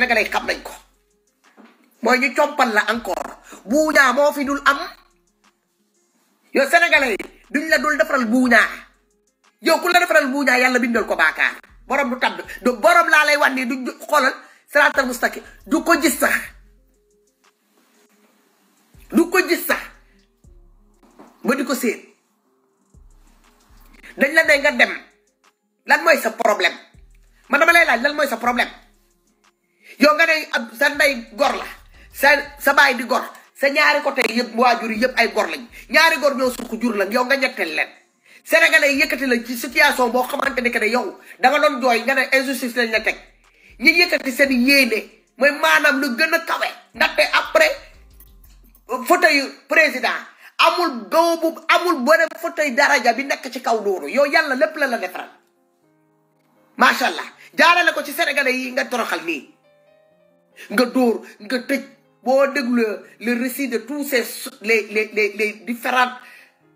yi xam nañ ko mooy ñu compal la encore buuñaa moo fi dul am yow sénégalais yi duñ la dul defaral buuñaa yow ku la defaral buuñaa yàlla bindal ko baakaar borom du tab du laa lay wan nii du xoolal siraatal mustaqim du ko gis sax du ko gis sax ba di ko séen dañ la ne nga dem lan mooy sa problème man dama lay laaj lan mooy sa problème yow nga ne sa ndey gor la sa sa baay di gor sa ñaari côté yëpp waajur yi yëpp ay gor lañ ñaari gor ñoo suq jur la yow nga ñetteel leen. sénégalais yëkkati la ci situation boo xamante ne que ne yow da doon jooy nga ne injustice lañ la teg ñi yëkkati seen yéene mooy maanaam lu gën a kawe ndaxte après fauteuil président amul boobu amul beneen fauteuil daraja bi nekk ci kaw loolu yow yàlla lépp la la defaral macha allah jaarale ko ci sénégalais yi nga toroxal nii. nga dóor nga tëj boo déglu le récit de tous ces les les les les différentes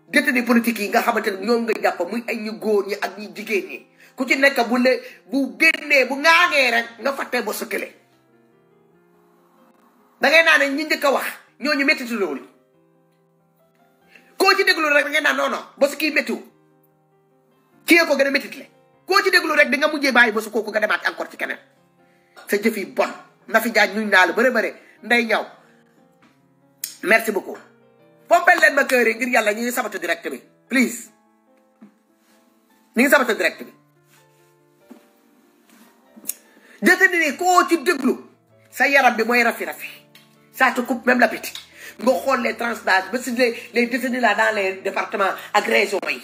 détenus politiques yi nga xamante ne ñoom nga jàpp muy ay ñu góor ñi ak ñu jigéen ñi ku ci nekk bu le bu génnee bu ŋaangee rek nga fàttee ba sëkkale da ngay naa ne ñi njëkk a wax ñooñu métti ci loolu koo ci déglu rek da ngay naan non non ba su kii méttiwu koo ci déglu rek di nga mujjee bàyyi ba su kooku nga demaat encore ci keneen sa jëf yi bon na fi jaaj nuñ naa la bëre bëre nday ñaw merci beaucoup pompel leen ma kër ngir yàlla ñu ngi sabatu direct bi please ñu ngi sabatu direct bi jëtëndi ni koo ci déglu sa yaram bi mooy rafi-rafi ça te coupe même l'appétit nga xool les tranches ba si les les la là dans les départements yi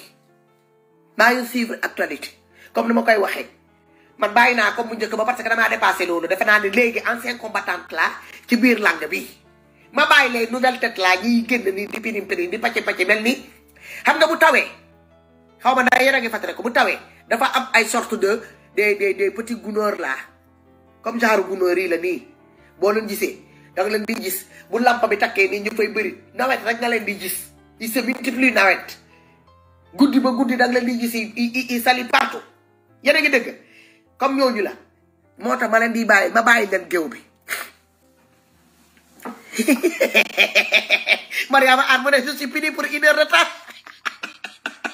maa ngi suivre actualité comme ni ma koy waxee man bàyyi naa comme mu njëkk ba parce que naa dépassé loolu defe naa ne léegi ancien combattant la ci biir langue bi ma bàyyi les nouvelle tête la ñiy génn ni di pirim pirim di pàcc pàcc mel ni xam nga bu tawee xaw ma da yéen a ngi ko bu tawee dafa am ay sorte de gunóor la comme genre gunóor yi la nii boo leen gisee da nga leen di gis bu làmp bi takkee nii ñu fay bëri nawet rek nga leen di gis il se multiplie nawet guddi ba guddi da nga leen di gis i i i sali partout yéen a ngi dëgg comme ñooñu la moo tax ma leen di bàyyi ma bàyyi leen géew bi Mariama Anne mu ne je suis pour une heure de temps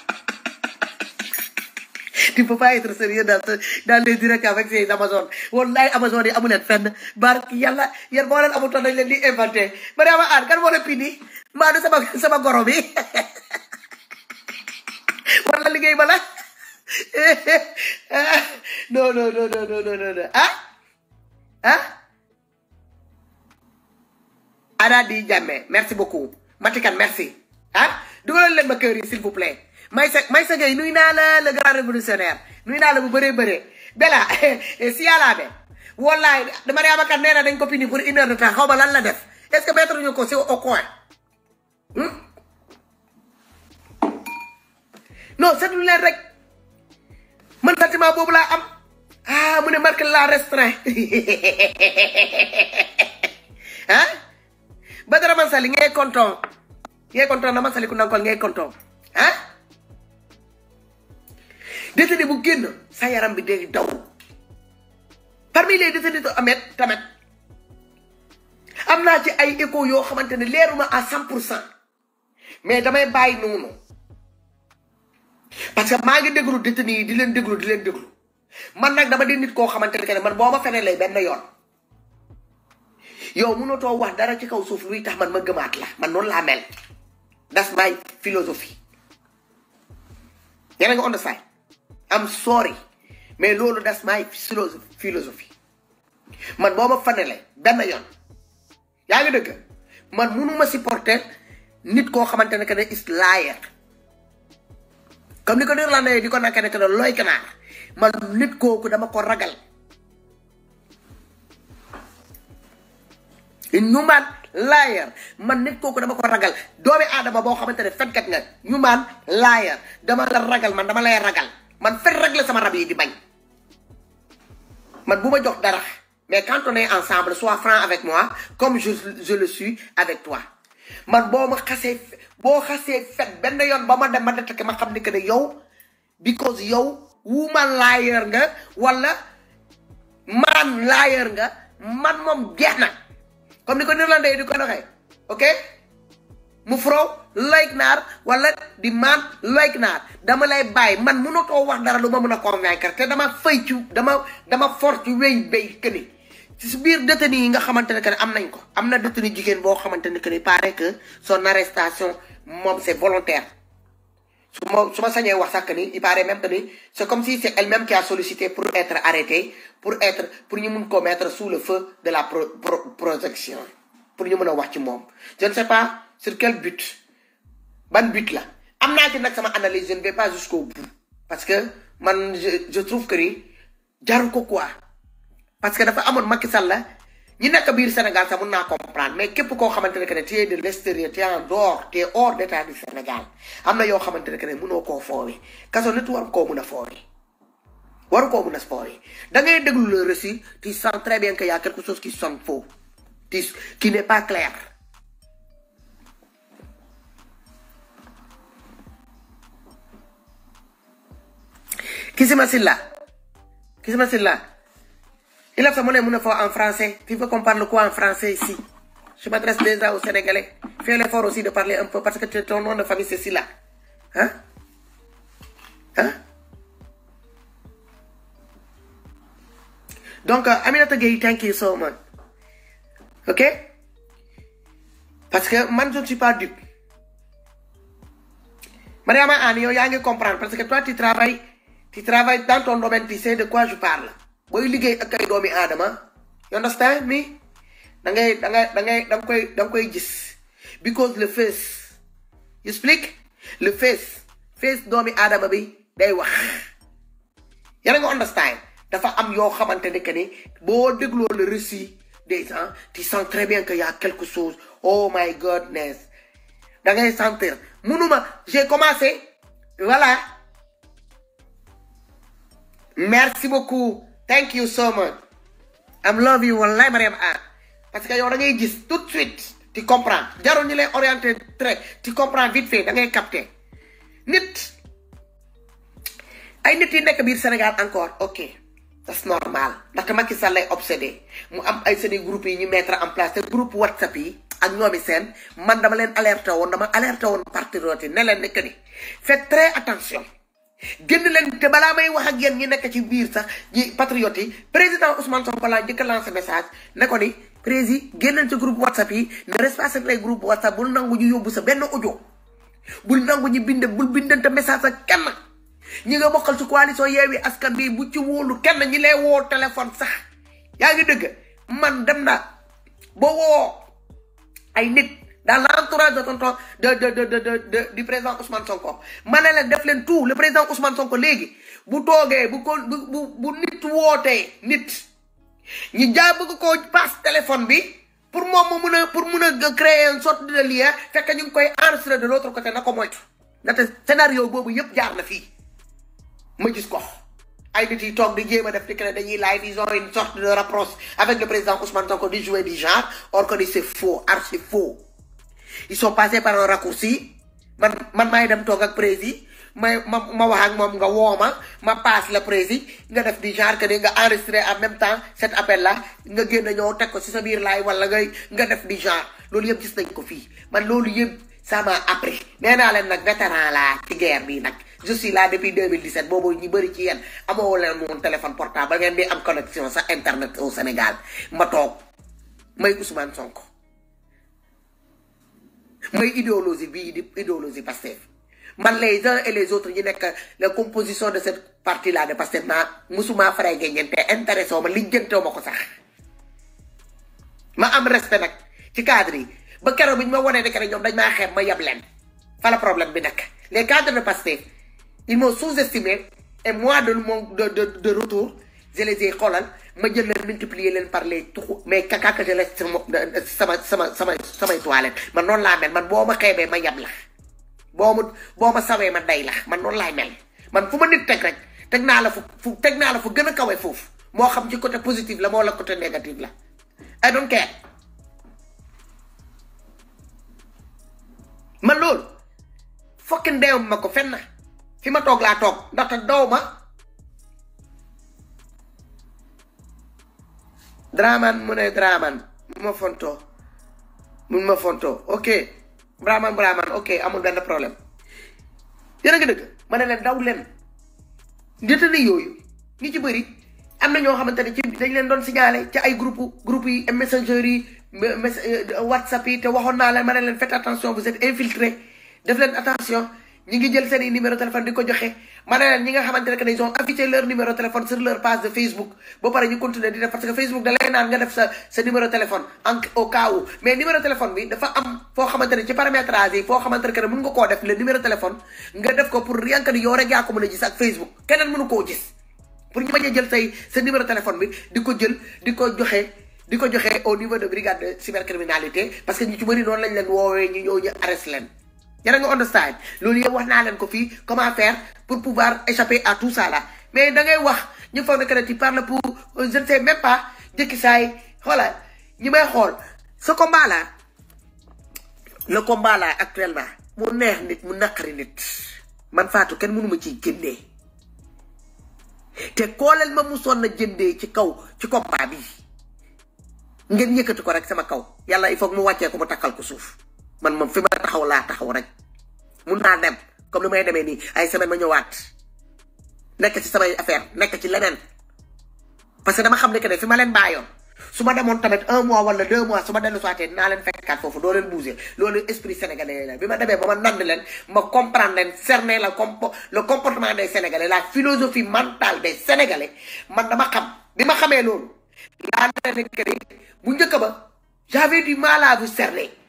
tu peux pas être sérieux dans dans les directs avec ces Amazon wallahi Amazon yi amu leen fenn barke yàlla yéen boo leen amutoon leen di inventé Mariama Anne kan moo la pini maa du sama sama goro bi liggéey ba la non non non non non non ah ah Ada di Jammeh merci beaucoup Matikan merci ah dugalal leen ma kër yi s'il vous plaît Maysa Maysa Gueye nuy naa la le grand révolutionnaire nuy naa la bu bëree bëree Bella eh, si yàllaa be wallaay dama ne Abacar nee na dañ ko pini pour une heure de xaw ma lan la def est que mettre ñu ko si au coin hmm? non leen rek sentiment bobu la am ah mu ne Marc la restreint ah Badara sali ngay content ngay content na sali ku nankol ngay kontoon ah détenu bu guen sa yaram bi day daw parmi les détenus to Ahmed Tamet amna ci ay écho yo xamante ne à 100% mais damay bay noonu parce que maa ngi déglu détenu yi di leen déglu di leen déglu man nag dama di nit koo xamante ne que ne man boo ma feneen lay benn yoon yow mënatoo wax dara ci kaw suuf luy tax man ma gëmaat la man noonu laa mel that's my philosophie yéen a ngi understand am sorry mais loolu that's my philosophie man boo ma feneen benn yoon yaa ngi dëgg man mënuma supporter nit koo xamante ne que ne is liar comme ni ko néerlandais di ko naka nekk noonu looy kanaar man nit kooku dama ko ragal human liar man nit kooku dama ko ragal doomi aadama boo xamante ne fenkat nga human liar dama la ragal man dama lay ragal man fen rek la sama rab yi di bañ man bu ma jox dara mais quand on est ensemble sois franc avec moi comme je le suis avec toi man boo ma xasee boo xasee fet benn yoon ba ma dem ma détecté ma xam ni que ne yow because yow wuma liar nga wala man liar nga man moom jeex na comme ni ko néerlandais yi di ko doxee ok mu frow like naar wala di man like naar dama lay bàyyi man mu mënatoo wax dara lu ma mën a convaincre te dama fay ci dama dama fort ci weñ bay këni ci biir détenu yi nga xamante que ne am nañ ko am na détenu jigéen boo xamante que ne paraît que son arrestation moom c'est volontaire su ma su ma sañee wax sax que ni il paraît même que ni c'est comme si c'est elle-même qui a sollicité pour être arrêtée pour être pour ñu mun ko mettre sous le feu de la pro protection pour ñu mën a wax ci moom je ne sais pas sur quel but ban but la am naa ci nag sama analyse je ne vais pas jusqu'au bout parce que man je je trouve que ni jaru ko quoi. parce que dafa amone Macky Sall la ñi nek biir Sénégal sa mëna comprendre mais képp ko xamanteni que té de l'extérieur té en dehors té hors d'état du Sénégal amna na xamanteni que mëno ko fowé kasso kaso nit war ko mëna fowé war ko mëna fowé da ngay déglu le récit tu sens très bien que y a quelque chose qui sonne faux qui qui n'est pas clair kisima sila, Il a fait mon effort en français. Tu veux qu'on parle quoi en français ici Je m'adresse déjà aux Sénégalais. Fais l'effort aussi de parler un peu parce que ton nom de famille, c'est celui-là. Hein Hein Donc, amène euh, Aminata Gay, thank you so much. OK Parce que moi, je ne suis pas dupe. Mariama Anne, tu comprendre parce que toi, tu travailles, tu travailles dans ton domaine, tu sais de quoi je parle. booy liggéey ak doomi aadama you understand me da ngay da ngay da ngay da nga koy da nga koy gis because le face you speak le doomi aadama bi day wax yéen nga understand dafa am yoo xamante ne que ni boo dégloo le récit des gens tu sens très bien que y a quelque chose oh my goodness da ngay munuma j'ai commencé voilà merci beaucoup thank you so much am love you wallaay Mariam Anne ah, parce que yow da ngay gis tout de suite tu comprends jarul ñu lay orienté très tu comprends vite fait da ngay capter nit ay nit yi nekk biir Sénégal encore ok c'est normal ndaxte Macky Sall lay obsédé mu am ay seeni groupe yi ñu mettre en place te groupe WhatsApp yi ak ñoomi seen man dama leen alerté woon dama alerté woon parti rooti ne leen nekk ni faites très attention génn leen te balaa may wax ak yéen ñi nekk ci biir sax ñi patriot yi président Ousmane Sonko laa njëkk a lancé message ne ko ni prési génneen ci groupe whatsapp yi ne respecté lay groupe whatsapp bul nangu ñu yóbbu sa benn audio bul nangu ñi bind bul bindante message ak kenn ñi nga bokkal ci coalition yi Askan Wi bu ci wóolu kenn ñi lay woo téléphone sax yaa ngi dëgg man dem na ba woo ay nit dans l'entourage de tonton de de de de de du président Ousmane Sonko ma ne leen def leen tout le président Ousmane Sonko léegi bu toogee bu ko bu bu nit wootee nit ñi jaa bëgg koo passe téléphone bi pour moom mu mun a pour mun a créer une sorte de lien fekk ñu ngi koy enregistré de l'autre côté na ko moytu ndaxte scénario boobu yëpp jaar na fii ma gis ko. ay nit yi toog di jéem a def di ne dañuy live ils ont une sorte de rapproche avec le président Ousmane Sonko di jouer du genre or que ils sont passés par un raccourci man man maay dem toog ak prési may ma ma wax ak moom nga wooma ma passe la prési nga def di genre que ni nga enregistré en même temps cet appel la nga génn ñëw teg ko si sa biir laay wala ngay nga def di genre loolu yëpp gis nañ ko fii man loolu yëpp ça m'a appris nee naa leen nag vétéran laa ci guerre bi nag je suis là depuis 2017 boobu ñu bëri ci yéen amoo leen woon téléphone portable ba ngeen di am connexion sa internet au Sénégal ma toog may Ousmane Sonko. mais idéologie bii idéologie Pastef mais les uns et les autres la composition de cette partie là de pasteur, ma musuma suis ñeente intéressé intéressant, li jëntew ma suis sax ma am respect nak, ci cadre yi ba keroog bi ma woné nekk rek ñoom dañ ma xeeb ma yab leen fa la problème bi nak les cadres de pasteur ils m'ont sous-estimé et moi de de de retour je les ai c o l l é s ma i s j e l e s multiplier l e s par les t u x mais caca que je laisse sama sama sama samay toilette man noonu laa mel man boo ma xeebee ma yab la boo ma boo ma sawee ma day la m a s noonu laay mel man fu ma nit teg s rek t e s naa la fu fu t e s naa la fu gën e kawe foofu moo xam ci côté positif la moo la côté négatif la I don't care man loolu fokkin deewam ma ko fenn fi ma toog laa toog ndaxte doow ma Dramane mu ne Dramane mu ma fontoo mun ma fonto ok Dramane Dramane ok amul benn problème yéen a dëgg ma ne leen daw leen njëttali yooyu ñi ci bëri am na ñoo xamante ne ci dañ leen doon signalé ci ay groupe groupe yi messenger yi euh, whatsapp yi te waxoon naa leen ma ne leen faites attention vous êtes infiltré def leen attention ñi ngi jël seen i numéro téléphone di ko joxe ma ne leen ñi nga xamante ne que ils ont affiché leur numéro téléphone sur leur page de Facebook ba pare ñu continuer di def parce que Facebook da lay naan nga def sa numéro téléphone en au mais numéro téléphone bi dafa am foo xamante ne ci paramétrage yi foo xamante ne que nga koo def le numéro téléphone nga def ko pour rien que ni yow rek ko mën a gis ak Facebook keneen mënu koo gis pour ñu bañ jël say sa numéro téléphone bi di ko jël di ko joxe di ko joxe au niveau yàlla nga understand loolu yëpp wax naa leen ko fii comment faire pour pouvoir échapper à tout ça mais dangay wax ñu foog ne que tu parles pour euh, je ne sais même pas jëkki saay xoolal ñi may xool ce combat là le combat là actuellement mu neex nit mu naqari nit man Fatou kenn mënu ma ciy génnee te kooleel ma mu sonn jëndee ci kaw ci combat bi ngeen ñëkkati ko rek sama kaw yàlla il faut mu wàccee ko mu takkal ko suuf. man moom fi ma taxaw laa taxaw rek mun naa dem comme ni may demee nii ay semaine ma ñëwaat nekk ci samay affaire nekk ci leneen parce que dama xam ne que fi ma leen bàyyoon su ma demoon tamit un mois wala deux mois su ma dellu soité naa leen fekkaat foofu doo leen bouger loolu esprit sénégalais la bi ma demee ba ma nand leen ma comprendre leen cerner la compo le comportement des sénégalais la philosophie mentale des sénégalais man dama xam bi ma xamee loolu laa ne que bu njëkk ba j'avais du mal à vous cerner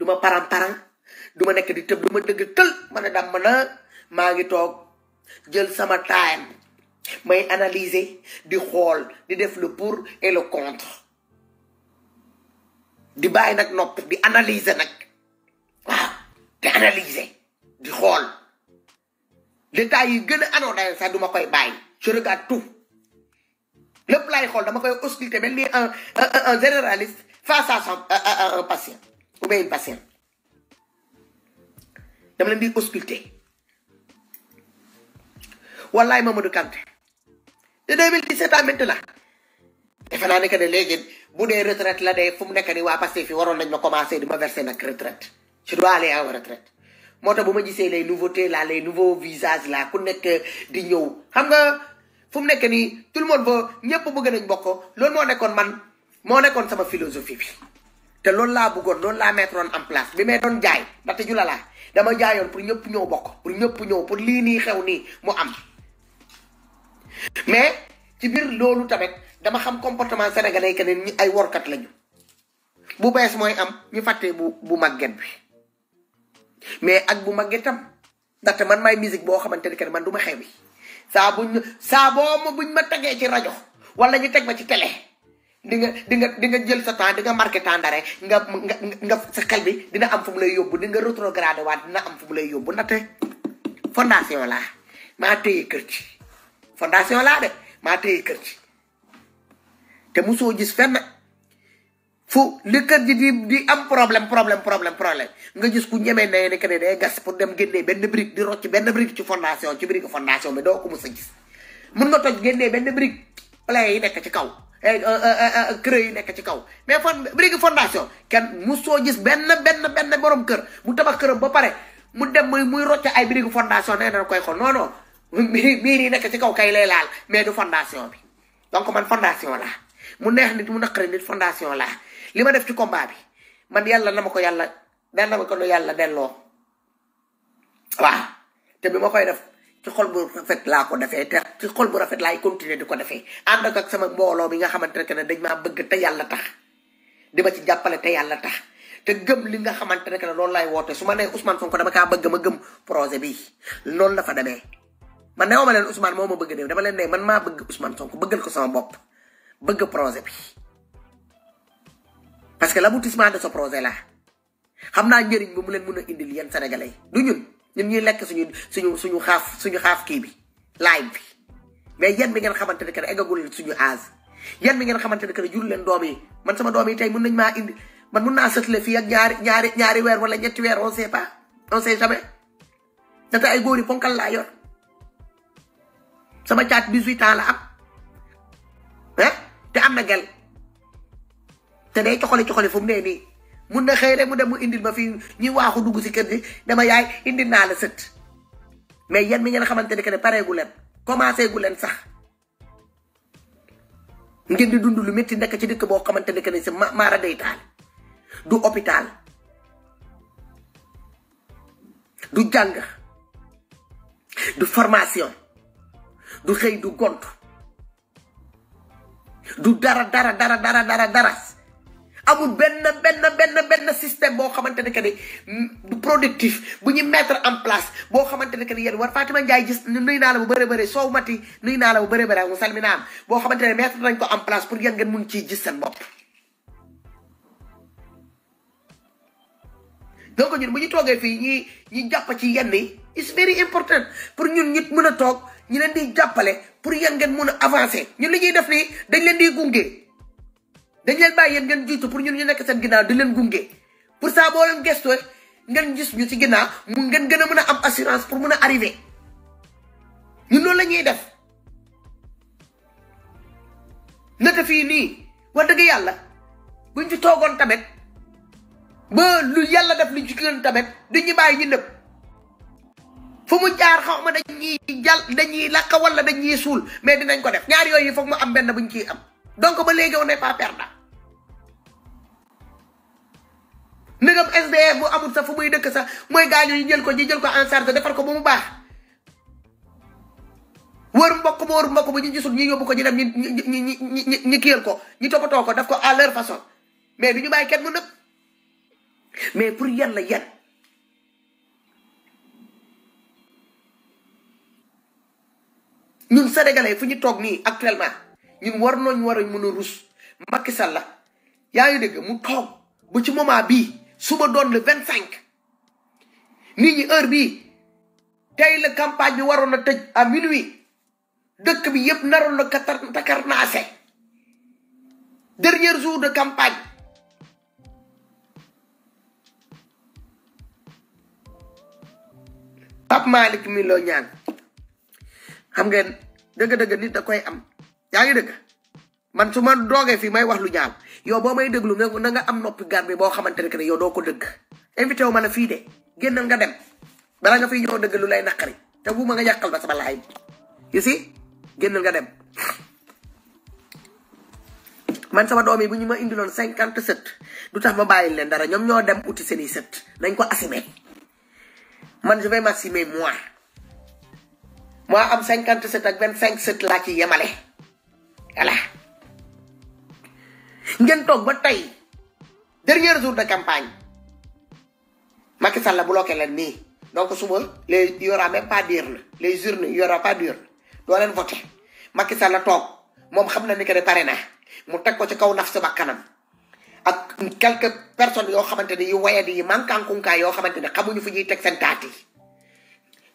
du ma param-param du ma nekk di tëb du ma dëgg tël ma ne damm na maa ngi toog jël sama time may analyser di xool di def le pour et le contre di bàyyi nag nopp di analyser nag waaw di analyser di xool détails yi gën a anodin sax du ma koy bàyyi je regarde tout lépp laay xool dama koy ausculter mel ni un un généraliste face à son un patient Oubeyine Bassène dama leen di ausculter wallaay Mamadou Kanté de 2017 à maintenant defe naa nekk ne léegi bu dee retraite la dee fu mu nekk ni waa Pastef fi waroon nañ ma commencé duma ma verser nag retraite je dois aller en retraite moo tax bu ma gisee les nouveautés là les nouveaux visages là ku nekk di ñëw xam nga fu mu nekk nii tout le monde ba ñëpp bëgg nañ bokk loolu moo nekkoon man moo nekkoon sama philosophie bi te loolu laa bëggoon loolu laa mettre en place bi may doon jaay ndaxte ju laa dama jaayoon pour ñëpp ñëw bokk pour ñëpp ñëw pour lii nii xew nii mu am mais ci biir loolu tamit dama xam comportement sénégalais que ne ñi ay workat lañu bu bees mooy am ñu fàtte bu bu màgget bi mais ak bu màggetam ndaxte man may musique boo xamante ne que man du ma xewi saa buñ saa boo ma buñ ma tegee ci rajo wala ñu teg ma ci télé. di nga di nga di nga jël sa temps di nga marqué temps d'arrêt nga nga nga sa xel bi dina am fu mu lay yóbbu di nga rétrogradé waat dina am fu mu lay yóbbu na te fondation laa maa téye kër ci fondation laa de maa téye kër ci te mosoo gis fenn fu li kër ji di am problème problème problème problème nga gis ku ñemee ne ne que ne day gas pour dem génnee benn brique di rocc benn brique ci fondation ci brique fondation bi doo ko mos a gis mun nga toj génnee benn brique pla yi nekk ci kaw Eh, eh, eh, kër yi nekk ci kaw mais fon brique fondation kenn mu soo gis benn benn benn borom kër mu tabax këram ba pare mu dem muy muy rocc ay brique fondation nee na koy xool non non yi nekk ci kaw kay lay laal mais du fondation bi donc man fondation laa mu neex nit mu naqari nit fondation laa li ma def ci combat bi man yàlla na ma ko yàlla na ma ko yàlla delloo waaw te bi ma koy def. ci xol bu rafet la ko defé te ci xol bu rafet lay continuer diko defé and ak sama mbolo bi nga xamante ne dañ ma bëgg te yalla tax di ci jappalé te yalla tax te gëm li nga xamante ne loolu lay woté suma né Ousmane Sonko dama ka bëgg ma gëm projet bi noonu la fa démé man neew ma len Ousmane moma bëgg dama len né man ma bëgg Ousmane Sonko bëggal ko sama bop bëgg projet bi parce que l'aboutissement de ce projet là xamna naa bu mu len mëna indi sénégalais du ñun ñun ñuy lekk suñu suñu suñu xaaf suñu xaaf kii bi laay bi mais yan bi ngeen xamante ne que ne eggagul suñu aas yan bi ngeen xamante ne que ne leen doom yi man sama doom yi tey mun na maa indi man mun naa sëtle fii ak ñaari ñaari ñaari weer wala ñetti weer on pa pas on sait jamais data ay góor yi ponkal laa yor sama caat 18 ans la am ah te am na gel te day coxali coxali fu mu nee nii mun na xëy rek mu dem mu indil ma fii ñuy waaxu dugg si kër gi dama yaay indil naa la sët mais yéen mi ngeen xamante ne que ne pareegu leen commencee gu leen sax ngeen di dund lu métti nekk ci dëkk boo xamante ne que ne si maara day taal du hôpital du jàng du formation du xëy du gont du dara dara dara dara dara dara amul benn benn benn benn système boo xamante ne que ne mm, du productif bu ñu mettre en place boo xamante ne que ne yéen war Fatima Ndiaye gis nuy naa la bu bëri bëri soow mati nuy naa la bu bëri bëri mu salminaam boo xamante ne mettre nañ ko en place pour yéen ngeen mun ciy gis seen bopp donc ñun bu ñu toogee fii ñi ñi jàpp ci yenn yi it's very important pour ñun ñit mën a toog ñu leen di jàppale pour yéen ngeen mun a avancer ñun li ñuy def nii dañ leen di gunge dañ leen bàyyi yéen ngeen jiitu pour ñun ñu nekk seen ginnaaw di leen gunge pour ça boo leen gëstoo ngeen gis ñu ci ginnaaw mu ngeen gën a mën a am assurance pour mën a arriver ñun loolu lañuy ñuy def naka fii nii wax dëgg yàlla buñ ci toogoon tamit ba lu yàlla def luñ ci gën tamit du ñu bàyyi ñu nëb fu mu jaar xaw ma dañuy jal dañuy làkk wala dañuy suul mais dinañ ko def ñaar yooyu foog mu am benn bu ñu ciy am. donc ba léegi on n'est pas perdant ndegam SDF bu amul sax fu muy dëkk sax mooy gaañu yi jël ko ñu jël ko en charge defar ko ba mu baax wër mbokk ba wër mbokk ba ñu gisul ñu yóbbu ko ñu dem ñu ñi ñi ñu kiyal ko ñu toppatoo ko def ko à leur façon mais du ñu bàyyi kenn mu nëb mais pour yan la yan ñun sénégalais fu ñu toog nii actuellement. ñun war nooñ war a mën a rus Macky la yaa ngi dégg mu toog ba ci moment bii suba doon le vingt cinq nit ñi heure bii tey la campagne bi waroon na tëj à minuit dëkk bi yëpp naroon na katar takar naase dernier jour de campagne Pape Malick mi loo ñaan xam ngeen dëgg-dëgg nit da koy am yaa ngi dëgg man su ma doogee fii may wax lu ñaaw yow boo may déglu na nga am noppi gar bi boo xamante ne que ne yow doo ko dëgg invité wu ma de génnal nga dem bala nga fiy ñëw dëgg lu lay naqari te bu ma nga yàqal ba sama laay you see génnal nga dem man sama doom yi bu ñu ma indiloon cinquante sët du tax ma bàyyi leen dara ñoom ñoo dem uti seen set, sët nañ ko assumer man je vais m'assumer moi moi am cinquante sët ak vingt cinq sët ci yemale ya voilà ngeen toog ba tey dernier jour de campagne Macky la bloqué leen nii donc suba les y aura même pas d'urne les urnes y aura pas d'urne doo leen voté Macky Sall toog moom xam na ni que ne pare na mu teg ko ci kaw naf sa kanam ak quelques personnes yoo xamante ni yu wayadi yi mankankunkaay yoo xamante ni xamuñu fu ñuy teg seen taat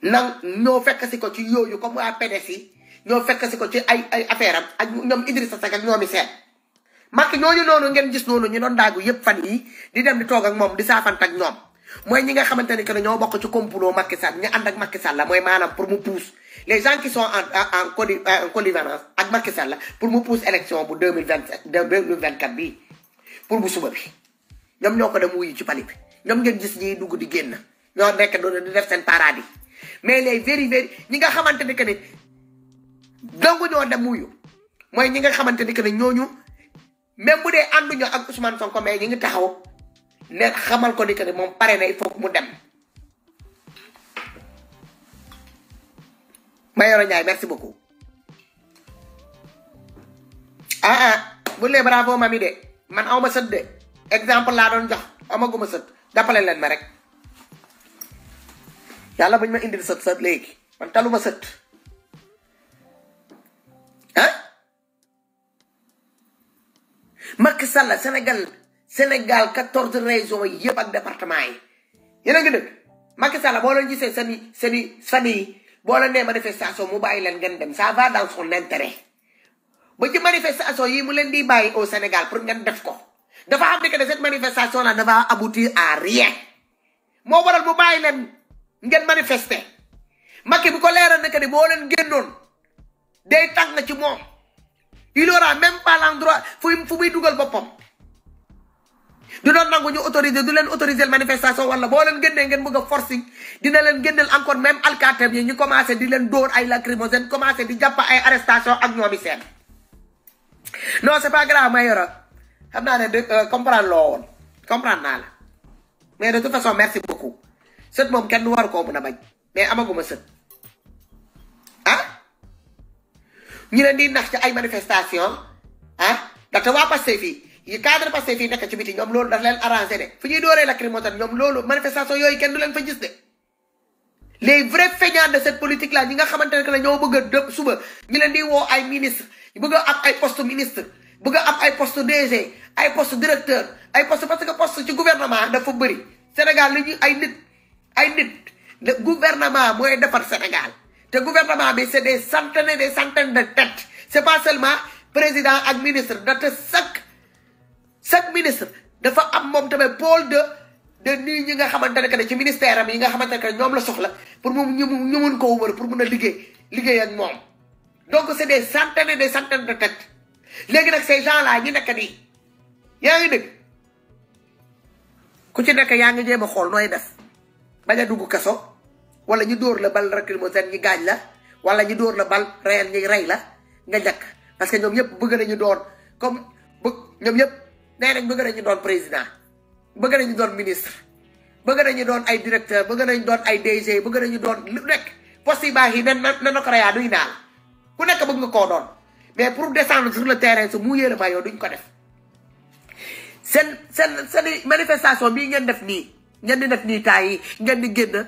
nan nang ñoo fekk si ko ci yooyu comme waa PDS yi ñoo fekk si ko ci ay ay affaire am ak ñoom Idrissa Seck ak ñoomi seen Macky ñooñu noonu ngeen gis noonu ñu doon daagu yëpp fan yi di dem di toog ak moom di saafant ñoom mooy ñi nga xamante ni que ñoo bokk ci complot Macky Sall ñu ànd ak Macky Sall la mooy maanaam pour mu pousse les gens en en euh, ak Macky Sall la pour mu pousse élection bu deux mille vingt sept deux mille vingt quatre bii pour bu suba bi ñoom ñoo ko dem wuyu ci pali bi ñoom ngeen gis ñi dugg di génn ñoo nekk doon di def seen paradis mais les veri veri ñi nga xamante ni que ne dangu ñoo dem wuyu mooy ñi nga xamante ni que ne ñooñu même bu dee ànduñu ak Ousmane Sonko mais ñi ngi taxaw ne xamal ko ni que ne moom pare na il faut mu dem Mayoro merci beaucoup ah ah bu lee bravo mami de man awma sët de exemple laa doon jox amaguma sët dapale leen ma rek yàlla buñ ma indil sët sët man taluma sët ah Macky Sall Sénégal Sénégal quatorze régions yëpp ak département yi yéen a ngi dëkk Macky Sall boo leen gisee seen i seen i boo leen nee manifestation mu bàyyi leen ngeen dem ça va dans son intérêt ba ci manifestation yi mu leen di bàyyi au Sénégal pour ngeen def ko dafa xam ne que cette manifestation là ne va aboutir à moo waral mu bàyyi leen ngeen manifester Macky bu ko leeral ne que ni boo leen génnoon. day na ci moom il aura même pas l'endroit fu fu muy dugal boppam du doon nangu ñu autoriser du leen autoriser manifestation wala boo leen génnee ngeen bëgg a forcing dina leen génneel encore même alkatem yi ñu commencé di leen dóor ay lacrymogène commencé di jàpp ay arrestation ak ñoomi seen non c'est pas grave Mayoro xam naa ne de euh, comprendre loo woon comprendre naa la mais de toute façon merci beaucoup sët moom kenn waru koo na a bañ mais amaguma sët ñu leen di nax ci ay manifestation ah ndaxte waa Pastef fii yi cadre Pastef fii nekk ci biti ñoom loolu daf leen arrangé de fu ñuy dooree lacrymogène ñoom loolu manifestation yooyu kenn du leen fa gis de les vrais feignants de cette politique là ñi nga xamante ne que la ñoo bëgg a dëpp suba ñu leen di woo ay ministre bëgg a am ay post ministre bëgg a am ay post DG ay post directeur ay poste parce que poste ci gouvernement dafa bari Sénégal li ñu ay nit ay nit gouvernement mooy defar Sénégal te gouvernement bi c' est des centaines et des centaines de têtes c' est pas seulement président ak ministre ndaxte chaque chaque ministre dafa am moom tamit pôle de de nii ñi nga xamante ne que ne ci ministère am yi nga xamante ne que ñoom la soxla pour mu ñu ñu mun ko wër pour mun a liggéey liggéey ak moom. donc c' est des centaines et des centaines de têtes léegi nag ces gens là ñi nekk nii yaa ngi dégg ku ci nekk yaa ngi jéem a xool nooy def bañ a dugg kaso. wala ñu dóor la bal lacrymogène ñi gaañ la wala ñu dóor la bal reyal ñi rey la nga ñàkk parce que ñoom ñëpp bëgg nañu doon comme bëgg ñoom ñëpp nee nañ bëgg nañu doon président bëgg nañu doon ministre bëgg nañu doon ay directeur bëgg nañu doon ay DG bëgg nañu doon lu nekk post yi baax yi nen na na ko rayaa duy naal ku nekk bëgg nga koo doon mais pour descendre sur le terrain su mu yéelema yow duñ ko def seen seen seen manifestation bii ngeen def nii ngeen di def nii taay yi ngeen di génn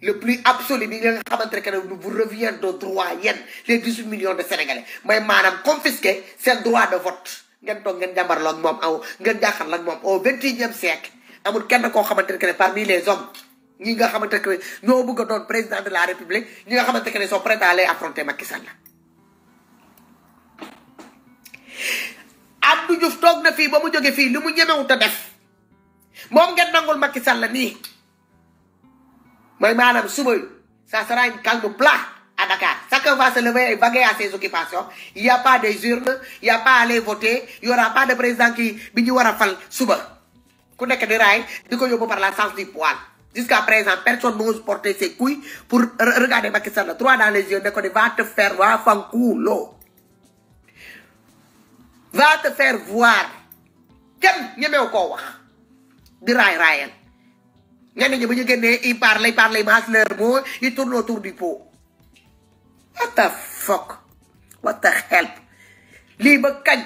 le plus absolu bi nga xamantene que nous vous revient de droit les 18 millions de sénégalais mooy manam confisquer seen droit de vote ngeen tok ngeen jambar ak mom aw ngeen jaxal ak mom au vingt et siècle amul kenn ko xamantene que parmi les hommes ñi nga xamantene que ne ñoo bëgg doon président de la république ñi nga xamantene que sont prêts à aller affronter Macky Sall. Abdou Diouf tok na fi ba mu joggé fi limu ñëmé wu ta def mom ngeen nangul Macky Sall ni mais madame suba ça sera une calme plat à Dakar chacun va se lever et baguer à ses occupations il n'y a pas de urnes il n'y a pas à aller voter il n'y aura pas de président qui bi ñu war a fal suba ku nekk je ne di pas parler par la sens du poil jusqu'à présent personne n'ose porter ses couilles pour regarder question. Le droit dans les yeux ne qu'on va te faire voir, Fankou, l'eau. va te faire voir kenn ñemew a wax di raay Ryan ñenn ñi bu ñu i parle i parle maas leur mot i tourne autour du pot what the fuck what the help Libekan, maki kañ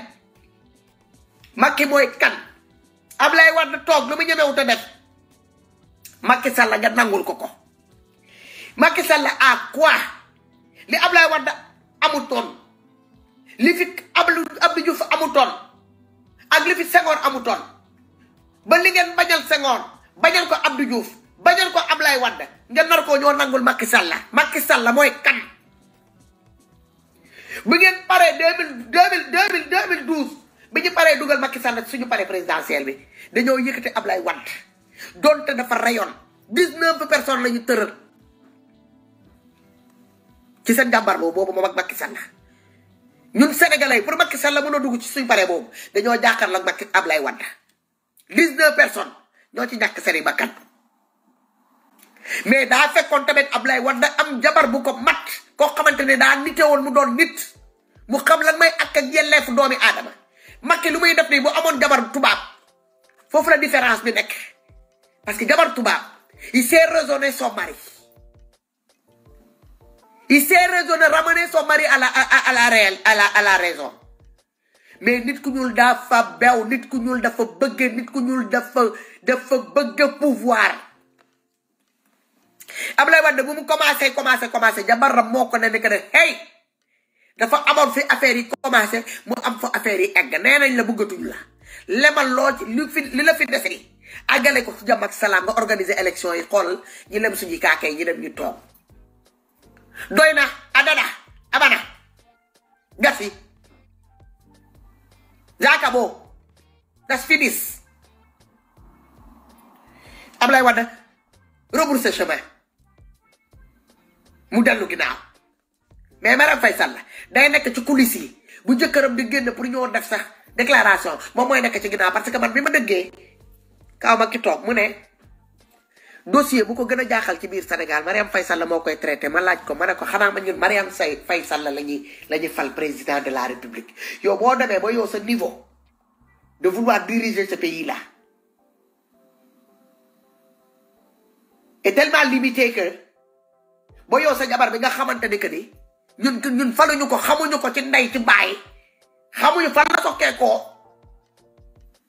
Macky mooy kan Ablaye Wade toog lu mu ñemewut a def Macky Sall nga nangul ko ko Macky Sall quoi ah. li Ablaye Wade amuton, li fi ablu Abdou Diouf amutoon ak li fi sengor amutoon ba li ngeen bañal bañal ko Abdou Diouf bañal ko Ablaye wadda nga nar ko ñoo nangul Macky Sall Macky Sall moy kan bu ngeen paré 2000 2000 deux mille bi ñu paré duggal Macky Sall suñu paré présidentiel bi dañoo yëkëti Ablaye wadd donte dafa rayon 19 personnes lañu ñu ci sen gambar bo boobu mo mak Macky Sall ñun sénégalais pour Macky Sall mëno dugg ci suñu paré boobu dañoo jaakar la Macky Ablaye wadd 19 personnes doo ci ñàkk seen i bakkan mais daa fekkoon tamit Ablaye Wade am jabar bu ko mat koo xamante ne daa nitewoon mu doon nit mu xam lan may ak ak yelleefu doomi aadama Macky lu muy def nii bu amoon jabar tubaab foofu la différence bi nekk parce que jabar tubaab il sait raisonner soo mari il sait raisonner ramener son mari à la à raison mais nit ku ñuul dafa bew nit ku ñuul dafa bëgge nit ku ñuul dafa dafa bëgg pouvoir Ablaye Wade bu mu commencé commencé commencé jabaram moo ko ne nekk ne hey dafa amoon fi affaire yi commencé mu am fa affaire yi egg nee nañ la bëggatuñ la lemal loo ci li la fi dese yi àggale ko ci jàmm ak salaam nga organiser élection yi xool ñi lem suñuy kaakee ñi dem ñu toog doy na adada abana gasi jaaka boo das finis lay Ablaye Wade rebroussé chemin mu dellu ginnaaw mais Marème Faye Sall day nekk ci coulisse yi bu jëkkëram di génn pour ñoo def sax déclaration moom mooy nekk ci ginnaaw parce que man bi ma dëggee kaw ma ki toog mu ne dossier bu ko gën a jaaxal ci biir Sénégal Mariam Faye Sall moo koy traité ma laaj ko ma ne ko xanaa ma ñun Mariam Say Faye Sall la ñuy la fal président de la République yow boo demee ba yow sa niveau de vouloir diriger ce pays là. est tellement limité que ba yow sa jabar bi nga xamante ni que ni ñun ñun faluñu ko xamuñu ko ci ndey ci baay xamuñu fan la sokkee koo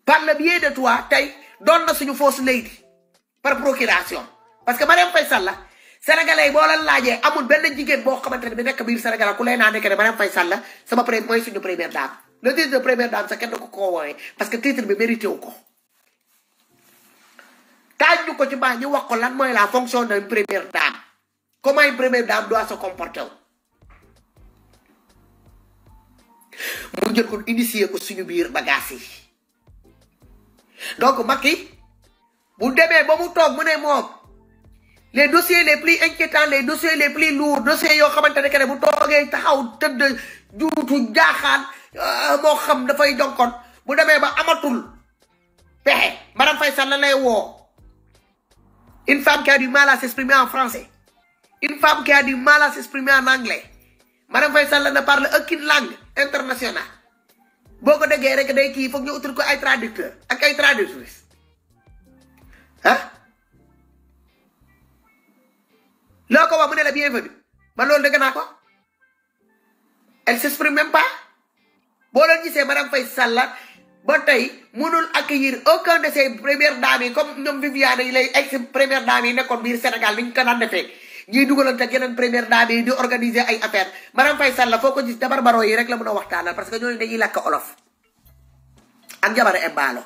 par la biais de toi tey doon na suñu fausse lady par procuration parce que Marième Faye Sall sénégalais yi boo leen laajee amul benn jigéen boo xamante ne bi nekk biir Sénégal ku lay naa nekk ne Marième Faye Sall sama premier mooy suñu première dame le titre de première dame sa kenn du ko parce que titre bi mérité wu ko. taaj ko ci baax ñu wax ko lan mooy la fonction d'une première dame comment une première dame doit se comporter mu jël ko initier ko suñu biir bagages yi donc Macky bu demee ba mu toog mu ne moom les dossiers les plus inquiétants les dossiers les plus lourds dossiers yoo xamante ne que ne bu toogee taxaw tëdd juutu jaaxaan euh, moo xam dafay jonkoon bu demee ba amatul pexe Marème Faye Sall la lay woo. Une femme qui a du mal à s'exprimer en français. Une femme qui a du mal à s'exprimer en anglais. Madame Faisal ne parle aucune langue internationale. boo ko déggee rek day kii foog ñu utul ko ay traducteur ak ay traductrice ah loo ko wax mu ne la bienvenue man loolu dëgg naa ko elle s'exprime même pas on leen madame ba tey mënul accueillir aucun de ces premières dames yi comme ñoom Viviane yi lay ex première dame nekkoon biir Sénégal ni ñu ko daan defee ñuy dugalante ak yeneen première dame yi di organiser ay affaire Marème Faye Sall foo ko gis dabar baro rek la mën a waxtaanal parce que ñooñu dañuy làkk olof ak jabara embaalo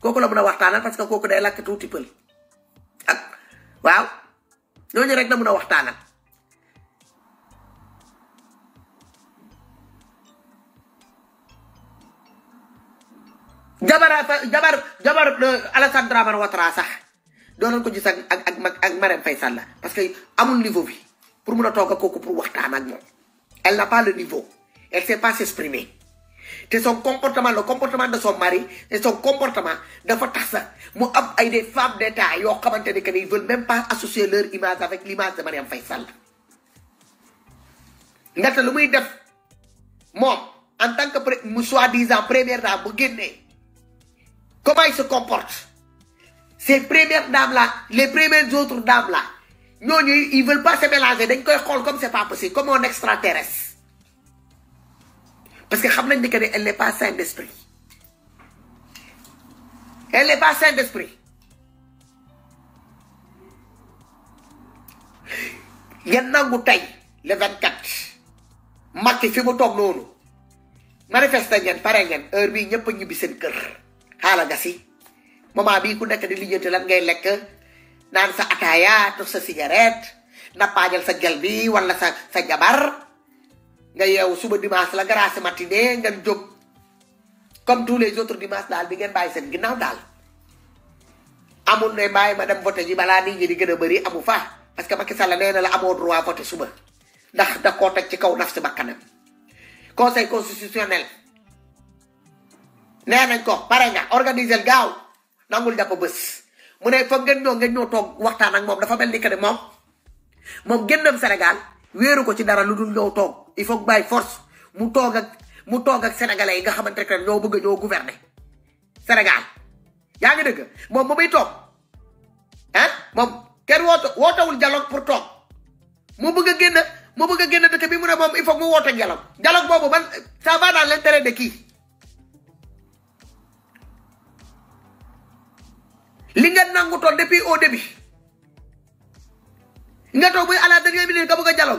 kooku la mën a waxtaanal parce que kooku day làkk tuuti pël ak waaw ñooñu rek la mun a waxtaanal jabar jabar jabar euh, Alassane Dramane Ouattara sax doo leen ko gis ak ak ak Marème Faye Sall parce que amul niveau bi pour mun a toog ak kooku pour waxtaan ak moom elle n'a pas le niveau elle sait pas s'exprimer te son comportement le comportement de son mari et son comportement dafa tax sax mu am ay des femmes d'état yoo xamante ne que ne ils veulent même pas associer leur image avec l'image de Mariam Faye Sall ndaxte lu muy def moom en tant que mu soi-disant première dame bu génnee Comment ils se comportent Ces premières dames-là, les premières autres dames-là, ils ne veulent pas se mélanger. Ils comme c'est pas possible, comme un extraterrestre. Parce que elle n'est pas sainte d'esprit. Elle n'est pas sainte d'esprit. a nangu tey le 24 Macky fi mu toog Je suis ngeen pare ngeen heure bii ñëpp a kër. hala gasi mama bi ku nek di lijeenté lan ngay lek nan sa ataya to sa cigarette pajal sa gel bi wala sa sa jabar nga ya, yeewu suba dimanche la grâce matinée nga jóg comme tous les autres dimanche dal di ngeen baye sen ginnaw dal amul ne bàyyi ma dem voter ji bala ni di amu fa parce que Macky Sall nee la amo droit voter suba ndax da ko tek ci kaw naf bakkanam conseil constitutionnel nee nañ ko pare nga organiser gaaw nangul da ko bés mu ne foog ngeen ñoo ngeen toog waxtaan ak moom dafa mel ni que ne moom moom génnam Sénégal wéeru ko ci dara lu dul ñëw toog il faut bàyyi force mu toog ak mu toog ak sénégalais yi nga xamante ne ñoo bëgg ñoo gouverner Sénégal yaa ngi dëgg moom mu muy toog ah moom kenn wooto wootawul dialogue pour toog mu bëgg a génn mu bëgg a génn dëkk bi mu ne moom il faut mu woote dialogue dialogue boobu man ça va dans de kii li nga nangutoon depuis au début nga taw muy ala la dernière minute nga bëgg a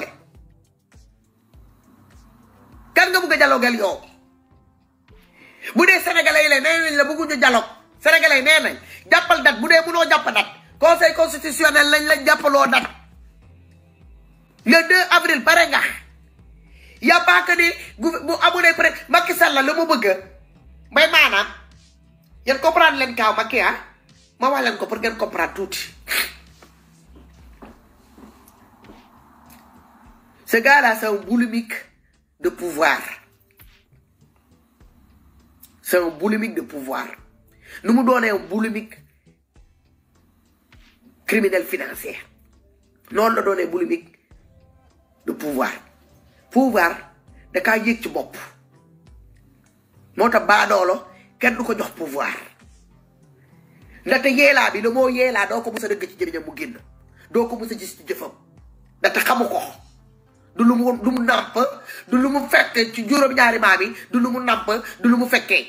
kan nga bëgg a dialoguel yow bu dé sénégalais lé né nee nañ la ñu dialogue sénégalais né nañ jappal dat bu dé mëno japp dat conseil constitutionnel lañ lañ jappalo dat le 2 avril paré nga ya ka ni bu amulee peut être Macky Sall la mu bëgg may manam yeen comprendre leen kaw Macky ah. ma ne ko pour comprendre tuuti ce gars là c'est un boulimique de pouvoir c'est un boulimique de pouvoir Nous, nous donnons un boulimique criminel financier nous donnons un boulimique de pouvoir pouvoir da kaa yéeg ci bop moo tax d'olo kenn jox pouvoir ndaxte yeelaa bi le moo yeelaa doo ko mos a dëgg ci jëriñam mu génn doo ko mos a gis ci jëfam ndaxte xamu ko du lu mu lu mu du lu mu fekk ci juróom-ñaari maam yi du lu mu nàmp du lu mu fekkee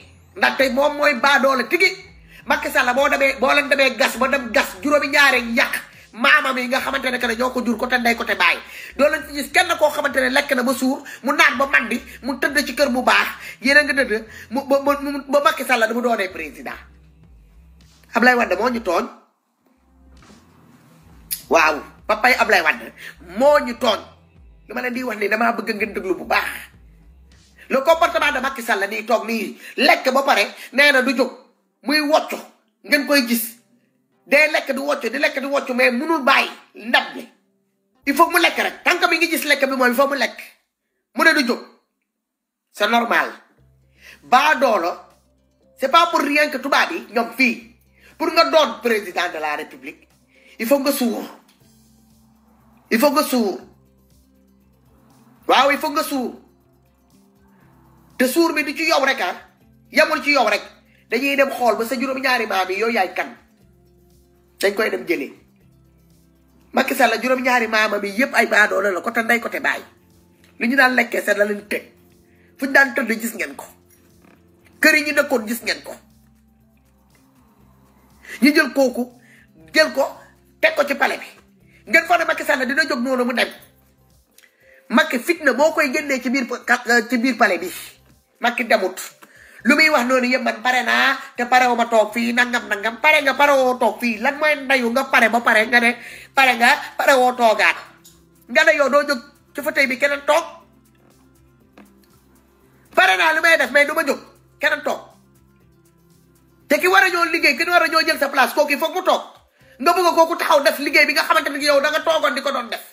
te moom mooy baadoole tigi Macky Sall boo demee boo leen demee gas ba dem gas juróomi-ñaari ñàkk maamam yi nga xamante ne que ne ñoo ko jur côté ndey côté baay doo leen ci gis kenn koo xamante ne lekk na ba suur mu naan ba mandi mu tëdd ci kër bu baax yéen a nga tëdd mu ba ba Macky Sall dama doonee président ablay wad mo ñu tooñ waaw papay ablay wad mo ñu tooñ dama ma di wax ni dama bëgg ngeen deglu bu baax le comportement de Macky Sall ni tok ni lek ba pare nee du juk muy wocc ngeen koy gis dé lek du wocc di lek du wocc mais munul bay ndab bi il faut mu lek rek tant mi ngi gis lek bi moy faut mu lek mu né du juk c'est normal ba dolo oh. c'est pas pour rien que tuba bi ñom fi pour nga doon président de la république il faut nga suur il faut nga suur waaw il faut nga suur te suur bi du ci yow rek ah yamul ci yow rek dañuy dem xool ba sa juróom-ñaari maam yi yow yaay kan dañ koy dem jëlee Macky Sall la juróom-ñaari maamam yi yëpp ay baadoole la côté ndey côté baay lu ñu daan lekkee seen la leen teg fu ñu daan tëdd gis ngeen ko kër yi ñu dëkkoon gis ngeen ko. ñu jël koku jël ko tek ko ci palais bi ngeen fa ne Macky Sall dina jog nonu mu dem Macky fitna bokoy gënné ci bir ci bir palais bi Macky demut lu muy wax nonu yëpp man pare naa te wu ma tok fi nangam nangam paré nga paré woo tok fi lan moy ndayu nga paré ba paré nga né paré nga paré woo toogaat nga né yo do jog ci fa tay bi kenen tok paré na lu may def may duma jog kenen tok te ki wara a ñoo liggéey ki wara a ñoo jël sa place kooku foog mu toog nga bëgg kooku taxaw def liggéey bi nga xamante ne yow da nga toogoon di ko doon def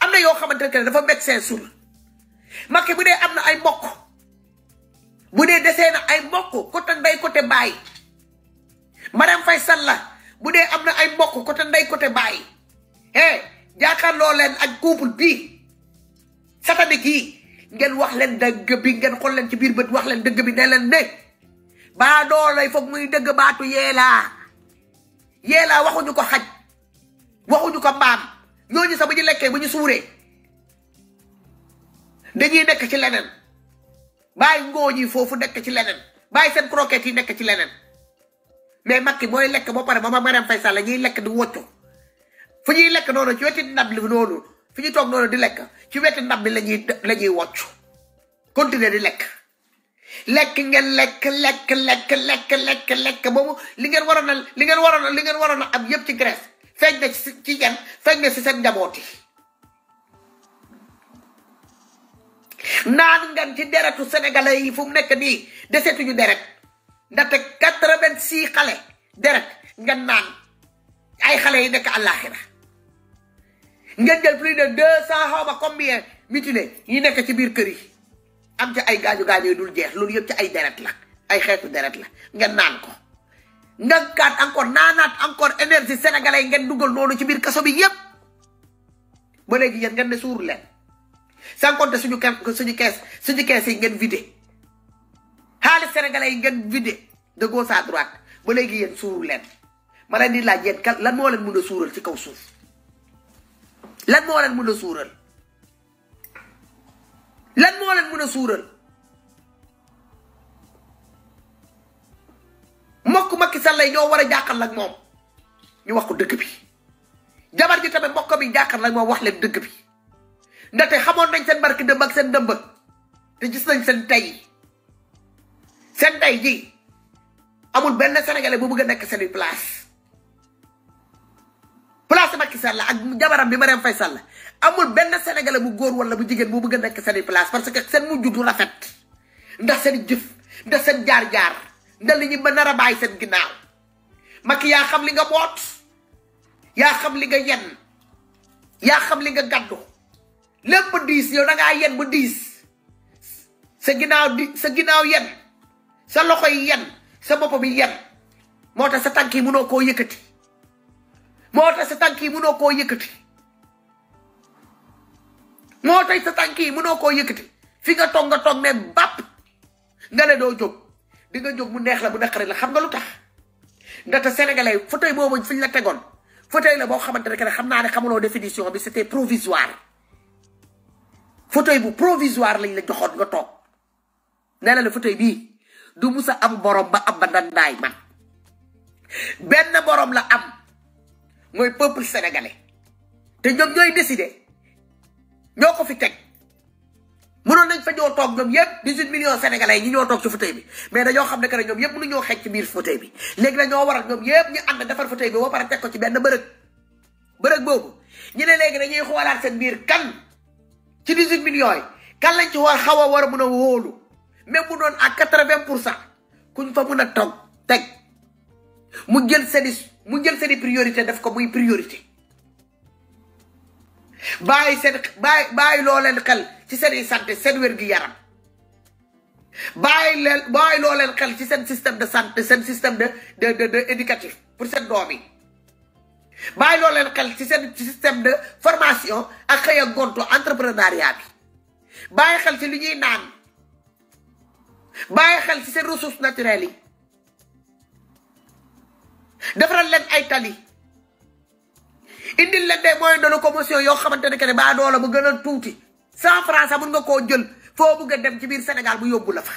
am na yoo xamante ne dafa médecin sur Macky bu dee am na ay mbokk bu dee desee na ay mbokk côté ndey côté baay madame fay Sall bu dee am na ay mbokk côté ndey côté baay eh jàkkaarloo leen ak couple bii satanique yi ngeen wax leen dëgg bi ngeen xol leen ci biir bët wax leen dëgg bi ne leen ne baa doolay foog muy dëgg baatu yeelaa yeelaa waxuñu ko xaj waxuñu ko mbaam ñooñu sax bu ñu lekkee bu ñu suuree dañuy nekk ci leneen bàyyi ngooñ yi foofu nekk ci leneen bàyyi seen croquettes yi nekk ci leneen mais Macky mooy lekk ba pare ba ma Marième Faye Sall la ñuy lekk di woccu fu ñuy lekk noonu ci wetti ndab li noonu fu ñu toog noonu di lekk ci wetti ndab bi lañuy la ñuy wocc continuer di lekk lekk ngeen lekk lekk lekk lekk lekk lekk boobu li ngeen waroon a li ngeen waroon a li ngeen waroon a am yëpp ci Grèce feeñ na ci ci yan feeñ na ci seen njaboot yi naan ngeen ci deretu sénégalais yi fu mu nekk nii desetuñu deret ndaxte quatre-vingt-six xale deret ngeen naan ay xale yi nekk àllaaxira ngeen jël plus de deux cent xaw ma combien mutilé yi nekk ci biir kër yi am ci ay gaañu gaañu yu dul jeex loolu yëpp ci ay deret la ay xeetu deret la ngeen naan ko nga kaat encore naanaat encore énergie sénégalais yi ngeen dugal noonu ci biir kaso bi yëpp ba léegi yéen ngeen ne suur leen sans compter suñu kees suñu kees suñu kees yi ngeen vidé xaalis sénégalais yi ngeen vidé de gauche à droite ba léegi yéen suur leen ma leen di laaj yéen kan lan moo leen mën a suural ci kaw suuf lan moo leen mën a suural. lan moo leen mën a suural mbokk makki Sall lay ñoo war a jàkkaarloo ak moom ñu wax ko dëgg bi jabar ji tamit mbokk bi jàkkaarloo ak moom wax leen dëgg bi ndaxte xamoon nañ seen barki dëmb ak seen dëmb te gis nañ seen tey seen tey ji amul benn sénégalais bu bëgg a nekk seen place place Macky Sall ak jabaram bi Marième Faye Sall amul benn sénégalais bu góor wala bu jigéen bu bëgg a nekk seen place parce que seen mujj du rafet ndax seen jëf ndax seen jaar-jaar ndax li ñu ba nar a bàyyi seen ginnaaw Macky yaa xam li nga boot yaa xam li nga yenn yaa xam li nga gaddu lépp diis yow da ngaa yenn ba diis sa ginnaaw di sa ginnaaw yenn sa loxo yi yenn sa bopp bi yenn moo tax sa tànk yi mënoo koo yëkkati moo tax sa tànk yi mënoo koo yëkkati. moo tey sa tànk yi mënoo koo yëkkati fi nga toog nga toog ne bàpp nga ne doo jóg di nga jóg mu neex la bu naqari la xam nga lu tax ndaxte sénégalais fauteuil boobu fi la tegoon fauteuil la boo xamante ne xam naa ne xamuloo définition bi c'était provisoire fauteuil bu provisoire lañ la joxoon nga toog nee na la bii du musa am borom ba am ba dandaay man benn borom la am mooy peuple sénégalais te ñoom ñooy décider. ñoo ko fi teg mënoon nañ fa ñoo toog ñoom yëpp 18 millions sénégalais yi ñoo toog ci fauteuil bi mais dañoo xam ne que ne ñoom yëpp mënu ñoo xej ci biir fauteuil bi léegi dañoo waral ñoom yëpp ñu ànd defar fauteuil bi ba pare teg ko ci benn bërëg bërëg boobu ñu ne léegi dañuy xoolaat seen biir kan ci 18 millions yi kan lañ ci war xaw war a mën a wóolu même mu doon ak 80 pour cent kuñ fa mën a toog teg mu jël seeni mu jël seeni priorité def ko muy priorité bàyyi seen bàyyi bàyyi loo leen xel ci seen i santé seen wér-gi-yaram bàyyi leen bàyyi loo leen xel ci seen système de santé seen système de de de de éducatif pour seen doom yi bàyyi loo leen xel ci seen système de formation ak xëy a gontu entrepreneuriat bi bàyyi xel ci li ñuy naan bàyyi xel ci seen ressources naturelles yi defaral leen ay tali indil leen de mooy de locomotion yoo xamante ne que ne baa doola bu gën a tuuti cent francs sax mun nga koo jël foo bëgg dem ci biir Sénégal bu yóbbu la fa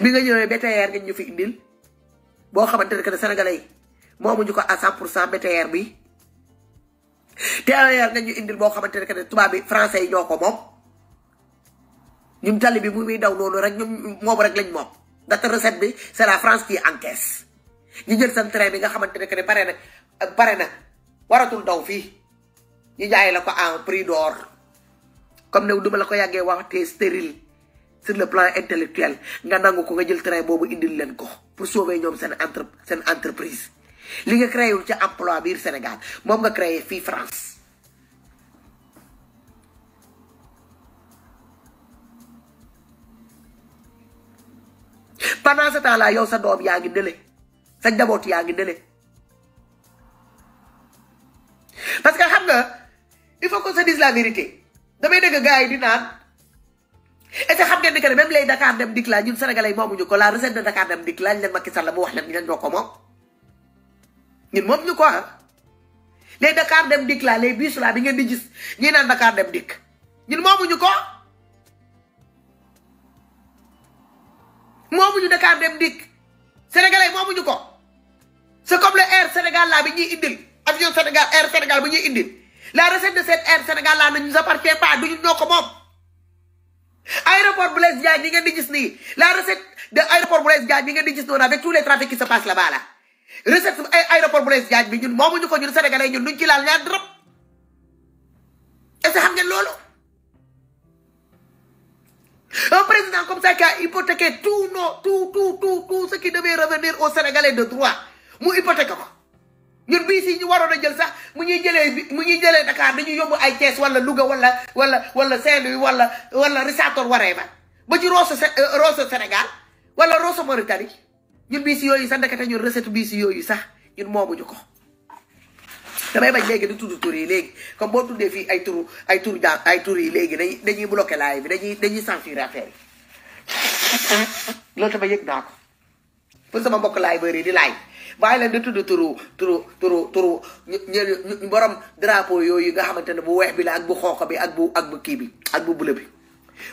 bi nga ñëwee BTR nga ñu fi indil boo xamante ne que ne sénégalais yi ko à cent pour bi TER nga ñu indil boo xamante ne que tubaab bi français yi ñoo ko moom ñun tali bi mu muy daw noonu rek ñoom moom rek lañ moom ndaxte recette bi c'est la France qui encaisse ñu jël seen train bi nga xamante ne que ne pare ak pare na waratul daw fii ñu jaay la ko en prix d'or comme ne ma la ko yàggee wax te stérile sur le plan intellectuel nga nangu ko nga jël train boobu indil leen ko pour sauver ñoom seen entre seen entreprise li nga créé wul ca emploi biir Sénégal moom nga créé fii France pendant ce yow sa doom yaa ngi dële sa njaboot yaa ngi dële parce que xam nga il faut qu'on se dise la vérité damay dégg gars yi di naan et xam ngeen ni que même lay Dakar dem dikk laa ñun sénégalais moom ñu ko ah les dem dikk laa les bus laa bi ngeen di gis ñii naan Dakar dem dikk ñun moomuñu ko moomuñu Dakar dem dikk sénégalais yi moomuñu ko c'est air Sénégal laa bi ñuy indil. avion Sénégal air Sénégal bu ñuy indi la recette de cette air Sénégal là ne nous appartient pas du ñu ñoo ko moom. aéroport Blaise Diagne ñi ngeen di gis nii la recette de aéroport Blaise Diagne ñi nga di gis noonu avec tous les trafics qui se passent là-bas là recette ay aéroport Blaise Diagne bi ñun moomuñu ko ñun sénégalais ñun duñ ci laal ñaar dërëm est-ce que xam ngeen loolu. un président comme ça qui a hypothéqué tout nos tout tout tout tout ce qui devait revenir aux Sénégalais de droit mu ko. ñun bii si ñu waroon a jël sax mu ñuy jëlee mu ñuy jëlee Dakar dañuy yomb ay Thiès wala Louga walla wala wala Saint-Louis wala wala Richard-Toll waree ba ba ci Rosso euh, Rosso Sénégal wala Rosso Mauritanie ñun bii si yooyu sax ndekete ñun recette bii si yooyu sax ñun moomuñu ko. damay bañ léegi di tudd tur yi léegi comme boo tuddee fii ay turu ay turu jàmm ay yi léegi dañuy dañuy bloqué laay bi dañuy dañuy censurer affaire yi loolu tamit yëg naa ko pour sama mbokk laay bëri di laay. bàyyi leen di tudd turu turu turu turu ñu borom drapeau yooyu nga xamante ne bu weex bi la ak bu xonq bi ak bu ak bu kii bi ak bu bleu bi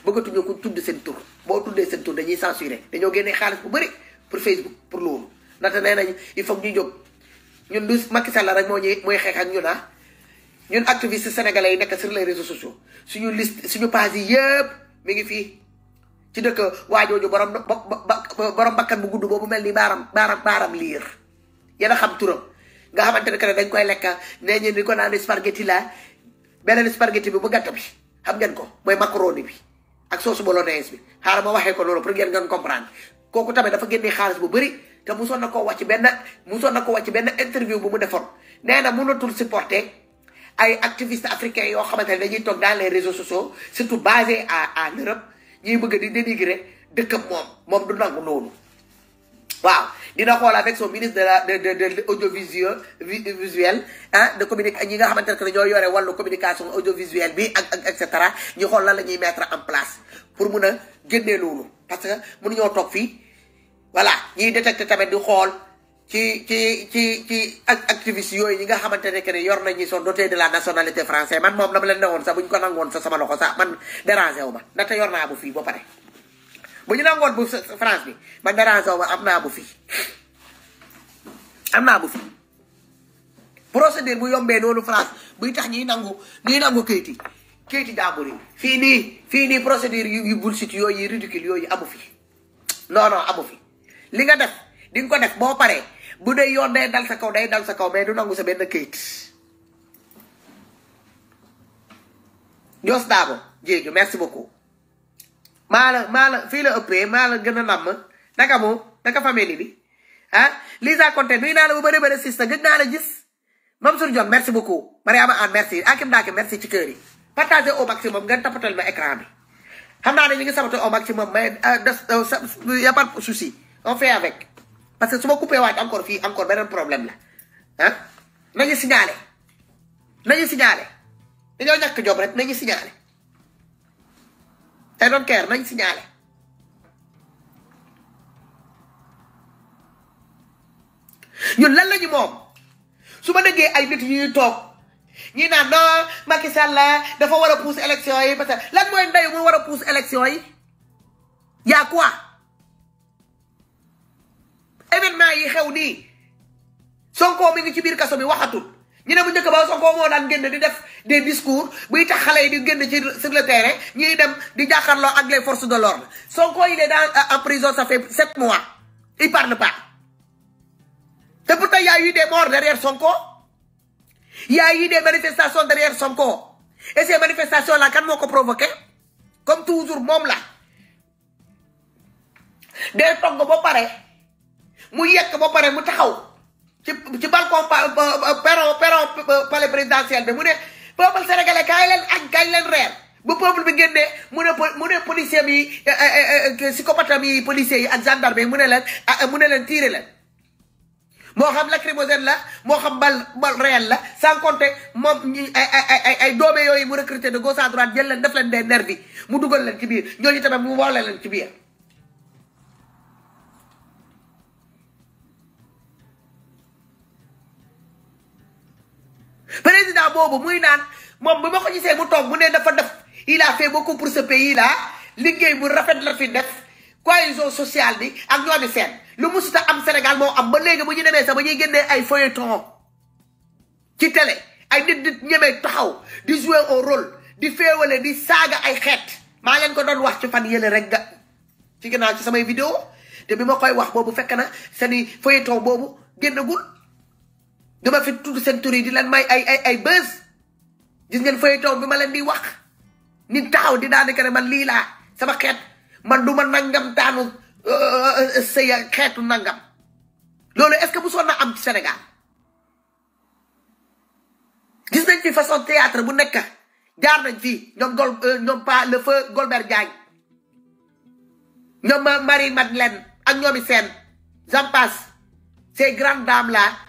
bëggatuñu ko tudd seen tur boo tuddee seen tur dañuy censuré dañoo génnee xaalis bu bëri pour Facebook pour loolu ndaxte nee nañ il faut ñu jóg ñun du Macky la rek moo ñuy mooy xeex ak ñun ah ñun activiste sénégalais yi nekk sur les réseaux sociaux suñu liste suñu page yi yëpp mi ngi fii ci dëkk waajooju borom borom bakkan bu gudd boobu mel ni baaram baaram baaram liir yéen a xam turam nga xamante ne que ne dañ koy lekk nee ñu ni ko naan spaghetti la beneen spaghetti bi bu gàtt bi xam ngeen ko mooy macaroni bi ak soo sauce bolognaise bi xaaral moo waxee ko loolu pour ngeen ngeen comprendre kooku tamit dafa génnee xaalis bu bëri te musoon na koo wàcc benn musoon na ko wàcc benn interview bu mu defoon nee na mënatul supporter ay activistes africains yoo xamante ne dañuy toog dans les réseaux sociaux surtout basés à à l'Europe ñuy bëgg di dénigrer dëkkam moom moom du nangu noonu waaw dina xool avec son ministre de la de de de audiovisuel visuel hein de communique ñi nga xamantene que ñoo yoré walu communication audiovisuelle bi ak ak et cetera ñu xol lan la mettre en place pour mëna a lolu parce que mënu ñoo tok fi voilà ñiy détecter tamit du xol ci ci ci ci activiste yoy yi nga xamantene que ne nañ ni son doté de la nationalité française man mom dama leen ne sa buñ ko nangone sa sama loxo sa man dérangé wu ma ndaxte yor na bu fi ba paré bu ñu nangoon bu France bi man dérange ma am naa bu fii am naa bu fii procédure bu yombee noonu France buy tax ñiy nangu ñiy nangu kayit yi kayit yi jàmbur yi fii nii fii nii procédure yu bullshit yooyu ridicule yooyu amu fi non amu fi li nga def di nga ko def boo paree bu dee yoon day dal sa kaw day dal sa kaw mais du nangu sa benn kayit Ndios Dabo jéegi merci beaucoup maa la maa la fii la ëppee maa la gën a namm naka moom naka famille bi ah Lisa Conté nuyu naa la bu bëri bëri sista gëj naa la gis Mamsour Dione merci beaucoup Mariama Anne merci Akim Daake merci ci kër yi partagez au maximum ngeen tapatal ma écran bi xam naa ne ñu ngi saboté au maximum mais euh, euh, y a pas de souci on fait avec parce que su ma coupé waat encore fii encore beneen problème la ah nañu signalé nañu signalé dañoo ñàkk job rek nañu signalé I don't care nañ signalé ñun lan lañu moom su ma déggee ay nit yu ñuy toog ñi naan non Macky Sall dafa war a pousse élection yi parce que lan mooy ndeyu mu war a pousse élection yi yaa quoi événement yi xew nii Sonko mi ngi ci biir kaso bi waxatul ñu ne bu njëkk ba Sonko mo daan génn di def des discours buy tax xale yi di génn ci sur le terrain ñuy dem di jàkkaarloo ak les forces de l'ordre Sonko il est dans en prison ça fait sept mois il parle pas te pourtant y a eu des morts derrière Sonko y a eu des manifestations derrière Sonko et ces manifestations là kan moo ko provoqué comme toujours moom la day togg ba pare mu yekk ba pare mu taxaw ci ci balcon perron perron palais présidentiel be mu ne peuple sénégalais kaay leen añ kaay leen reer bu peuple bi génnee mu ne mu ne policier bi eh, eh, eh, psychopathe bi policier yi ak gendarme mu ne leen ah, ah, mu ne leen tiire leen moo xam lacrymogène la moo xam bal bal réel la sans compter moom ay ay ay ay doome yooyu mu recruté de gauche à droite jël leen def leen des nervis mu dugal leen ci biir ñooñu tamit mu boole leen ci président boobu muy nan mom bima ko gisé mu toog mu né dafa def il a fait beaucoup pour ce pays là liguey bu rafet la fi def cohésion sociale bi ak ñoo di seen lu musuta am Sénégal mo am ba légui bu ñu démé sa ba ñi génnee ay feuilleton ci télé ay nit nit ñëmé taxaw di jouer au rôle di féewale di saga ay xét ma leen ko doon wax ci fan yele rek ga ci gëna ci samay vidéo té bima koy wax boobu fekk na seeni feuilleton boobu génnagul dama fi tudd seen tur yi di leen may ay ay ay bës gis ngeen feuilleton bi ma leen di wax nit taxaw di daanaka ne man lii laa sama xeet man du ma ngam taanu euh, euh, euh, sëya xeetu nangam loolu est-ce que bu soon na am ci Sénégal gis nañ fi façon théâtre bu nekk jaar nañ fi ñoom gol ñoom pa le feu Golbert Diagne ñoom Marie Madeleine ak ñoomi seen j'en passe ces grandes dames là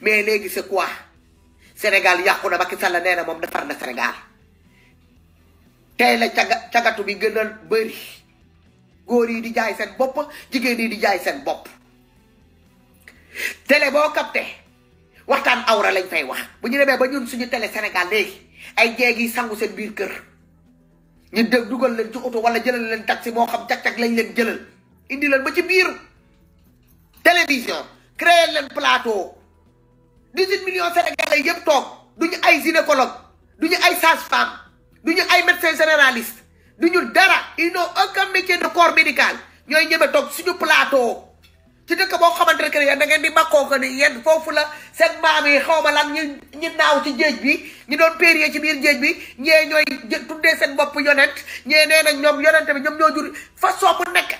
mais léegi c'est quoi Sénégal yàqu na Macky Sall nee na moom defar na Sénégal tey la caga cagatu bi gën a bëri góor yi di jaay seen bopp jigéen yi di jaay seen bopp tele boo capté waxtaan awra lañ fay wax bu ñu demee ba ñun suñu télé Sénégal léegi ay jeeg yi sangu seen biir kër ñu dégg dugal leen ci oto wala jëlal leen taxi moo xam cag-cag lañ leen jëlal indi leen ba ci biir télévision créer leen plateau dix-huit millions sénégalais toog du ñu ay gynécologue du ñu ay sage-femme du ñu ay médecin généraliste du ñu dara ils n'ont aucun métier de corps médical ñooy ñëme toog suñu plateau ci dëkk boo xamante ne que yéen da ngeen di makkoo ko ni yéen foofu la seen maam yi xaw ma lan ñu ñu naaw ci géej bi ñi doon périer ci biir géej bi ñee ñooy tuddee seen bopp yonent ñee nee nañ ñoom yonent bi ñoom ñoo jur façon bu nekk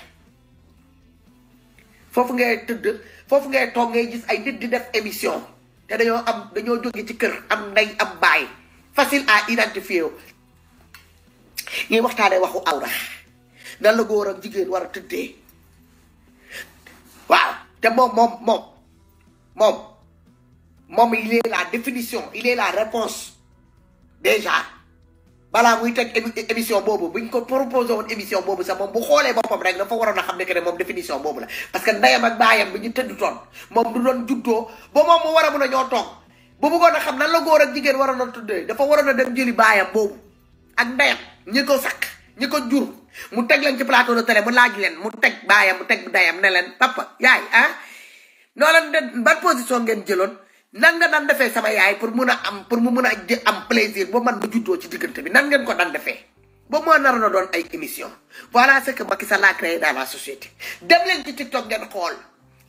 foofu ngay tëdd foofu ngay toog ngay gis ay nit di def émission te dañoo am dañoo jóge ci kër am ndey am baay facile à identifier wu ñuy waxtaanee waxu awra nan la góor ak jigéen war a tëddee waaw te moom moom moom moom moom il est la définition il est la réponse déjà balaa muy teg émission boobu buñ ko proposé woon émission boobu sax moom bu xoolee boppam rek dafa waroon a xam ne que ne moom définition boobu la parce que ndeyam ak baayam bi ñu tëdd toon moom du doon juddoo ba moom mu war a mun a ñoo toog bu bëggoon a xam nan la góor ak jigéen waroon a tuddee dafa waroon a dem jëli baayam boobu ak ndeyam ñi ko saq ñi ko jur mu teg leen ci plateau de télé mu laaj leen mu teg baayam mu teg ndeyam ne leen papa yaay ah noo leen de ban position ngeen jëloon nan nga daan defee sama yaay pour mun a am pour mu mun a am plaisir ba man mu juddoo ci diggante bi nan ngeen ko daan defee ba moo naroon na doon ay émission voilà ce que Macky Sall a créé dans la société dem leen ci TikTok ngeen xool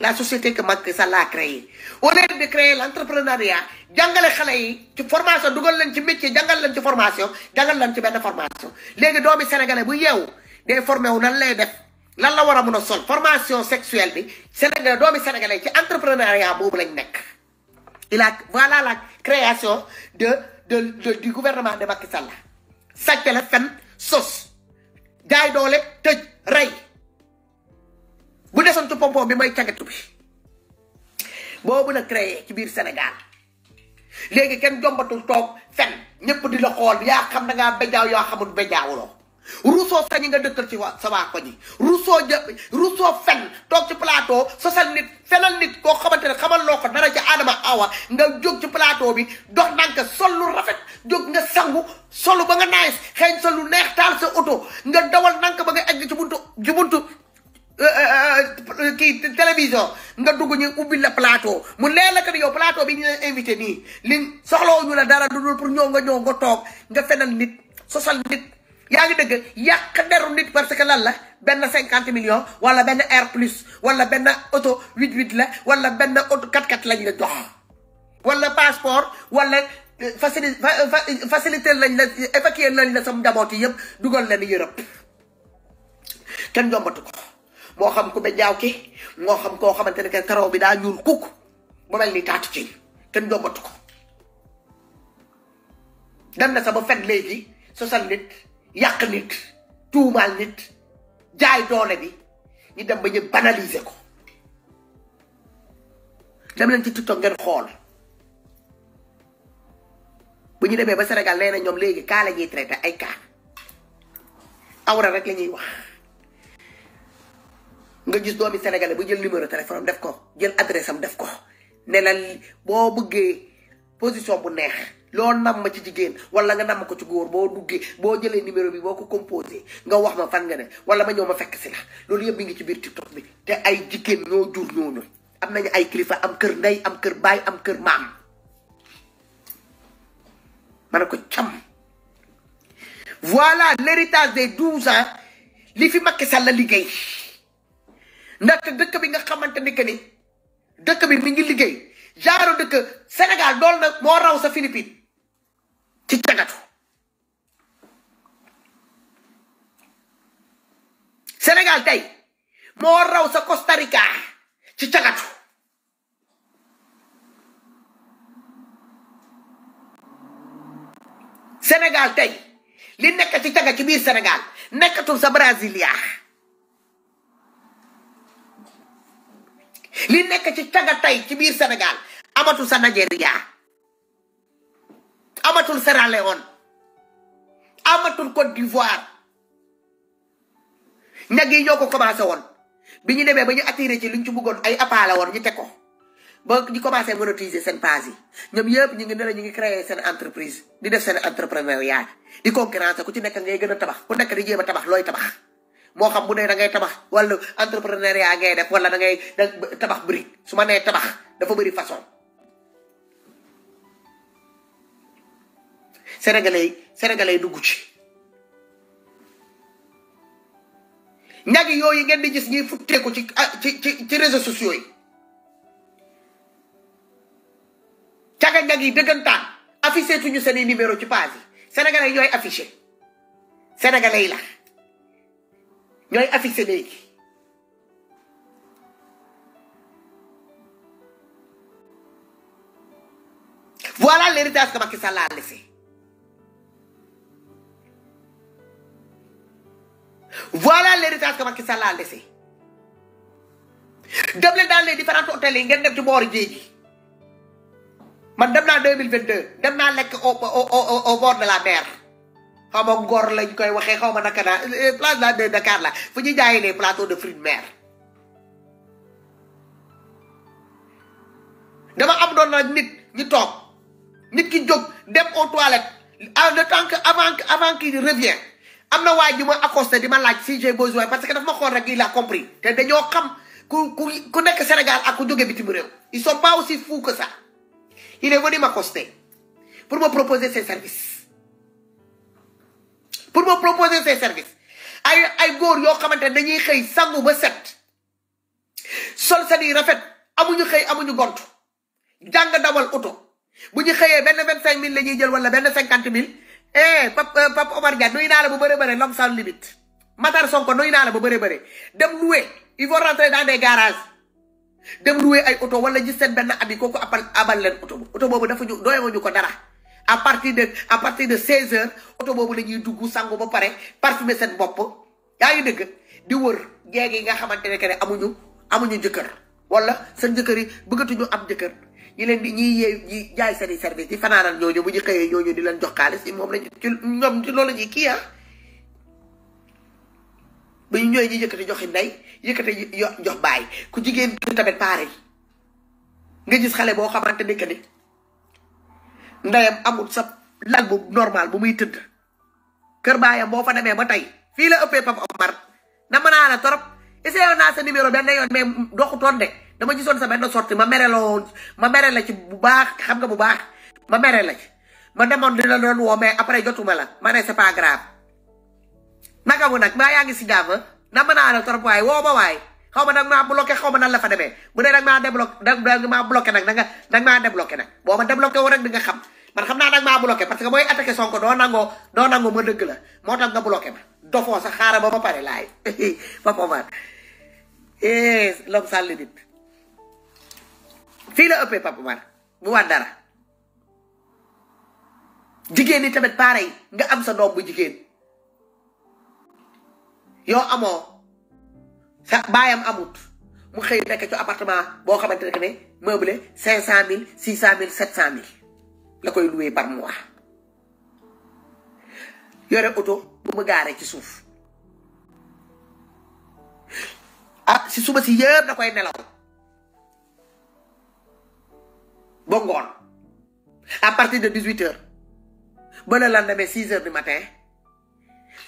la société que Macky Sall a créé au lieu de créer l' entrepreneuriat jàngale xale yi ci formation dugal leen ci métier jàngal leen ci formation jàngal leen ci benn formation léegi doomi sénégalais bu yeewu day formé wu nan lay def lan la war mun a sol formation sexuelle bi sénégalais doomi sénégalais ci entrepreneuriat boobu lañ nekk il a voilà la création de de de du gouvernement de Macky Sall sàcc la fen sos jaay doole tëj rey bu desoon ci pompom bi may cagatu bi boobu la créé ci biir Sénégal léegi kenn jombatul toog fen ñëpp di la xool yaa xam da ngaa béjaaw yaa xamul béjaawuloo ruusoo sañi nga dëkkal ci waa sa waa ko ñi ruusoo jë ruusoo fen toog ci plateau sosal nit fenal nit koo xamante ne xamal loo ko dara ci aadama awa nga jóg ci plateau bi dox ndànk sol lu rafet jóg nga sangu solu ba nga naayis xeeñ sa lu neex taal sa oto nga dawal ndànk ba nga egg ci buntu ci buntu euh, euh, euh, kii télévision nga dugg ñu ubbi la plateau mu lee la que yow plateau bi ñu ne invité nii li soxlawuñu la dara du dul pour ñëw nga ñëw nga toog nga fenal nit sosal nit yaa ngi dëgg yàq deru nit parce que lan la benn cinquante million wala benn air plus wala benn auto huit huit la wala benn auto quatre quatre lañ la jox wala passeport wala euh, facili euh, euh, facilité lañ la évacuer lañ la sam njaboot yi yëpp dugal leen Europe kenn jombatu ko moo xam ku be jaaw ki moo xam koo xamante ne que karaw bi daa ñuul kukk ba li ni taatu ci kenn jombatu ko dem na sa ba fet léegi sosal nit yàq nit tuumaal nit jaay doole bi ñu dem ba ñu banaliser ko dem leen ci TikTok ngeen xool bu ñu demee ba Sénégal nee ñoom léegi kaa la ñuy traité ay kaa awra rek la ñuy wax nga gis doomi sénégalais bu jël numéro téléphone am def ko jël adresse am def ko ne boo buggee position bu neex loolu nam ma ci jigéen wala nga nam ko ci góor boo duggee boo jëlee numéro bi boo ko composé nga wax ma fan nga ne wala ma ñëw ma fekk si la loolu yëpp mi ngi ci biir TikTok bi te ay jigéen ñoo jur ñooñu am nañu ay kilifa am kër ndey am kër baay am kër maam ma ne ko cam voilà l'héritage des douze ans li fi Macky Sall la liggéey ndaxte dëkk bi nga xamante ni que ni dëkk bi mu ngi liggéey jaaro dëkk Sénégal dool na moo raw sa Philippines ci cagatu Sénégal tey moo raw sa Costa Rica ci cagatu senegal tey li nekk ci caga ci biir Sénégal nekkatu sa Brasilia li nekk ci caga tey ci biir senegal amatul sa Nigeria amatul Sierra Leone amatul Côte d'Ivoire ñag yi ñoo ko commencé woon bi ñu demee ba ñu attiré ci ñu ci bëggoon ay appât woon ñu teg ko ba ñu commencé monétiser seen page yi ñoom yëpp ñu ngi ne ñu ngi créer seen entreprise di def seen entrepreneuriat di concurrence ku ci nekk ngay gën a tabax ku nekk di jéem a tabax looy tabax moo xam bu ne da ngay tabax wala entrepreneuriat ngay def wala da ngay tabax brique su ma nee tabax dafa bëri façon. sénégalais yi sénégalais yi dugg ci ñagi yooyu ngeen di gis ñuy futteeku ci ah, ci ci sociaux yi caga ñag yi dëggantaan affiché tuñu seen i numéro ci page yi sénégalais yi ñooy affiché sénégalais yi la ñooy affiché léegi Voilà l'héritage que Macky Sall a laissé. voilà l'héritage que Macky Sall a laissé dem leen dans les différents hôtels yi ngeen dem ci boori géej gi man dem naa 2022 dem naa lekk au au au la mer xaw ma ngor lañ koy waxee xaw ma naka naa euh, place la de Dakar la fu ñuy jaayee les plateaux de fruits de mer. dama am doon nag nit ñu toog nit ki jóg dem aux toilettes avant avant revient am na waa ju ma accosté di ma laaj si j'ai besoin parce que daf ma xool rek il a compris te dañoo xam ku ku ku nekk Sénégal ak ku jóge bitim réew ils sont pas aussi fous que ça il est venu m'accoster pour me proposer ses services pour me proposer ses services ay ay góor yoo xamante ne dañuy xëy sangu ba set sol seen yi rafet amuñu xëy amuñu gont jàng dawal oto bu ñu xëyee benn vingt cinq mille la ñuy jël wala benn cinquante mille eh Pape eh, Pape Omar Dia nuyu naa la bu bëre bëre l'homme sans limite Matar Sonko nuyu naa la bu bëre bëre dem louer il faut rentrer dans des garages dem louer ay oto wala gis seen benn abi kooku abal abal leen oto oto boobu dafa ñu doyewuñu ko dara à partir de à partir de 16 heures oto boobu la ñuy dugg sangu ba pare parfumer seen bopp yaa ngi dëgg di wër jeeg nga xamante ne que ne amuñu amuñu jëkkër wala seen jëkkër yi bëggatuñu am jëkkër. ñi leen di ñiy yee ñi jaay seen i service di fanaanal ñooñu bu ñu xëyee ñooñu di leen jox xaalis yi moom lañ ci ñoom ci loolu ñuy kii ah ba ñu ñooy ñi yëkkati joxi ndey yëkkati jox baay ku jigéen ki tamit paare nga gis xale boo xamante ne que ni ndeyam amul sa lal bu normal bu muy tëdd kër baayam boo fa demee ba tey fii la ëppee Papa Omar na mën naa la torop essayé naa sa numéro benn yoon mais doxutoon de ดามาจีซอนสมัยนราสอดถึงมาแม่เรารมาแม่เราเลยจบุบากคำกับบุบากมาแม่เราเลยมันได้มันเรียนรูว่าแม่อะไรยศถุมาละมันาในสภากราบนักบุนักมาอย่างกสิดาวะน้ำมันอะไรตัวป่วยว่าบ่ไหเขามาดังมาบล็อกแค่เขามานั่นแหละฟันเดมบุญได้ดังมาเด้บล็อกดังเดังมาบล็อกแค่นั่งนั่นก็งมาเด้บล็อกแค่นั้นบอกมันเด้บล็อกแค่วันนึงกั็คำมันคำนั้นดังมาบล็อกแค่ปัจจุบันไอ้อะไรก่สองคนโดนนั่งโง่โดนนั่งง่มือดึกเลยมอดังก็บล็อกแค่มาดอฟอสขาระบ่มาไปเลยไล่มาพอมาเอ๊ลมซันลิบ fii la ëppee Pape Oumar bu dara jigéen ñi tamit paare nga am sa doom bu jigéen yoo amoo sa baayam amut mu xëy nekk ci appartement boo xamante ne que ne cinq cent mille six cent mille sept cent mille la koy loué par mois yore oto bu mu gaaree ci suuf a ah, si suba si yëpp da koy nelaw bongon à partir de 18 h ba le lendemain 6 h du matin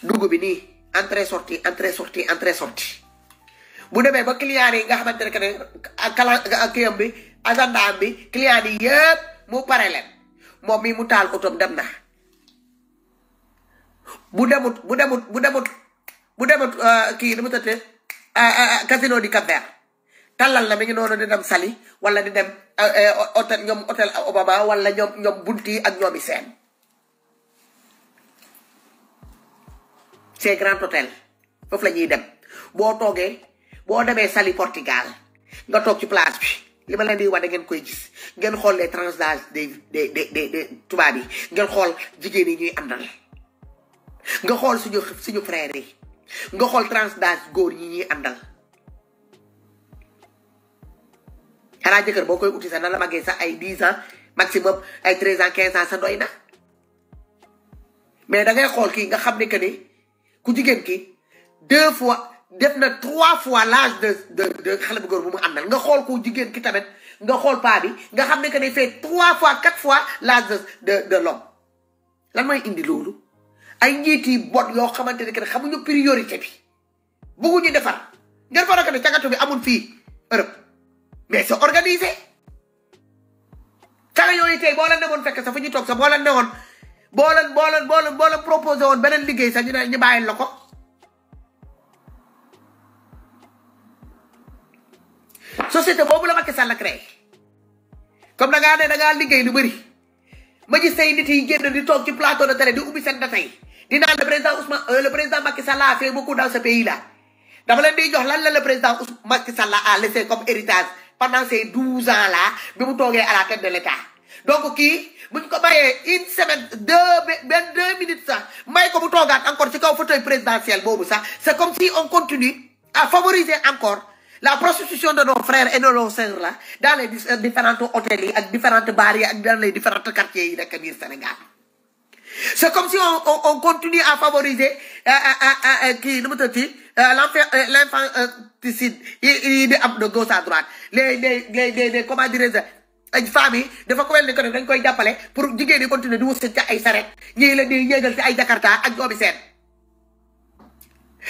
dugg bi ni entrée sortie entrée sortie entrée sortie bu demee ba client yi nga xamanté rek que ak kala kiyam bi agenda bi client yi yépp mu paré leen mom mi mu taal otom dem na bu demut bu demut bu demut bu demut euh, kii nu mu euh, euh, euh casino di Cap Vert tàllal la mi ngi noonu di dem sali wala di dem hôtel eh, eh, ñoom hôtel Obama wala ñoom ñoom Bunti ak ñoomi seen ces grand hôtel foofu la ñuy dem boo toogee boo demee sali Portugal nga toog ci place bi li ma leen di wax ngeen koy gis ngeen xool les transage des des des des tubaab yi ngeen xool jigéen yi ñuy àndal nga xool suñu suñu frères yi nga xool transage góor yi ñuy àndal xanaa jëkkër boo koy uti sax na la màggee sax ay 10 ans maximum ay 13 ans 15 ans sax doy na mais da ngay xool kii nga xam ne que ni ku jigéen ki deux fois def na trois fois l'âge de de xale bu góor bu mu àndal nga xool ku jigéen ki tamit nga xool paa bi nga xam ne que ni fait trois fois quatre fois l'âge de de de l'homme lan mooy indi loolu ay njiit boot bot yoo xamante ne que ne xamuñu priorité bi bugguñu defar ngeen ko rek ne cagatu bi amul fii Europe. mais c'est organisé xale yooyu tey boo leen demoon fekk sax fu ñu toog sax boo leen newoon boole leen boo leen boo woon beneen liggéey sax ñu ne ñu bàyyi la ko société boobu la Macky Sall créé comme da ngaa ne da liggéey lu bëri ma gis say nit yi génn di toog ci plateau de télé di ubbi seen data yi di naan le président Ousmane euh, le président Macky Sall a fait beaucoup dans ce pays là leen di jox lan la le président Macky Sall a laissé comme héritage. pendant ces 12 ans là bi mu à la tête de l'État. donc qui, vous ñu une semaine deux minutes ça? Mais ko mu toogaat encore c'est kaw fauteuil présidentiel bon, ça, c'est comme si on continue à favoriser encore la prostitution de nos frères et de nos sœurs là dans les différents hôtels et différentes bars dans les différents quartiers de Camille Sénégal. C'est comme si on on continue à favoriser qui euh, euh, euh, nous mu l'infanticide yi di am de gauche à droite les les les comment dirais-je ay femmes dafa ko mel ni que koy jàppale pour jigéen ñi continuer di wërsëg ca ay saret ñii la di yéegal ci ay jakarta ak ñoomi seen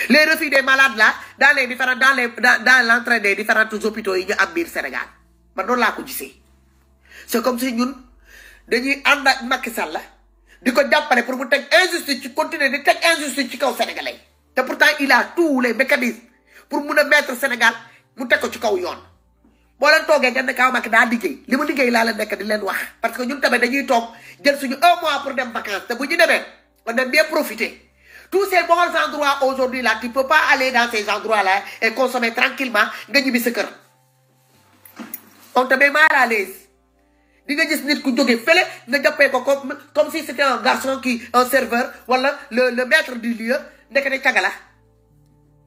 les refus des malades là dans les différents dans les dans l'entrée des différents hôpitaux yi ñu am biir Sénégal man noonu laa ko gisee c'est comme si ñun dañuy ànd ak Macky Sall la di ko jàppale pour mu teg injustice ci continuer di teg injustice ci kaw sénégalais te pourtant il a tous les mécanismes pour mëna mettre Sénégal mu teg ci kaw yoon bo leen toogee ngeen ne Kaaw Macky daa liggéey li ma la laa leen di len wax parce que ñun tamé dañuy tok jël suñu un mois pour dem vacances te bu ñu démé on a bien profité tous ces bons endroits aujourd'hui là tu peux pas aller dans ces endroits là et consommer tranquillement nga ñibi sa kër on tamé met mal à l'aise di nga gis nit ku joggé fële nga jappé ko comme comme si c'était un garçon qui un serveur wala le le maître du lieu ndekete cagala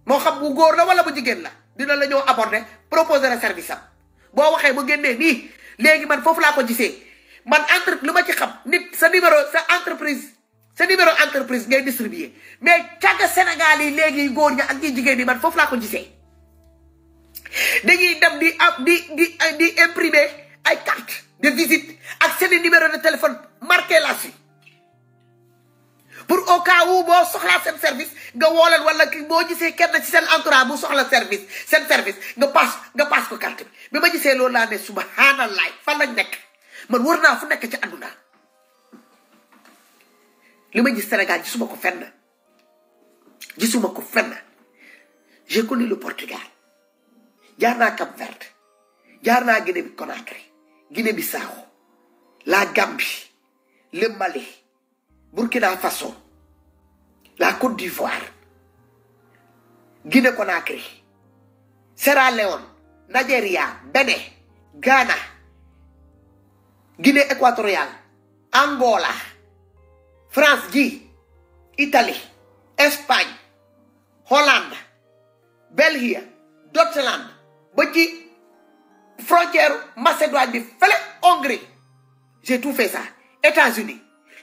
moo xam bu góor la walla bu jigéen la dina la ñoo aborder proposer la service am boo waxee mu génnee nii léegi man foofu laa ko gisee man entre lu ma ci xam nit sa numéro sa entreprise sa numéro entreprise ngay distribuer mais caga Sénégal yi léegi góor ña ak ñi jigéen yi man foofu laa ko gisee dañuy dem di am di di di imprimer ay carte de visite ak seeni numéro de téléphone marqué la suite au cas boo soxlaa seen service nga woolal wala ki boo gisee kenn ci seen entourage bu soxla service seen service nga paas nga paas ko carte bi bi ma gisee loolu laa ne subhanallah fan lañ nekk man wër naa fu nekk ci àdduna li ma gis Sénégal gisuma ko fenn gisuma ko fenn j'ai connu le Portugal jaar naa Cap Vert jaar naa Guinée bi Conakry Guinée Bissau la Gambie le Mali Burkina Faso la Côte d'Ivoire Guinée Conakry Sierra Leone Nigeria Benin, Ghana Guinée équatoriale Angola France guy Italie Espagne Hollande Belgique Deutschland ba frontière Macédoine Hongrie j'ai tout fait ça États-Unis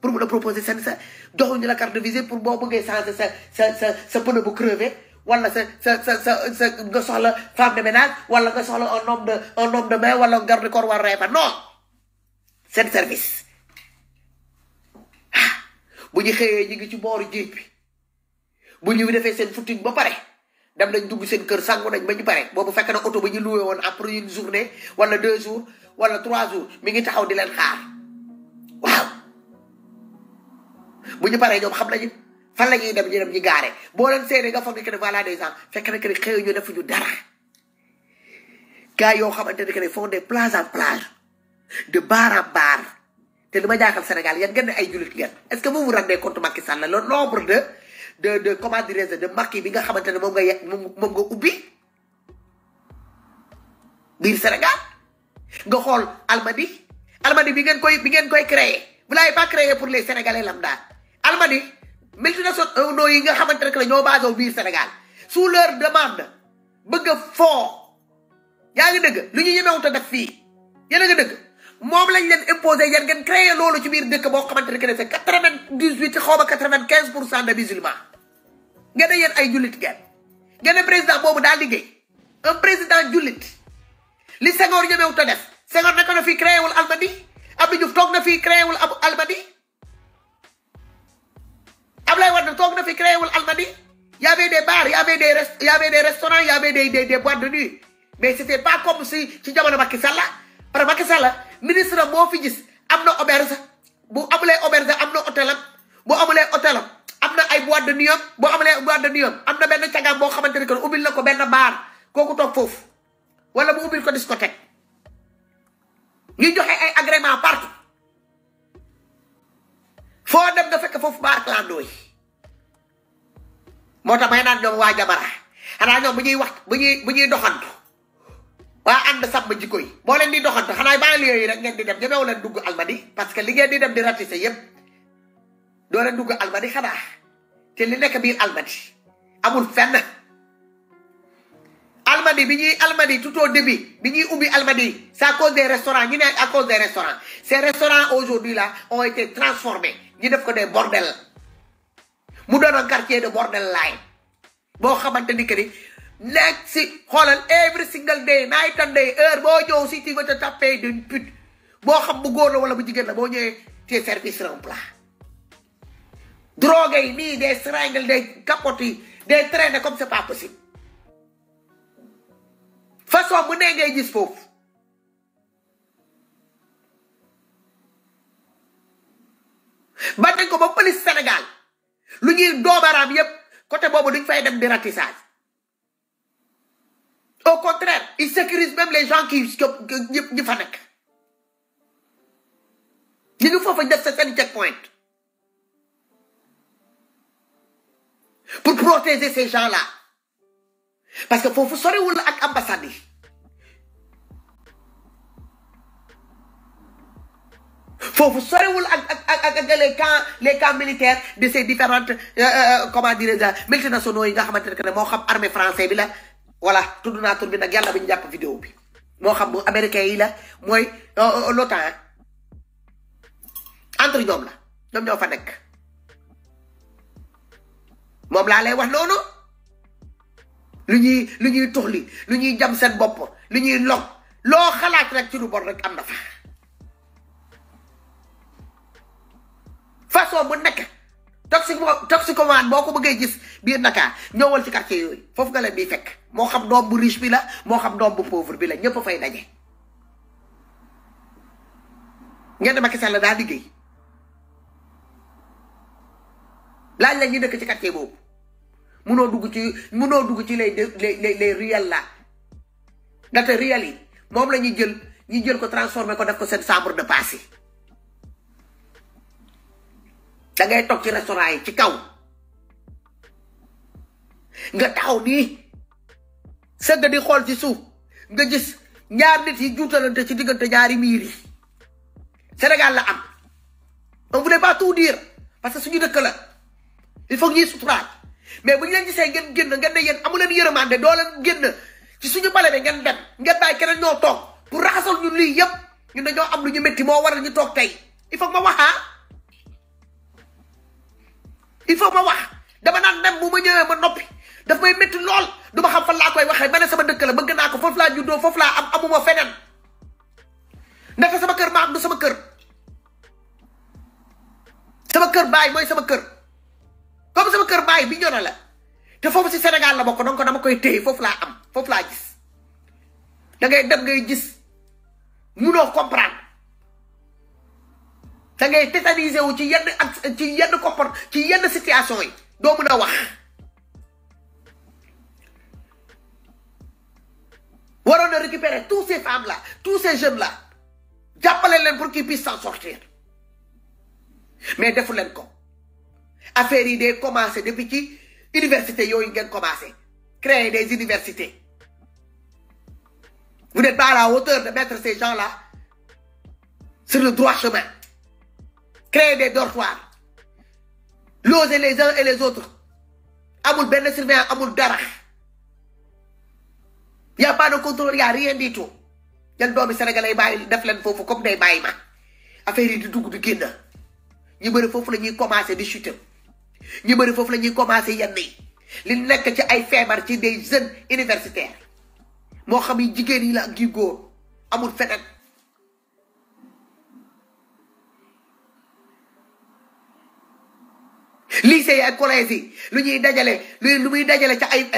pour mun a proposer seen sa joxuñu la carte de pour boo bëggee changer sa sa sa sa pneu bu crevé wala sa sa sa sa sa nga soxla femme de ménage wala nga soxla un homme de un homme de wala garde corps war reefa non seen service ah bu ñu xëyee ñu ngi ci booru jéeg bi bu ñu defee seen footing ba pare dem nañ dugg seen kër sangu nañ ba ñu pare boobu fekkee na oto ba ñu loué woon après une journée wala deux jours wala trois jours mi ngi taxaw di leen xaar waaw bu ñu paree ñoom xam nañu fan la ñuy dem ñu dem ñu gaare boo leen seene nga foog ne que ne voilà des gens fekk na que ne xëy ñu defuñu dara gars yoo xamante ne que ne font des plage en plage de bar en bar te li ma jaaxal Sénégal yan ngeen ne ay jullit ngeen est-ce que vous vous rendez compte Macky Sall le nombre de de de comment de marque bi nga xamante ne moom nga ye moom nga ubbi biir Sénégal nga xool Almadi Almadi bi ngeen koy bi ngeen koy créé vous l'avez pas créé pour les Sénégalais daal Almadies multinationaux yi nga xamante rek la ñoo basé biir Sénégal sous leur demande bëgg a foo yaa ngi dëgg lu ñu ñemewut a def fii yéen a nga dëgg moom lañ leen imposé yéen ngeen créé loolu ci biir dëkk boo xamante ne que ne c'est quatre vingt dix huit xaw ma quatre vingt quinze pour cent de musulmans ngeen ne yéen ay jullit ngeen ngeen président boobu di liggéey un président jullit li Senghor ñemewut a def Senghor nekk na fii créé wul Almadies Abdou Diouf toog na fii créé wul Almadies Ablaye Wade toog na fi créé wul Almadies y avait des bars y avait des rest y avait des restaurants y avait des des des pas comme si ci jamono Macky Sall parce que Macky Sall ministre boo fi gis am na auberge bu amulee auberge am na hôtelam bu amulee hôtelam am na ay boîte de nuit am amulee boîte am am na benn cagaam boo xamante ni que ubbil na ko benn baar kooku toog foofu wala mu ubbil ko discothèque ñuy joxe ay agrément partout. foo dem nga fekk foofu baarakalandoo yi moo tax may naan ñoom waa jamara xanaa ñoom bu ñuy wax bu ñuy bu ñuy doxantu waa ànd sàmm jikko yi boo leen di doxantu xanaa banlieue yi rek ngeen di dem ñemewu leen dugg almadi parce que li ngeen di dem di ratissé yépp doo leen dugg almadi xanaa te li nekk biir almadi amul fenn Almadi bi ñuy Almadi tout au début bi ubi ubbi Almadi c'est à cause des restaurants ñi ne à cause des restaurants ces restaurants aujourd'hui là ont été transformés ñi def ko des bordel mu do un quartier de bordel lay bo xamanteni ni que ni nek ci xolal every single day night and day heure bo ñëw ci ti vas tapé taper d'une pute bo xam bu goor la wala bu jigen la bo ñewé tes services seront plat drogue yi des seringues des capotes des traînées comme c'est pas possible façon bu ne ngay gis foofu ba nañ comme ba police Sénégal lu ñuy doobaraam yépp côté boobu duñ fay dem au contraire ils sécurisent même les gens qui ñi fa nekk nous ngi foofu def sa checkpoint pour protéger ces gens-là parce que foofu sorewul ak ambassade yi foofu sorewul ak ak ak ak les camps les camps militaires de ces différentes euh, euh, euh, comment dirais-je multinationaux yi nga xamante ne moo xam armée français bi la voilà tudd naa tur bi nag yàlla bi ñu jàpp vidéo bi moo xam bu yi la mooy l'OTAN entre ñoom la ñoom ñoo fa nekk moom laa lay wax noonu. lu ñuy lu ñuy tuxli lu ñuy jam seen bopp lu ñuy log lo xalaat rek ci lu bon rek am na fa façon bu nekk toxico toxicomane boo ko bëggee gis biir naka ñëwal ci quartier yooyu foofu nga leen di fekk moo xam doom bu riche bi la moo xam doom bu pauvre bi la ñëpp fay daje ngeen Macky Sall daa liggéey laaj la ñu dëkk ci quartier boobu munoo dugg ci munoo dugg ci lay les les réels là ndaxte réels yi moom la ñuy jël ñu jël ko transformé ko def ko seen chambre de passe yi da ngay toog ci restaurant yi ci kaw nga taxaw nii sëgg di xool ci suuf nga gis ñaar nit yi juutalante ci diggante ñaari miir yi Sénégal la am on voulait pas tout dire parce que suñu dëkk la il faut ñuy suturaal mais bu ñu leen gisee ngeen génn ngeen ne yéen amu leen yërëmande doo leen génn ci suñu bale bi ngeen dem ngeen bàyyi keneen ñoo toog pour raxasal ñun lii yëpp ñun dañoo am lu ñu métti moo a ñu toog tey il faut ma wax ah il faut ma wax dama naan dem bu ma ñëwee ma noppi daf may métti lool du ma xam fan laa koy waxee ma ne sama dëkk la bëgg naa ko foofu laa juddoo foofu laa am amuma feneen ndaxte sama kër ma am du sama kër sama kër baay mooy sama kër. comme sama keur baye bi ñono la te fofu ci Sénégal la bokk donc dama koy téye fofu la am fofu la gis da ngay dem ngay gis mëno comprendre da ngay tétaniser wu ci yenn ak ci yenn comport ci yenn situation yi do mëna wax waron na récupérer tous ces femmes là tous ces jeunes là jappalé len pour qu'ils puissent s'en sortir mais defu len ko affaire yi day commencé depuis qui université yooyu ngeen commencé créer des universités vous n'êtes pas à la hauteur de mettre ces gens-là sur le droit chemin créer des dortoirs loger les uns et les autres amul ben surveillant amul dara n'y a pas de contrôle n'y a rien du tout yan doomi sénégalais bàyyi def leen foofu comme en train ma faire yi di du di génn ñu bëri foofu la ñuy commencer du chuter ñu bëri foofu lañuy ñuy commencé yenn li nekk ci ay feebar ci des jeunes universitaires moo xam yi jigéen yi la ak yu góor amul feneen lycée yi ak collège yi lu ñuy dajale lu muy dajale ci ay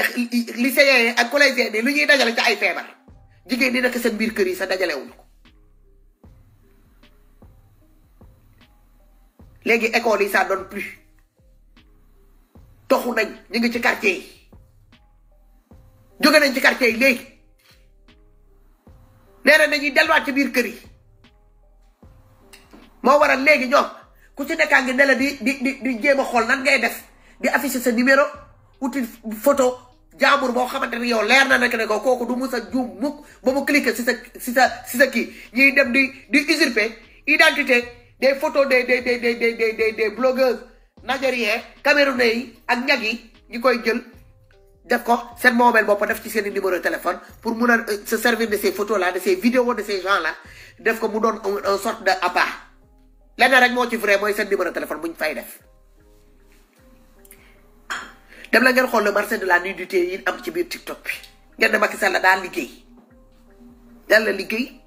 lycée ak collège yi lu ñuy dajale ca ay feebar jigéen di nekk seen biir kër yi sa dajalewuñu ko léegi école yi sa donne plus toxu nañ ñu ngi ci quartier yi jóge nañ ci quartier yi léegi nee na dañuy delluwaat ci biir kër yi moo waral léegi ñoom ku ci nekkaa ngi ne la di di di di jéem a xool nan ngay def di afficher sa numéro outil photo jaambur boo xamante ni yow leer na nekk ne ko kooku du mus a juum mukk ba mu cliquer si sa si sa kii ñuy dem di di usurper identité des photos des des des des des Nigériens Camerounais yi ak ñag yi ñu koy jël def ko seen moomeel bopp def ci seeni i numéro téléphone pour mun a euh, se servir de ces photos là de ces vidéos def ko mu doon un sorte de appât lenn rek moo ci vrai mooy seen numéro téléphone bu ñu fay def. dem la ngeen xool le marché de la nudité yi am ci biir TikTok bi ngeen ne Macky Sall daal liggéey daal la liggéey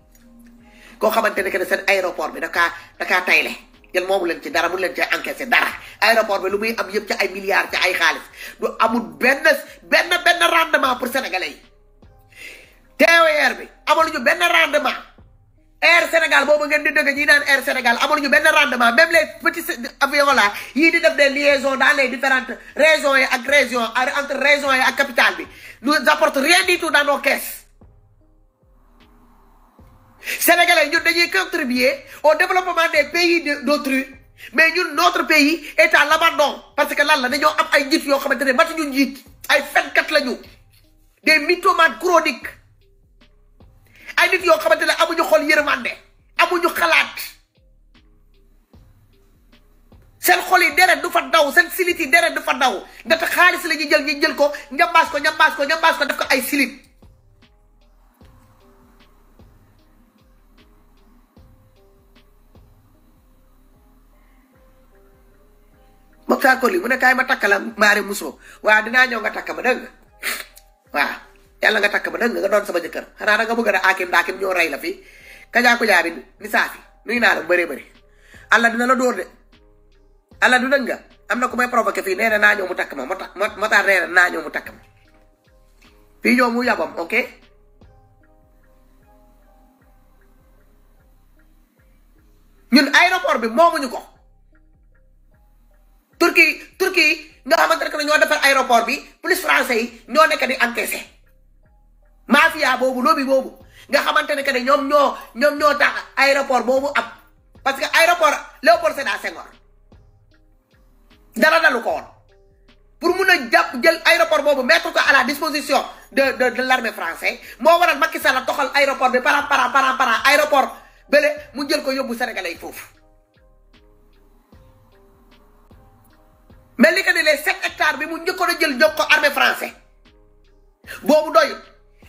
koo xamante ne que ne seen aéroport bi da kaa da kaa tayle kenn moomu leen ci dara mu leen cee encaissé dara aéroport bi lu muy am yëpp ci ay milliards ci ay xaalis du amul benn benn rendement pour sénégalais yi TER bi ñu benn rendement air Sénégal boobu ngeen di dëgg ñi naan air Sénégal amaluñu benn rendement même les petits avions là yii di def des liaisons dans les différentes régions yi ak région entre régions yi ak capital bi nous apporte rien du tout dans nos caisses Sénégalais ñun dañuy contribuer au développement des pays d'autrui mais ñun notre pays est à l'abandon parce que lan la dañoo am ay njiit yoo xamante ne matuñu njiit ay fenkat lañu des mythomanes chroniques ay nit yoo xamante ne amuñu xol yërmande amuñu xalaat seen xol yi deret du fa daw seen silit yi deret du fa daw ndax xaalis la ñuy jël ñu jël ko ñambaas ko ñambaas ko ñambaas ko def ko ay silit obstacle yi mu ne kaay ma takk la maari musoo waaw dinaa ñëw nga takk ma dégg nga waaw yàlla nga takk ma dégg nga nga doon sama jëkkër xanaa da nga bëgg a aakim ndaakim ñoo rey la fii kajaa ko jaabi ni saafi nuyu naa la bu bëree allah dina la dóor de allah du nga am na ku may provoqué fii nee na naa ñëw mu takk ma ta fii ñëw mu yabam ok ñun aéroport bi moomuñu ko Turki, Turki nga xamante ne ñoo defal aéroport bi plus français ñoo nek di encaissé mafia bobu lobby bobu nga xamantene ne que ne ñoo ñom ñoo tax aéroport bobu am parce que aéroport Léopold Sédar Senghor dara dalu ko won pour mëna japp jël aéroport bobu mettre ko à la disposition de de de l'armée française mo waral Macky Sall toxal aéroport bi para para para para aéroport belé mu jël ko yobbu sénégalais fofu mel ni que ne les ectare bi mu njëkkoon a jël jox ko armée français boobu doyut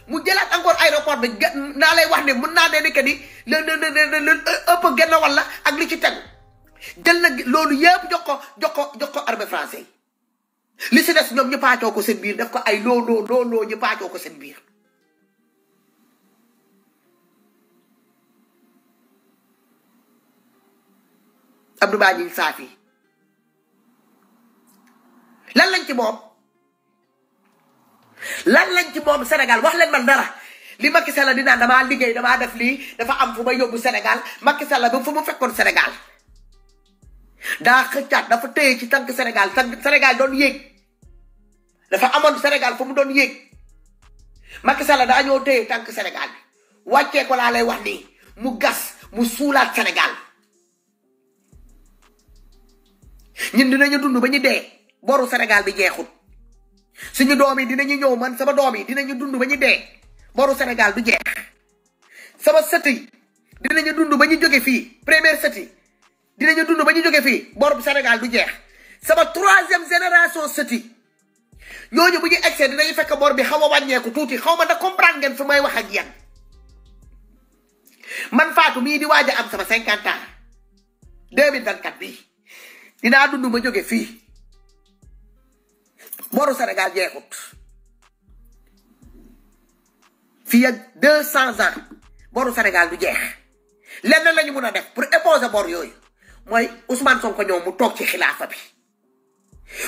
mu jëlaat encore aéroport bi naa lay wax ne mën naa ne que ni le le le le ëpp genn walla ak li ci tegu jël na loolu yëpp jox ko jox ko jox ko armée yi li si des ñoom ñu paacoo ko seen biir def ko ay looloo looloo ñu paacoo ko seen biir. Abdou Badji Safi. ci mom lan lañ ci mom senegal wax len man dara li Macky Sall di naan dama liggey dama def li dafa am fuma yobbu senegal Macky Sall ba fuma fekkon senegal da daa dafa téye ci tank senegal tank senegal don yegg dafa amone senegal fu don yegg Macky Sall da ñoo téye tank senegal wacce ko la lay wax ni mu gas mu suulaat senegal ñin dinañu dund bañu dee boru senegal bi jeexut suñu doomi dinañu ñëw man sama doomi dinañu dund bañu dé dee boru Sénégal du jeex sama sët dinañu dund bañu joggé fi fii première sët dinañu dund bañu joggé fi fii boru Sénégal du jeex sama troisième génération sët ñoñu ñooñu bu ñu egsee dinañu fekk bor bi xawa a wàññeeku tuuti xaw da comprendre ngeen fi may wax ak yeen man Fatou mi di waja am sama 50 ans 2024 bi dina dundu ma joggé fi boru Sénégal jeexut fii 200 ans boru Sénégal du jeex lenn la ñu def pour épouser bor yooyu Ousmane Sonko ñëw mu toog ci xilaafa bi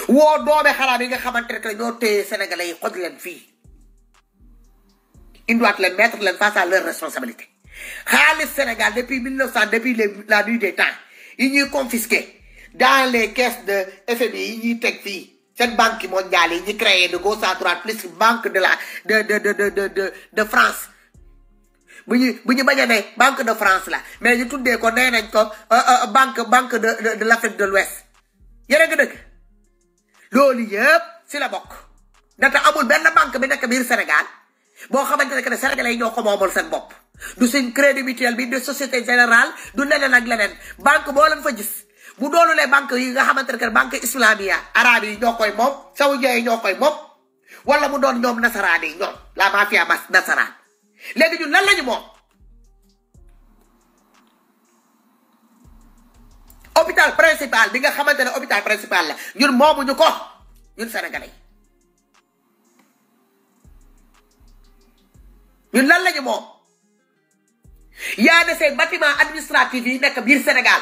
woo doome xaraam yi nga xamante rek la ñoo téye sénégalais yi xoj leen fii indiwaat mettre leen face à leur responsabilité xaalis Sénégal depuis 1900, depuis la nuit des temps yi ñuy confisqué dans les caisses de FMI yi ñuy teg fii cette banque mondiale yi ñu créé de gauche à droite plus banque de la de de de de France bu ñu bu ñu bañ a ne banque de France la mais ñu tuddee ko nee nañ ko euh, euh, banque banque de de l'Afrique de l'Ouest yéen nga dëgg loolu yëpp si la bokk ndaxte amul benn banque bi nekk biir Sénégal boo xamante ne que ne Sénégalais yi ñoo ko moomal seen bopp du seen crédit bi du société générale du leneen ak leneen banque boo leen fa gis. bu doonulee banque yi nga xamantene ne islamia arabe yi ñoo koy moom saoudia yi koy wala mu doon ñom nasaraan yi la mafia mas nasaraan léegi ñun lan lañu mom hôpital principal bi nga xamantene hôpital principal la ñun ñu ko ñun sénégalais ñun lan lañu moom yaa de ces bâtiments administratifs yi sénégal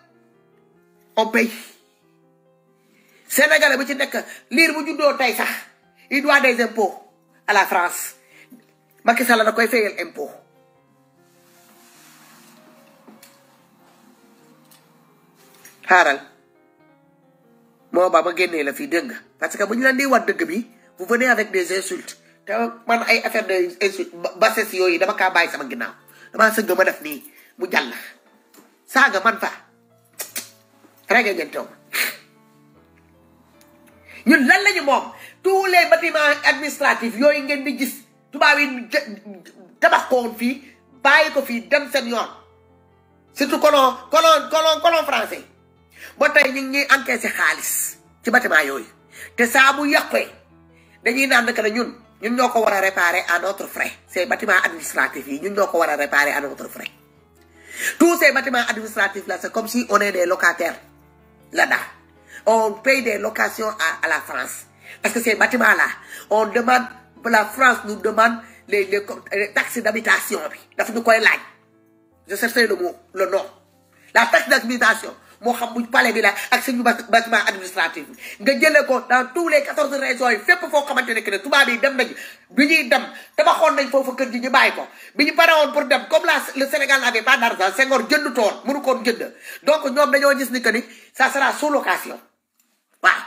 on paye bu ci nekk liir bu juddoo tey sax il doit des impôts à la France Macky Sall da koy fayal impôt xaaral moo ba génnee la fii dëgg parce que bu ñu leen di war dëgg bi vous venez avec des insultes te man ay affaire de insultes bassesse yooyu dama kaa bàyyi sama ginnaaw damaa sëgg def nii mu jàll saaga man fa rege ngeen toog ñun lan lañu moom tous les batiment administratifs yooyu ngeen di gis tubaab yi tabax ko woon fii bàyyi ko fii dem seen yoon surtout colon colon colon colon français ba tey ñu ngi encaissé xaalis ci bâtiment yooyu te saa bu yàqee dañuy naan naka la ñun ñun ñoo ko war a réparer à notre frais ces bâtiments administratifs yi ñun ñoo ko war a réparer à notre frais tous ces bâtiments administratifs là c'est comme si on est des là On paye des locations à, la France. Parce que ces bâtiments-là, on demande, la France nous demande les, taxes d'habitation. Je cherche le mot, le nom. La taxe d'habitation. moo xam bu palais bi la ak suñu bâtiment administratif bi nga jëlee ko dans tous les quatorze régions yi fépp foo xamante ne que ne tubaab yi dem nañu bi ñuy dem tabaxoon nañ foofu kër gi ñu bàyyi ko bi ñu pare woon pour dem comme la le Sénégal n'avait pas d'argent Senghor jënd toon mënu koon jënd donc ñoom dañoo gis ni que ni ça sera sous location waaw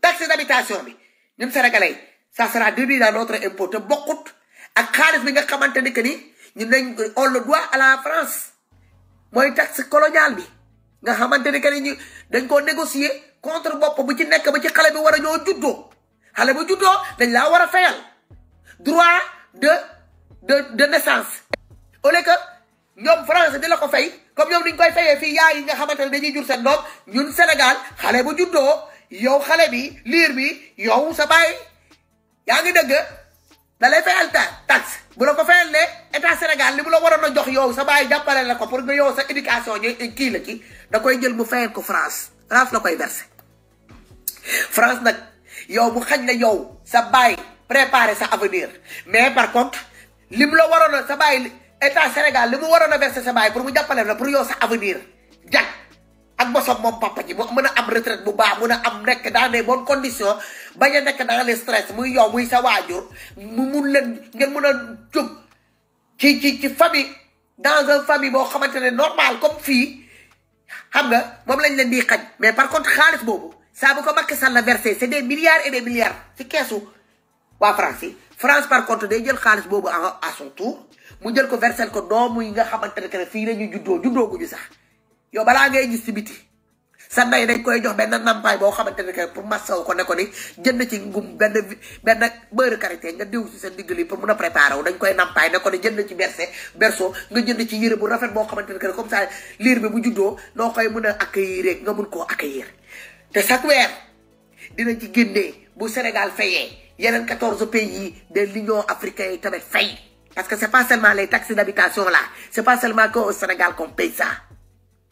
taxe d'habitation bi ñun sénégalais yi ça sera déduit dans notre impôt te bokkut ak xaalis bi nga xamante ni que ni ñun dañ on le doit à la France mooy taxe coloniale bi nga xamantene kene ñu dañ ko négocier contre bop bu ci nek ba ci xalé bi wara ñoo juddo xalé bu juddo dañ la wara fayal droit de de de naissance. au lieu que ñom français di la ko fay comme ñom dañ koy fayé fi yaay nga xamantene dañuy jur sen doom ñun Sénégal xalé bu juddo yow xalé bi lire bi yow sa bay yaa ngi dëgg. da lay fayal ta taxe bu la ko fayal ne état Sénégal li mu la waroon a jox yow sa bàyyi jàppale la ko pour nga yow sa éducation ñu kii la ki da koy jël mu fayal ko France France la koy versé France nag yow bu xaj la yow sa bàyyi préparer sa avenir mais par contre li mu la waroon a sa bàyyi état Sénégal li mu waroon a versé sa bàyyi pour mu jàppale la pour yow sa avenir jag ak bosam moom papa ji mu mën a am bu baax mën a am nekk dans des bañ a nekk dans le stress muy sa waajur mu mun ngeen mën a jóg ci ci ci famille dans un famille boo xamante ne normal comme fii xam nga moom lañ leen di xaj mais par contre xaalis boobu saa bu ko Macky Sall la versé c'est des milliards et des milliards ci keesu waa France yi France par contre day jël xaalis boobu à son mu jël ko versel ko doomu yi nga xamante ne fii la ñu juddoo juddoo gu sax yow balaa ngay gis ci biti sa ndey dañ koy jox benn nampaay boo xamante ne pour massaw ko ne ko ni jënd ci ngum benn benn beurre karité nga diw ci seen digg li pour mun a préparer wu dañ koy nampaay ne ko ni jënd ci berse berceau nga jënd ci yére bu rafet boo xamante ne comme ça liir bi bu juddoo noo koy mën a accueillir rek nga mun koo accueillir te chaque weer dina ci génnee bu Sénégal fayee yeneen quatorze pays de l'Union africaine yi tamit fay parce que c'est pas seulement les taxes d'habitation là c'est pas seulement Sénégal qu'on paye ça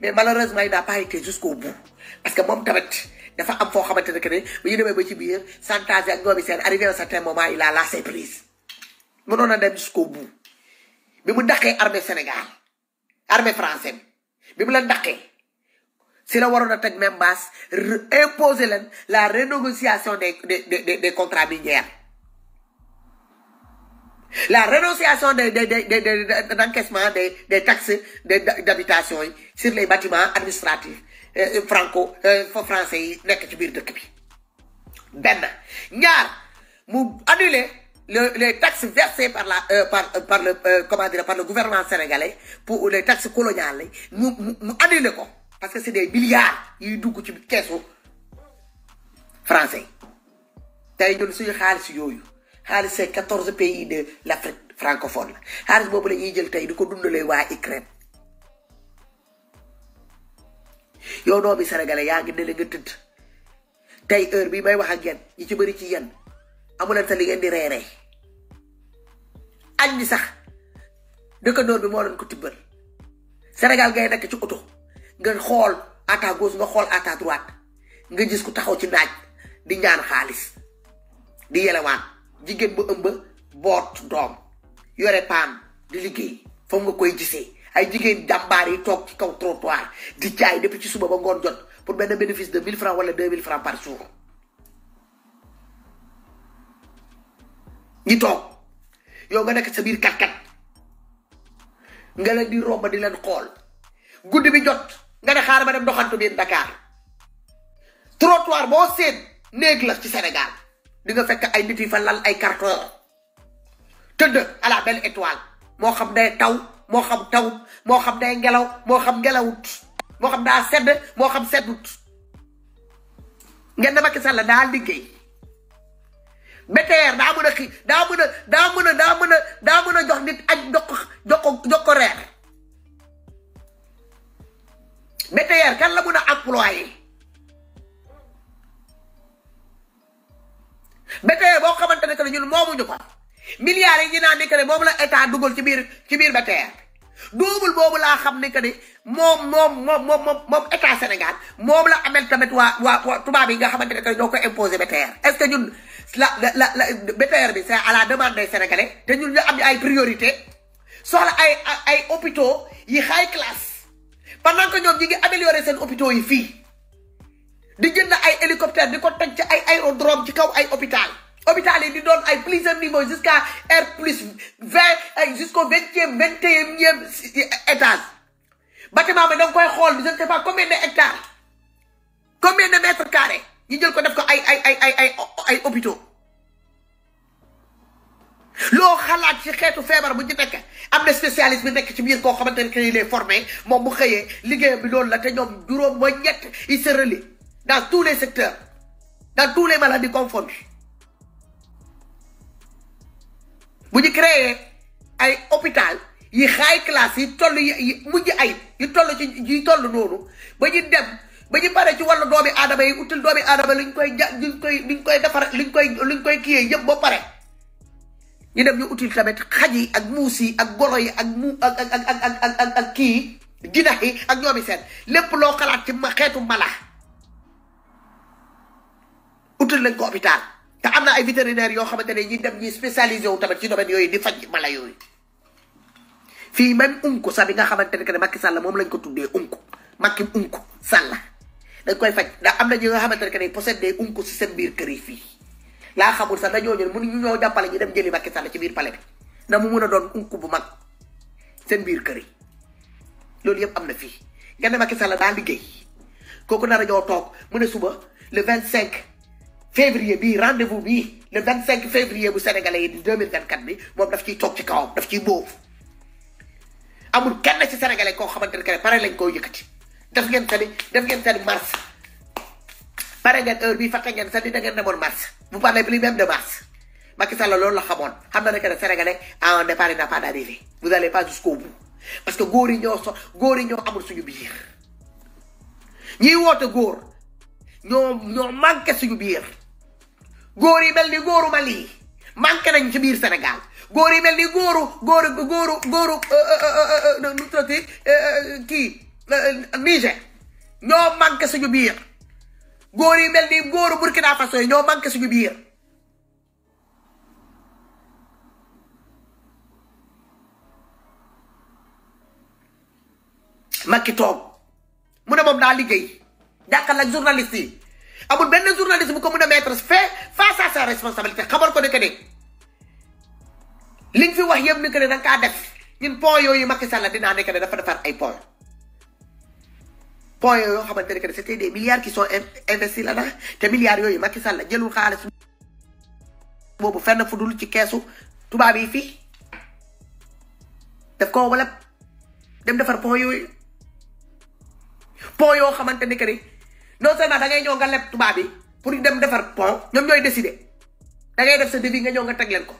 mais malheureusement il n'a pas été jusqu'au bout parce que moom tamit dafa am foo fait ne que ne bu ñu demee ba ci ak arrivé à un certain moment il a lâché prise on a été jusqu'au bout bi mu daqee armée Sénégal armée française bi mu leen C'est si la waroon de même basse. imposer la renégociation des des des des contrats miniers la renonciation des des des des des taxes d'habitation sur les bâtiments administratifs euh, franco euh, français que tu ci de dëkk bi. ben ñaar mu annuler les taxes versées par la euh, par par le comment dire par le gouvernement sénégalais pour les taxes coloniales nous mu annuler ko parce que c'est des milliards yi dugg ci caisse français tay ñun suñu yoyu xaalis c'est quatorze pays de l' francophone la xaalis boobu la ñuy jël tey di ko dund dundalee waa Ukraine yow doomi sénégalais yaa ngi ne la tëdd tey heure bi may wax ak yéen ñi ci bëri ci yéen amuleen sa li ngeen di reeree añ bi sax dëkkandoor bi moo leen ko tibbal Sénégal ngay nekk ci oto nga xool à ta nga xool à ta droite nga gis ku taxaw ci naaj di ñaan xaalis di yelewaan jigéen bu ëmb boot doom yore paan di liggéey foog nga koy gisee ay jigéen jàmbaar yi toog ci kaw trottoir di jaay depuis ci suba ba ngoon jot pour benn bénéfice de 1000 francs wala 2000 francs par jour ñi toog yow nga nekk sa biir kat-kat nga leen di romb di leen xool guddi bi jot nga ne xaar ma dem doxantu biir Dakar trottoir boo seen néeg la ci Sénégal di nga fekk ay nit yi fa lal ay carton tëdd à la belle étoile moo xam day taw moo xam taw moo xam day ngelaw moo xam ngelawut moo xam daa sedd moo xam seddut ngeen ne Macky Sall daa liggéey BTR daa mën a xi daa mën a daa mën a daa mën a daa mën a jox nit añ jox ko jox ko jox ko reer BTR kan la mën a employé BTP boo xamante ne que ñun moomuñu ko milliards yi ñu naan ni que ne moom la état dugal ci biir ci biir BTP duubul boobu laa xam ni que ni moom moom moom moom moom état Sénégal moom la amel tamit waa waa tubaab yi nga xamante ne que ñoo ko imposé BTP est-ce que ñun la la la BTP bi c'est à la demande des Sénégalais te ñun ñu am ay priorité soxla ay ay hôpitaux yi high class pendant que ñoom ñi ngi amélioré seen hôpitaux yi fii. di jënd ay hélicoptère di ko teg ci ay aérodrome ci kaw ay hôpital hôpital yi di doon ay plusieurs niveaux jusqu'à R plus vingt ay jusqu'au vingtième vingt et unième étage bâtiment bi da koy xool je ne sais pas combien de hectares combien de mètres carrés ñu jël ko def ko ay ay ay ay ay ay hôpitaux loo xalaat ci xeetu feebar bu ci nekk am na spécialiste bi nekk ci biir koo xamante ne que ni lay moom bu xëyee liggéeyam bi loolu la te ñoom juróom ba ñett i se dans tous les secteurs, dans tous les maladies confondues. Vous hôpital yi high class yi a une il, il y a ci yi il y a une dem il y a ci classe, doomi yi util doomi aadama liñ koy une liñ koy liñ pare dem util utal nañ ko hôpital te am na ay vétérinaire yoo xamante ne ñi dem ñi spécialisé wu tamit ci domaine yooyu di faj mala yooyu fii même Unku sax bi nga xamante ne que ne Macky Sall moom lañ ko tuddee Unku Macky Unku Sall dañ koy faj ndax am na ñi nga xamante ne que ne possède Unku si seen biir kër yi fii laa xamul sax dañoo ñëw mënuñu ñoo jàppale ñu dem jëli Macky Sall ci biir palais bi na mu mën a doon Unku bu mag seen biir kër yi loolu yëpp am na fii nga ne Macky Sall daa liggéey kooku nar a ñoo toog mu ne suba le 25. février bii rendez-vous bi le vingt cinq février bu sénégalais yi di deux mille vingt quatre bi moom daf ciy toog ci kawam daf ciy boobu amul kenn ci sénégalais koo xamante ne que pare lañ koo yëkkati def ngeen sani def ngeen sani mars pare ngeen heure bii fàtte ngeen sani da ngeen demoon mars vous parlez plus même de mars Macky Sall loolu la xamoon xam na ne que ne sénégalais en départ n'a pas d'arrivée vous allez pas jusqu'au bout parce que góor yi ñoo so góor yi ñoo amul suñu biir ñiy woote góor ñoo ñoo manqué suñu biir. góor yi mel ni góoru Mali manqué nañ ci biir Sénégal góor yi mel ni góoru góoru góoru góoru euh, euh, euh, nu tuddati kii Niger ñoo manqué suñu biir góor yi mel ni góoru Burkina Faso yi ñoo manqué suñu biir Macky toog mu ne moom daa liggéey jàkkaarloo ak journaliste yi amul benn journaliste bu ko mën a mettre fait face à sa responsabilité xabar ko ne que ne liñ fi wax yëpp ni que ne da nga kaa def ñun point yooyu Macky Sall dinaa ne que ne dafa defar ay point point yooyu xamante ne que ne c'était des milliards qui sont investis là dedans te milliards yooyu Macky Sall jëlul xaalis boobu fenn fu dul ci keesu tubaab yi fii daf ko wala dem defar point yooyu point yoo xamante ne que ne non seulement da ngay ñëw nga leb tubaab yi pour dem defar pont ñom ñoy décider da ngay def sa devis nga ñëw nga teg leen ko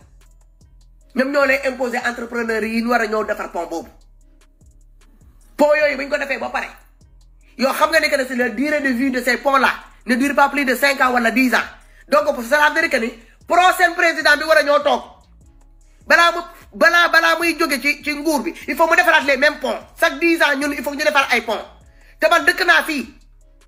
ñom ñoo lay imposer entrepreneur yi ñu wara a ñëw defar pont bobu pont yoy buñ ko defee ba paré yo xam nga ni que ne si la durée de vie de ces ponts là ne dure pas plus de 5 ans wala 10 ans donc pour cela veut dire que ni prochain président bi wara a tok bala balaa mu balaa balaa muy jóge ci ci nguur bi il faut mu defaraat les mêmes ponts chaque 10 ans ñun il faut ñu defar ay ponts te man dëkk naa fii.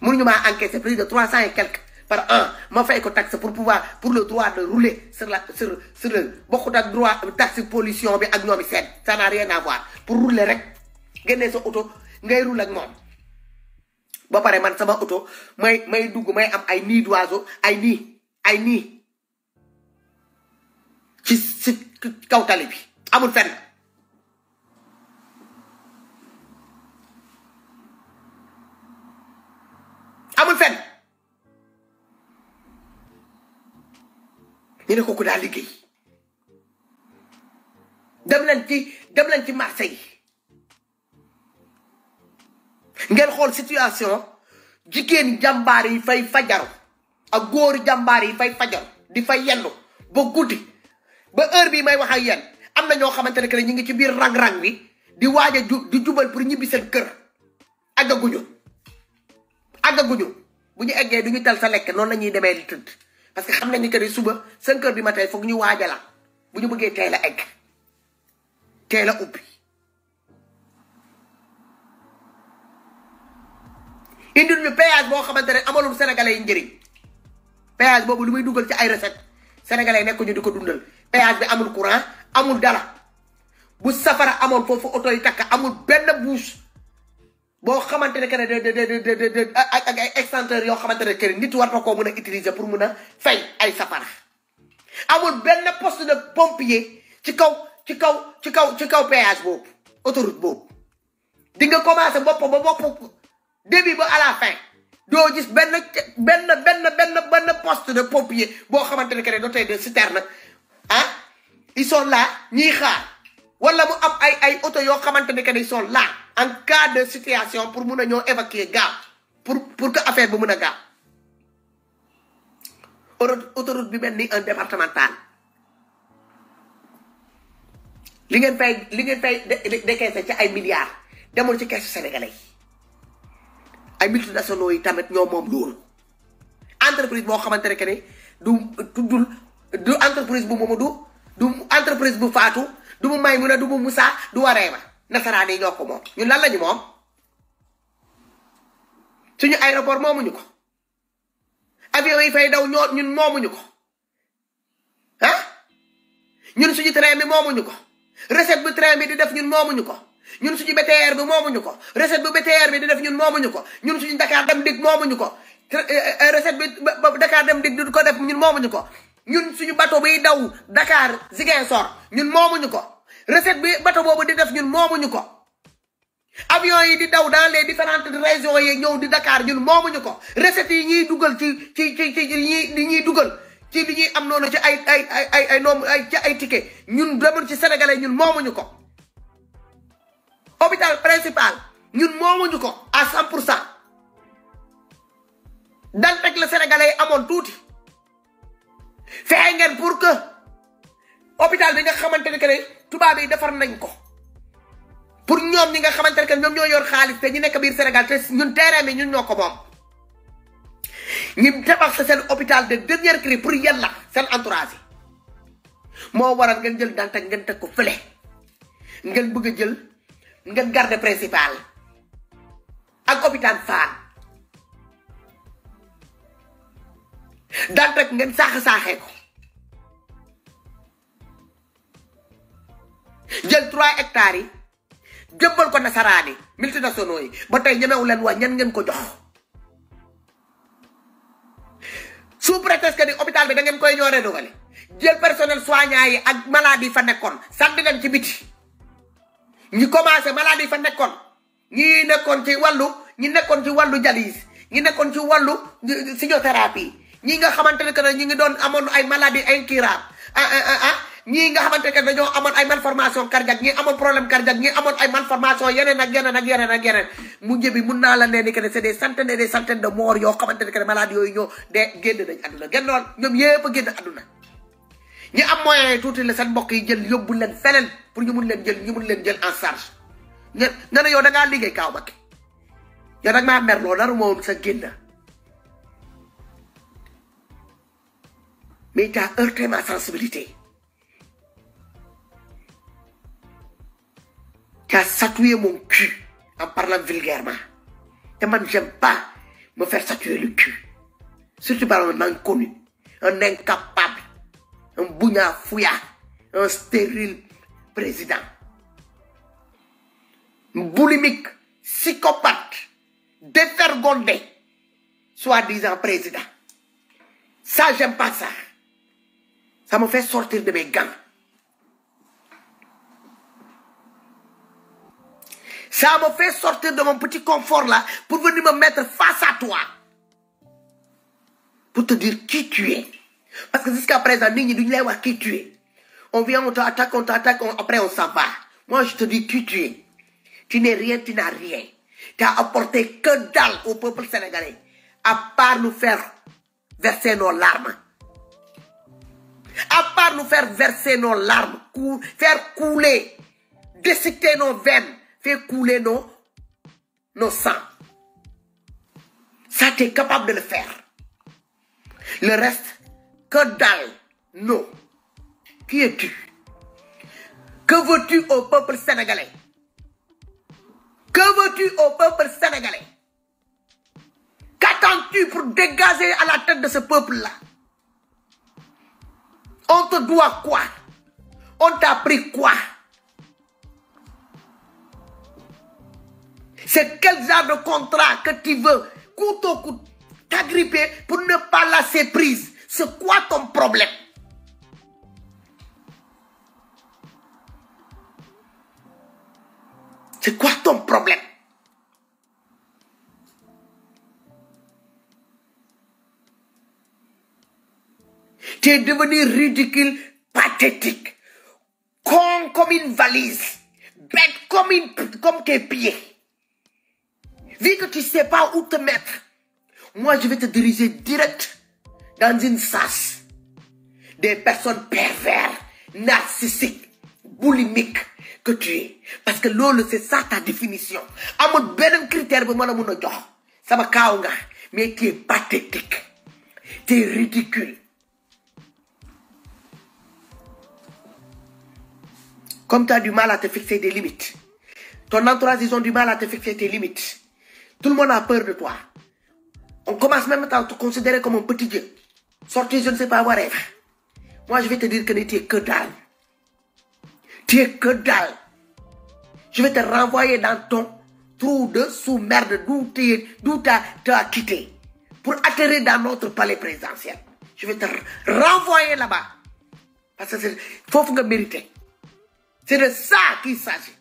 mënuñu maa encaisser plus de trois cent et quelques par an ma fay ko taxe pour pouvoir pour le droit de rouler sur la sur sur le bokkut ak droit taxe pollution bi ak ñoom i seen ça n'a rien à voir pour rouler rek génnee sa oto ngay roule ak moom. ba pare man sama oto may may dugg may am ay nii d'oiseau ay nii ay nii ci ci kaw tali bi amul fenn. amul fenn ñu ne kooku daa liggéey dem lañ ci dem lañ ci marché yi ngeen xool situation jigéen jàmbaar yi fay fajar ak góor jàmbaar yi fay fajar di fay yendu ba guddi ba heure bi may wax ak yéen am na ñoo xamante ne que ñu ngi ci biir rang-rang bi di waaj di jubal pour ñibbi seen kër àggaguñu àggaguñu bu ñu eggee du ñu tal sa lekk noonu la ñuy demee di tëdd parce que xam nañu que ni suba 5 heures du matin foog ñu waajala bu ñu bëggee teel a egg teel a ubbi. indil ñu péage boo xamante ne amalul sénégalais yi njëriñ péage boobu lu muy dugal ci ay recette sénégalais nekk ñu di ko dundal péage bi amul courant amul dara bu safara amoon foofu oto yi takk amul benn bouche boo xamante ne que ne de ak ak ay extincteur yoo xamante ne que nit war na koo mën a utiliser pour mën a fay ay safara amul benn poste de pompier ci kaw ci kaw ci kaw ci kaw péage boobu autoroute boobu di nga commencé bopp ba bopp début ba à la fin doo gis benn benn benn benn benn poste de pompier boo xamante ne que ne doté de citerne ah ils sont là ñiy xaar wala mu am ay ay oto yoo xamante ne que ne ils sont là en cas de situation pour mun a ñoo évacuer gaaw pour pour que affaire bi mun a autoroute bi mel ni un départemental li ngeen fay li ngeen fay décaissé ci ay milliards demul ci keesu sénégalais ay multinationaux yi tamit ñoo moom loolu entreprise boo xamante ne que ne du tuddul du entreprise bu momu du du entreprise bu faatu du mu may mu ne du mu musa du wareema nasaraan yi ñoo ko moom ñun la lañu moom suñu aéroport moomuñu ko avion yi fay daw ñoo ñun moomuñu ko ah ñun suñu train bi moomuñu ko recette bu train bi di def ñun moomuñu ko ñun suñu BTR bi moomuñu ko recette bu bi di def ñun moomuñu ko ñun suñu Dakar dem dig moomuñu ko euh, euh, euh, recette bi ba dem dig du ko def ñun moomuñu ko ñun suñu bateau biy daw Dakar Ziguinchor ñun moomuñu ko recette bi bato boobu di def ñun ñu ko avion yi di daw dans les différentes régions yi ñëw di Dakar ñun ñu ko recette yi ñuy dugal ci ci ci ci ñuy dugal ci li am noonu ci ay ay ay ay ay ci ay ticket ñun demoon ci sénégalais ñun moomuñu ko hôpital principal ñun moomuñu ko a cent pour cent dal rek la sénégalais amoon tuuti fexe ngeen pour que hôpital bi nga xamante ne que ne tubaab yi defar nañ ko pour ñoom ñi nga xamante ne que ñoom ñoo yor xaalis te ñu nekk biir Sénégal te ñun terrain bi ñun ñoo ko moom ñu tabax sa seen hôpital de dernier cri pour yàlla seen entourage moo waral ngeen jël Dantec ngeen teg ko fële ngeen bëgg a jël ngeen garde principal ak hôpital Fann Dantec ngeen saax saaxee ko jël 3 hectares yi jëbbal ko nasaraani multinationaux yi ba tey ñemewu leen waa ñan ngeen ko jox sous prétexte que ni hôpital bi da ngeen koy ñoo renouveler jël personnel soignant yi ak malade yi fa nekkoon sànni leen ci biti ñi commencé malade fa nekkoon ñi nekkoon ci wàllu ñi nekkoon ci wàllu dialyse ñi nekkoon ci wàllu physiothérapie ñi nga xamante ne que ñi ngi doon amoon ay maladie incurable ah ah ah, ah. ñi nga xamantene dañu amone ay malformation cardiaque ñi amone problème cardiaque ñi amone ay malformation yenen ak yenen ak yenen ak yenen mu jëbi mën na la né que c'est des centaines des centaines de morts yo xamantene que malade yoy ñoo dé génn nañ aduna gennol ñom yépp génn aduna ñi am moyen touti la sen mbokk yi jël yobul leen fenen pour ñu mën leen jël ñu mën leen jël en charge nga né yow da nga liggéey kaaw bakke yow nak ma mer lo daru mo sa génn mais ta heurté ma sensibilité qui a saturé mon cul en parlant vulgairement. Et moi, j'aime pas me faire saturer le cul. Surtout par un inconnu, un incapable, un fouillard, un stérile président. Un Boulimique, psychopathe, défergondé, soi-disant président. Ça, j'aime pas ça. Ça me fait sortir de mes gants. Ça me fait sortir de mon petit confort là pour venir me mettre face à toi. Pour te dire qui tu es. Parce que jusqu'à présent, nous ne qui tu es. On vient, on t'attaque, on t'attaque, après on s'en va. Moi, je te dis qui tu es. Tu n'es rien, tu n'as rien. Tu n'as apporté que dalle au peuple sénégalais. À part nous faire verser nos larmes. À part nous faire verser nos larmes, faire couler, décider nos veines. Fais couler nos, nos sangs. Ça, tu es capable de le faire. Le reste, que dalle. Non. Qui es-tu Que veux-tu au peuple sénégalais Que veux-tu au peuple sénégalais Qu'attends-tu pour dégager à la tête de ce peuple-là On te doit quoi On t'a pris quoi C'est quel genre de contrat que tu veux coûte au t'agripper pour ne pas laisser prise. C'est quoi ton problème C'est quoi ton problème Tu es devenu ridicule, pathétique, con comme une valise, bête comme, comme tes pieds. Vu que tu ne sais pas où te mettre, moi je vais te diriger direct dans une sas des personnes perverses, narcissiques, boulimiques que tu es. Parce que l'eau, c'est ça ta définition. mon critère pour moi, ça Mais tu es pathétique. Tu es ridicule. Comme tu as du mal à te fixer des limites. Ton entourage, ils ont du mal à te fixer tes limites. Tout le monde a peur de toi. On commence même à te considérer comme un petit dieu. Sorti, je ne sais pas, whatever. Moi, je vais te dire que tu es que dalle. Tu es que dalle. Je vais te renvoyer dans ton trou de sous-merde d'où tu as quitté pour atterrir dans notre palais présidentiel. Je vais te renvoyer là-bas. Parce que c'est faut que mériter. C'est de ça qu'il s'agit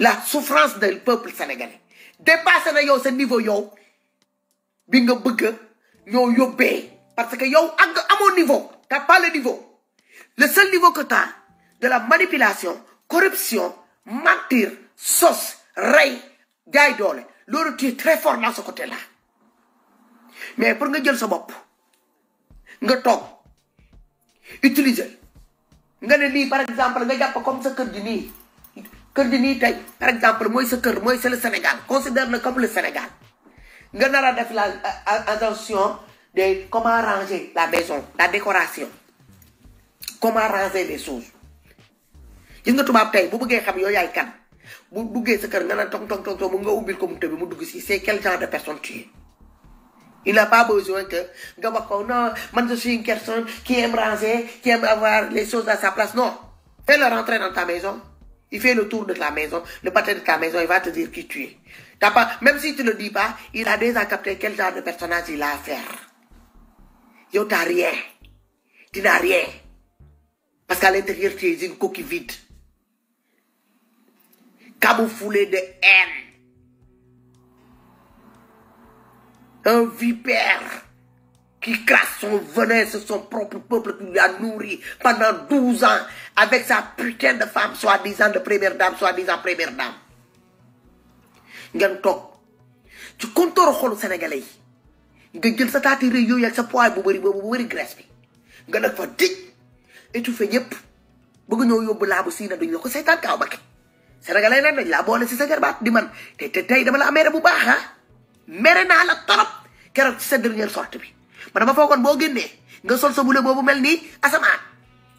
la souffrance du peuple sénégalais Dépasser ce niveau yo, bi nga bëgg a ñoo parce que yow à tu niveau t'as pas le niveau le seul niveau que t'as de la manipulation corruption mentir sauce ray gaïdole. doole très fort dans ce côté là mais pour nga jël sa bopp nga toog utiliser par exemple nga pas comme ce que tu dis par exemple moi, c'est le Sénégal considère-le comme le Sénégal euh, euh, attention de comment ranger la maison la décoration comment ranger les choses nga vous bu xam kan bu vous avez c'est quel genre de personne tu il n'a pas besoin que non une personne qui aime ranger qui aime avoir les choses à sa place non fais-le rentrer dans ta maison il fait le tour de ta maison, le patron de ta maison, il va te dire qui tu es. pas, même si tu ne le dis pas, il a déjà capté quel genre de personnage il a à faire. Yo, t'as rien. Tu n'as rien. Parce qu'à l'intérieur, tu es une coquille vide. Camoufoulé de haine. Un vipère qui crasse son venin sur son propre peuple qui lui a nourri pendant 12 ans avec sa putain de femme soi-disant de première dame soi-disant première dame ngeen toog ci kontooru xolu sénégalais yi nga jël sa taati réew ya sa pois bu bëri boobu bu bëri graisse bi nga nag fa dij étouffé ñëpp bëgg ñoo yóbbu laabu siina duñ la ko seetaan kaaw ba ke sénégalais nag dañ laa boole si sa jarbaat di man te te tey dama la mere bu baax ah mere naa la torop keroog ci sa dernière sorte bi man dama foogoon boo génnee nga sol sa bule boobu mel nii asamaan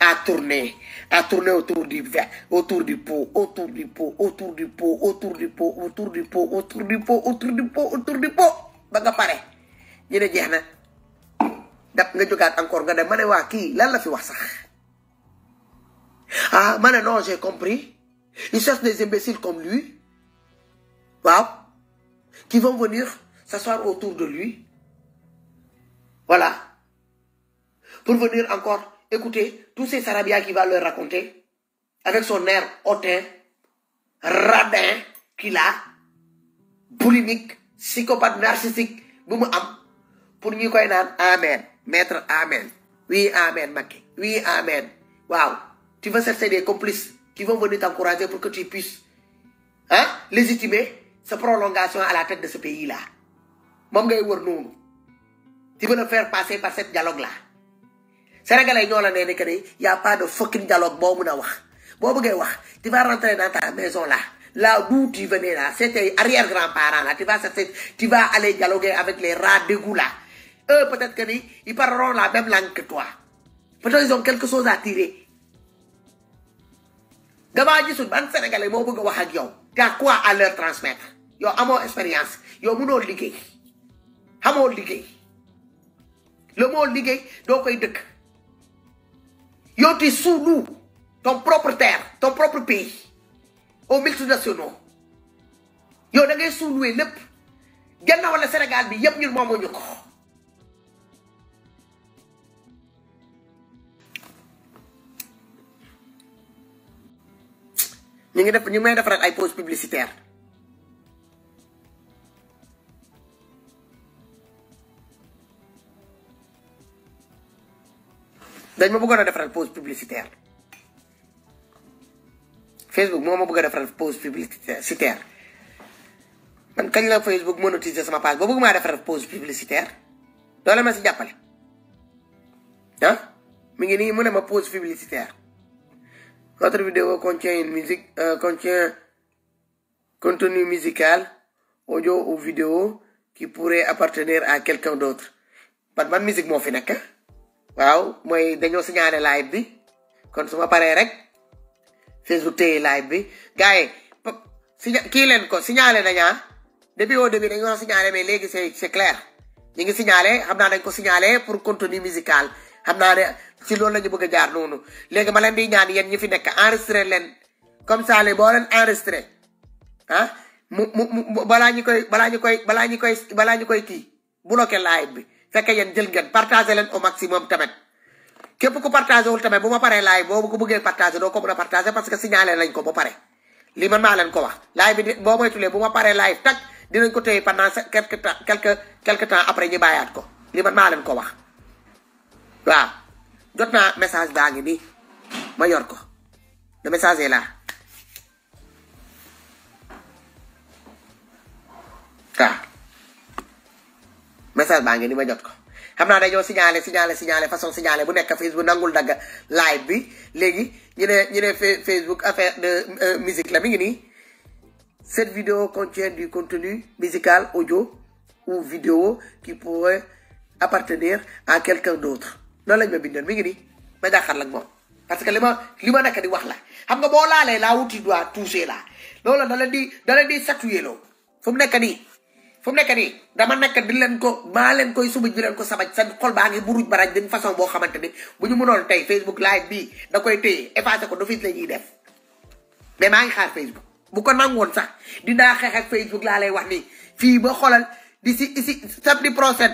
à tourner, à tourner autour du, autour du pot, autour du pot, autour du pot, autour du pot, autour du pot, autour du pot, autour du pot, autour du pot Baga pare ñu Dap nga encore nga dem qui ne là la fi ah maintenant non j'ai compris ils cherchent des imbéciles comme lui waouh, qui vont venir s'asseoir autour de lui voilà pour venir encore Écoutez tous ces Sarabia qui va leur raconter, avec son air hautain, radin qu'il a, boulimique, psychopathe narcissique, pour nous Amen, maître Amen, oui Amen, Maké. oui Amen. Wow, tu vas chercher des complices qui vont venir t'encourager pour que tu puisses hein, légitimer cette prolongation à la tête de ce pays-là. Tu veux le faire passer par cette dialogue-là sénégalais ñoo la nee ne y' a pas de fucking dialogue bo mëna wax bo bëggé wax tu vas rentrer dans ta maison là là d'où tu venais là c'était arrière grand parents là tu vas c'est tu vas aller dialoguer avec les rats de goût là eux peut-être que ils parleront la même langue que toi peut-être ils ont quelque chose à tirer damaa gisul ban sénégalais mo bëgg wax ak yow t'as quoi à leur transmettre yo amo expérience yo mëno liggéey xamoo liggéey le mot liggéey donc koy dëkk yow tu es sous nous ton propre terre ton propre pays aux multinationaux yow da ngay lépp gannaaw la Sénégal bi yëpp ñun moomuñu ko. ñu ngi def ñu may defaraat ay pause publicitaire dañ ma bëggoon faire defaral pause publicitaire Facebook moo ma bëgg faire defaral pause publicitaire man kañ la Facebook monotiser sama page ba bëgg maa defaral pause publicitaire doole ma si jàppale ah mi ngi nii mu ne ma pause publicitaire votre vidéo contient une musique euh, contient contenu musical audio ou vidéo qui pourrait appartenir à quelqu'un d'autre Par man musique moo fi nekk hein? waaw mooy dañoo signaler live bi kon suma ma paree rek facebook téye live bi gaay yi signa kii leen ko signaler nañ ah. depuis au début dañu ko signaler mais léegi c'est c'est clair ñu ngi signaler xam naa dañ ko signaler pour contenu musical xam naa ne ci loolu la ñu bëgg a jaar noonu léegi ma leen di ñaan yéen ñi fi nekk enregistré leen comme ça léegi boo leen enregistré ah mu mu balaa ñu koy balaa ñu koy balaa ñu koy balaa ñu koy kii bloqué live bi fekk yéen jël ngeen partagé leen au maximum tamit képp ku partagé wul tamit ma paree laay boo ko bëggee partagé doo ko mën a partagé parce que signalé nañ ko ba pare li man wax laay bi boo moytulee bu ma paree laay tag dinañ ko téye pendant quelque temps quelque quelque temps après ñu bàyyaat ko li man maa leen ko wax jot naa message baa ngi nii ma yor ko le message est message baa ngeen ni ma jot ko xamna naa dañoo signaler signaler signalé façon signaler bu nek Facebook nangul dag live bi léegi ñu ne ñu ne Facebook affaire de euh, musique la mi ngi ni cette vidéo contient du contenu musical audio ou vidéo qui pourrait appartenir à quelqu'un d'autre loolu lañ ma bindoon mi ngi ni ma jàkkaarloo ak moom parce que lima lima li di wax la xam nga boo laalee la wuti doit toucher la loolu da la di da la di saturer loo fu nek ni fu kari? nii dama nek di len ko maa leen koy suba ji len ko sabaj seen xol ba nga buruj baraj den façon bo xamanteni ni mënon tay facebook live bi, da koy tey effacer ko do la lañuy def mais ma nga xaar facebook bu ko nangoon sax na xex ak facebook la lay wax ni fi ba xolal di si isi di procès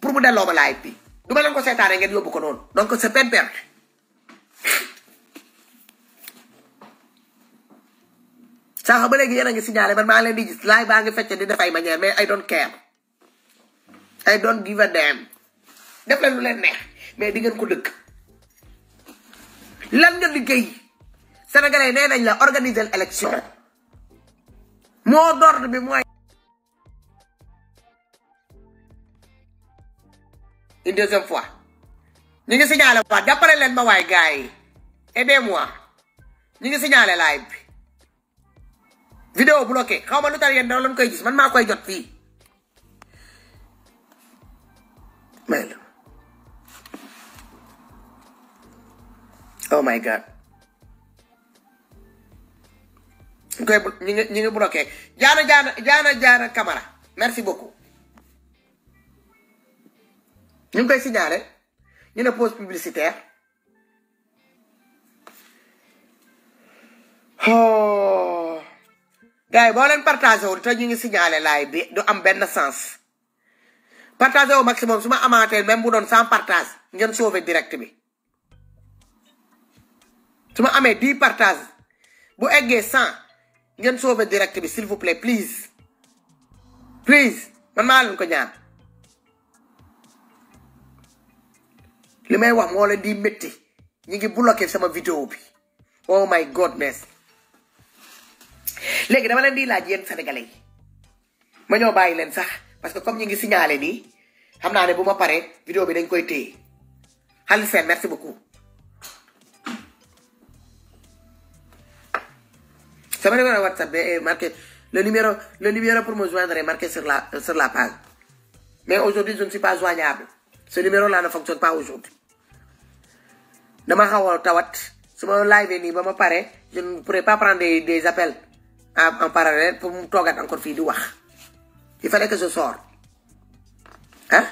pour mu delloo ba live bi duma len ko sétane ngeen yóbbu ko noonu donc c'est peine sànq ba léegi yéen a ngi signalé man maa leen di gis laay baa ngi fecce di def ay manière mais I don't care I don't give a damn def leen leen neex mais di ngeen ko dëkk lan nga liggéey sénégalais nee nañ la organiser l'élection moo d'ordre bi mooy une deuxième fois ñu ngi signalé waat jàppale leen ma waay gars yi aidez-moi ñu ngi signalé live bi vidéo bloqué xaw ma lu tax yéen da lañ koy gis man maa koy jot fii may la oh my god ñu koy ñu ñu ngi bloqué jaana jaana jaana jaana camara merci beaucoup ñu ngi koy signalé ñu ne pause publicitaire oh gars boo leen partagé wul te ñu ngi signalé live bi du am benn sens partagé wu maximum su ma amaatee même bu doon sans partage ngeen soove direct bi su ma amee dix partage bu eggee cent ngeen sauvé direct bi s'il vous plaît please man maa leen ko ñaan li may wax moo leen di métti ñu ngi bloqué sama vidéo bi oh my god mess léegi dama leen di laaj yéen sénégalais yi ma ñoo bàyyi leen sax parce que comme ñu ngi signalé nii xam naa ne bu ma paree vidéo bi dañ koy téye Khalil Sène merci beaucoup. sama numéro WhatsApp bi est marqué le numéro pour me joindre est la sur la page mais aujourd'hui je ne suis pas joignable ce numéro là ne fonctionne pas aujourd'hui dama xaw a tawat su ma live nii ba ma pare je pas prendre des des appels. en parallèle pour mu toogaat encore fii di wax il fallait que je sorte ah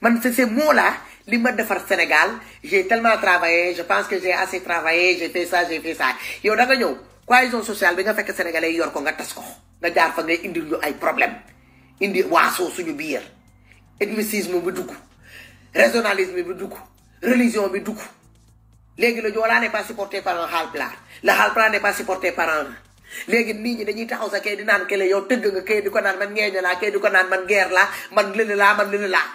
man c'est ces mots là li ma defar Sénégal j'ai tellement travaillé je pense que j'ai assez travaillé j'ai fait ça j'ai fait ça yow da ñëw cohésion sociale bi nga fekk sénégalais yor ko nga tas ko nga jaar fa ngay indil ñu ay problème indi waasoo suñu biir ethnicisme bi dugg régionalisme bi dugg religion bi dugg léegi la Joola n'est pas supporté par un Haalpulaar le Haalpulaar n'est pas supporté par léegi nit ñi dañuy taxaw sa kay di naan kële yow tëgg nga kay di ko naan man ngeeño laa kay di ko naan man geer laa man lële laa man lële laa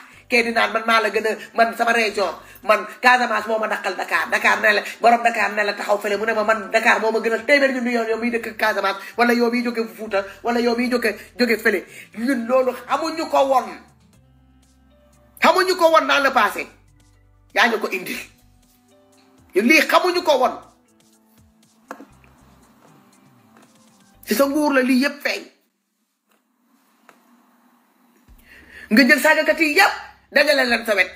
naan man maa la gën a man sama région man Casamance moom ma daqal Dakar Dakar ne la borom Dakar ne la taxaw fële mu ne ma man Dakar moo ma gënal téeméer ñun yow yow miy dëkk Casamance wala yow miy jóge Fuuta wala yow miy jóge jóge fële ñun loolu xamuñu ko woon ñu ko woon dans le passé yaa ñu ko indi lii xamuñu ko woon ci sa nguur la lii yëpp feeñ nga jël saagakat yi yëpp dajale leen sa wet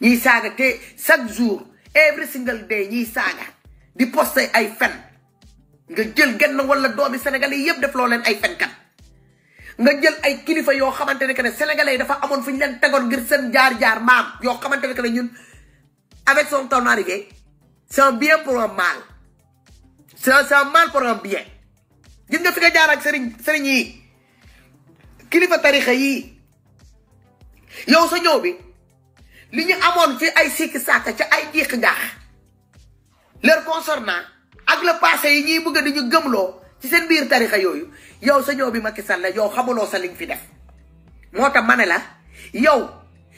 ñiy saaga te chaque jour every single day ñiy saaga di poste ay fen nga jël genn walla doomi sénégalais yëpp def loo leen ay fenkat nga jël ay kilifa yoo xamante ne que ne sénégalais yi dafa amoon fu ñu leen tegoon ngir seen jaar-jaar maam yoo xamante ne que ne ñun avec son temps arrivé pour un ça ça mal pour un bien gis nga fi nga jaar ak sëriñ sëriñ yi kilifa tarixa yi yow sa ñëw bi li ñu amoon fi ay sikki sàkk ci ay jiix ngaax leur concernant ak le passé yi ñuy bëgg di ñu gëmloo ci seen biir tarixa yooyu yow sa ñëw bi Macky Sall la yow xamuloo sa liñ fi def moo tax ma la yow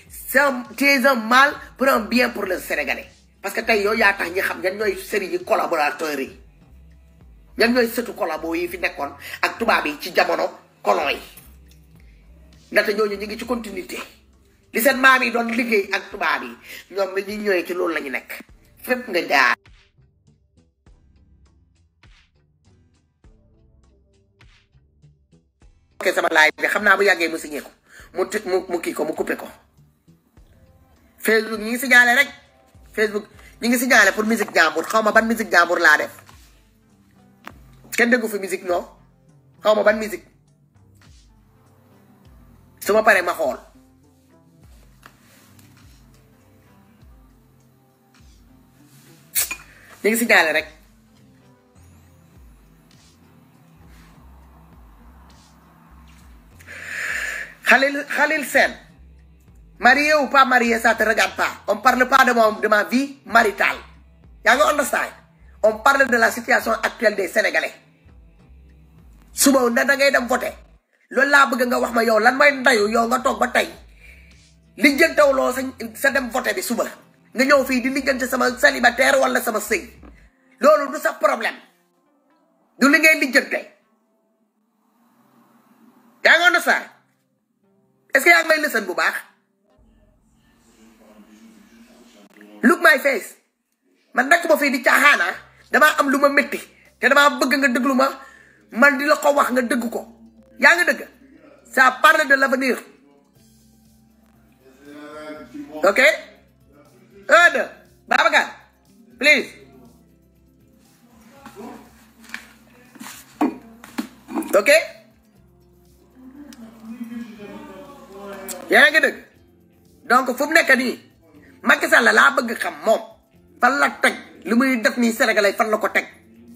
sa tu es un mal pour un bien pour le Sénégalais parce que tey yow yaa tax ñi xam ñan ñooy sëriñ yi collaborateurs yi ñan ñooy sëtu collabo yi fi nekkoon ak tubaab yi ci jamono colon yi ndaxte ñooñu ñu ngi ci continuité li seen maam yi doon liggéey ak tubaab yi ñoom la ñuy ñëwee ci loolu la ñu nekk fépp nga jaar ok sama laaj bi xam naa bu yàggee mu signé ko mu ti mu mu kii ko mu coupé ko Facebook ñi ngi signalé rek Facebook ñi ngi signalé pour musique jàmbur xaw ma ban musique jàmbur laa def kenn déggu fi musique non xaw pas de musique su ma paree ma xool ñu ngi signalé rek Khalil Khalil Sen. marié ou pas marié ça te regarde pas on parle pas de de ma vie maritale yaa ngi understand on parle de la situation actuelle des Sénégalais suba ne da ngay dem voté loolu laa bëgg nga wax ma yow lan may ndayu yow nga toog ba tey lijjantewuloo sa sa dem voté bi suba nga ñëw fii di lijjante sama célibataire wala sama sëy loolu du sa problème du li ngay lijjante yaa ngi woon saa est yaa ngi may bu baax look my face man nekk ma fii di caaxaana ah. damaa am lu ma métti te damaa bëgg nga déglu ma man di la ko wax nga deug ko ya nga deug ça parle de l'avenir ok babaka please ok Yang nga Dong donc fu mu ni nii Macky Sall la bëgg xam mom fa la tek limuy def ni Sénégalais fan la ko tek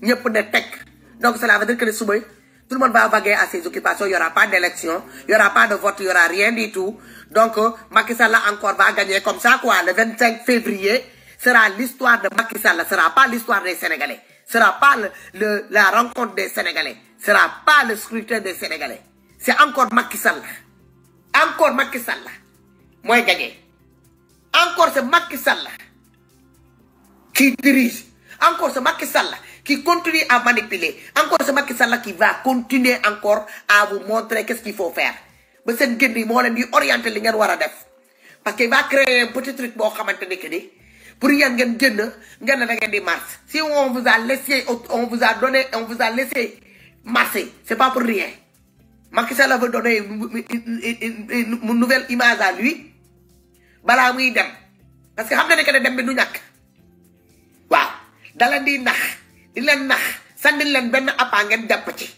ñepp ne tek Donc cela veut dire que le soumis, tout le monde va vaguer à ses occupations, il n'y aura pas d'élection, il n'y aura pas de vote, il n'y aura rien du tout. Donc euh, Macky Sall encore va gagner comme ça quoi. Le 25 février sera l'histoire de Macky Sall, ne sera pas l'histoire des Sénégalais, ce sera pas le, la rencontre des Sénégalais, ce sera pas le scrutin des Sénégalais. C'est encore Macky Sall. Encore Macky Sall. Moi gagné. Encore c'est Macky Sall qui dirige. Encore c'est Macky Sall qui continue à manipuler. Encore ce Macky qui va continuer encore à vous montrer qu'est-ce qu'il faut faire. c'est Parce qu'il va créer un petit truc pour si on vous a laissé on vous a donné on vous a laissé marcher c'est pas pour rien veut donner une nouvelle image à lui parce que vous di leen nax sànni leen benn appât ngeen jàpp ci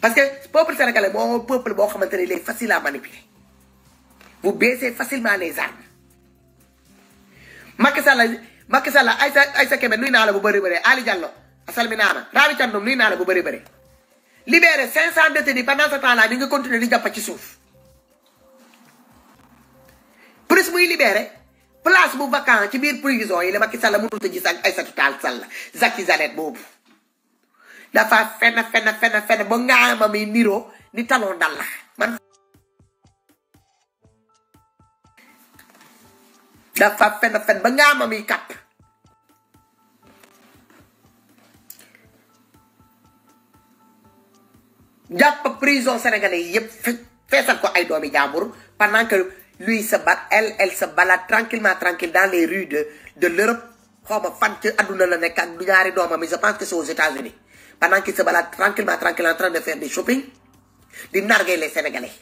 parce que peuple sénégalais moo peuple boo xamante ne il est facile à manipuler vous baissez facilement les armes Macky Sall Macky Sall Aïssa Aïssa Kébé nuy naa la bu bëri bëri Ali Diallo asalmi naa la Rabi Thiandoum nuy naa la bu bëri bëri libéré 500 détenus pendant ce temps là ñu ngi continuer di jàpp ci suuf plus muy libéré. place bu vacant ci bir prison yi le Macky Sall mënul sax ay Aïssatou tal Sall Zaki Zanet boobu dafa fen fen fen fen nga ngaama mi niro ni talon dal la man dafa fen fen ba ngaama mi kap japp prison sénégalais yépp fessal ko ay doomi jaambur pendant que lui se bat elle elle se balade tranquillement tranquille dans les rues de de l'Europe Comme la mais je pense que c'est aux États-Unis pendant qu'il se balade tranquillement tranquille en train de faire des shopping des narguer les Sénégalais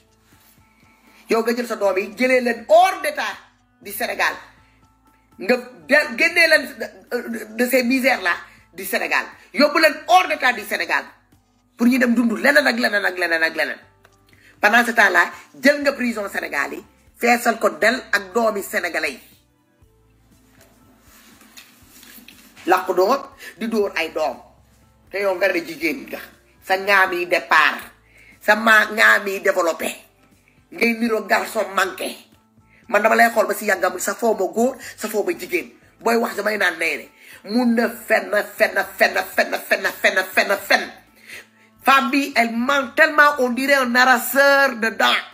Yo nga sa doom yi jëlee hors d'état du Sénégal nga génnee de ces misères là du Sénégal yóbbu leen hors d'état du Sénégal pour ñu dem dund leneen ak leneen ak pendant ce temps là jël nga prison Sénégal feesal ko del ak doomi sénégalais yi làq doom di dóor ay doom te yow nga ne jigéen nga sa ñaam yi départ sa ma ñaam yi développé ngay niroo garçon manqué man dama lay xool ba si yàggam sa foo ma góor sa foo ma jigéen booy wax damay naan nay ne mun na fenn fenn fenn fenn fenn fen fenn fenn bi elle manque tellement on dirait un narrasseur de dents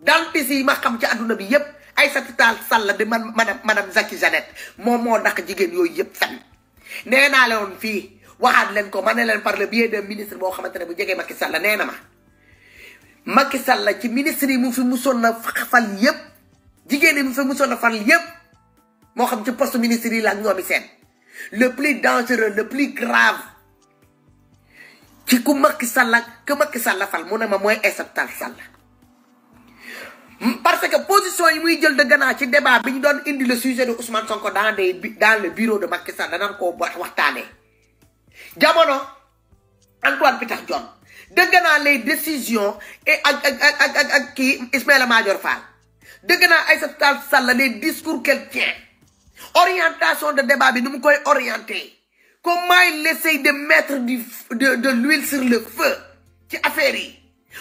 dentiste yi ma xam ci àdduna bi yépp ay Tall Sall di man madame madame Zaki Jeannette moom moo ndax jigéen yooyu yépp fen nee naa leen fii waxaat leen ko ma ne leen par le biais d'un ministre boo xamante ne bu jege Macky Sall nee na ma Macky Sall ci ministre yi mu fi musoon na fal yépp jigéen yi mu fi musoon na fal yépp moo xam ci poste ministre yi la ak ñoomi seen le plus dangereux le plus grave ci ku Macky Sall que Macky Sall fal mu ne ma mooy Aïssata Sall parce que position yi muy jël de gannaaw ci débat bi ñu doon indi le sujet de Ousmane Sonko dans des dans le bureau de Macky Sall danañ koo waxtaanee jamono Antoine Pitax Dione dëgg naa les décisions et ak ak ak ak ak kii Ismaïla Madior Fall dëgg naa Aïssata Tall Sall les discours qu'elle tient orientation de débat bi nu mu koy orienté comment il essaie de mettre du de de l'huile sur le feu ci affaire yi.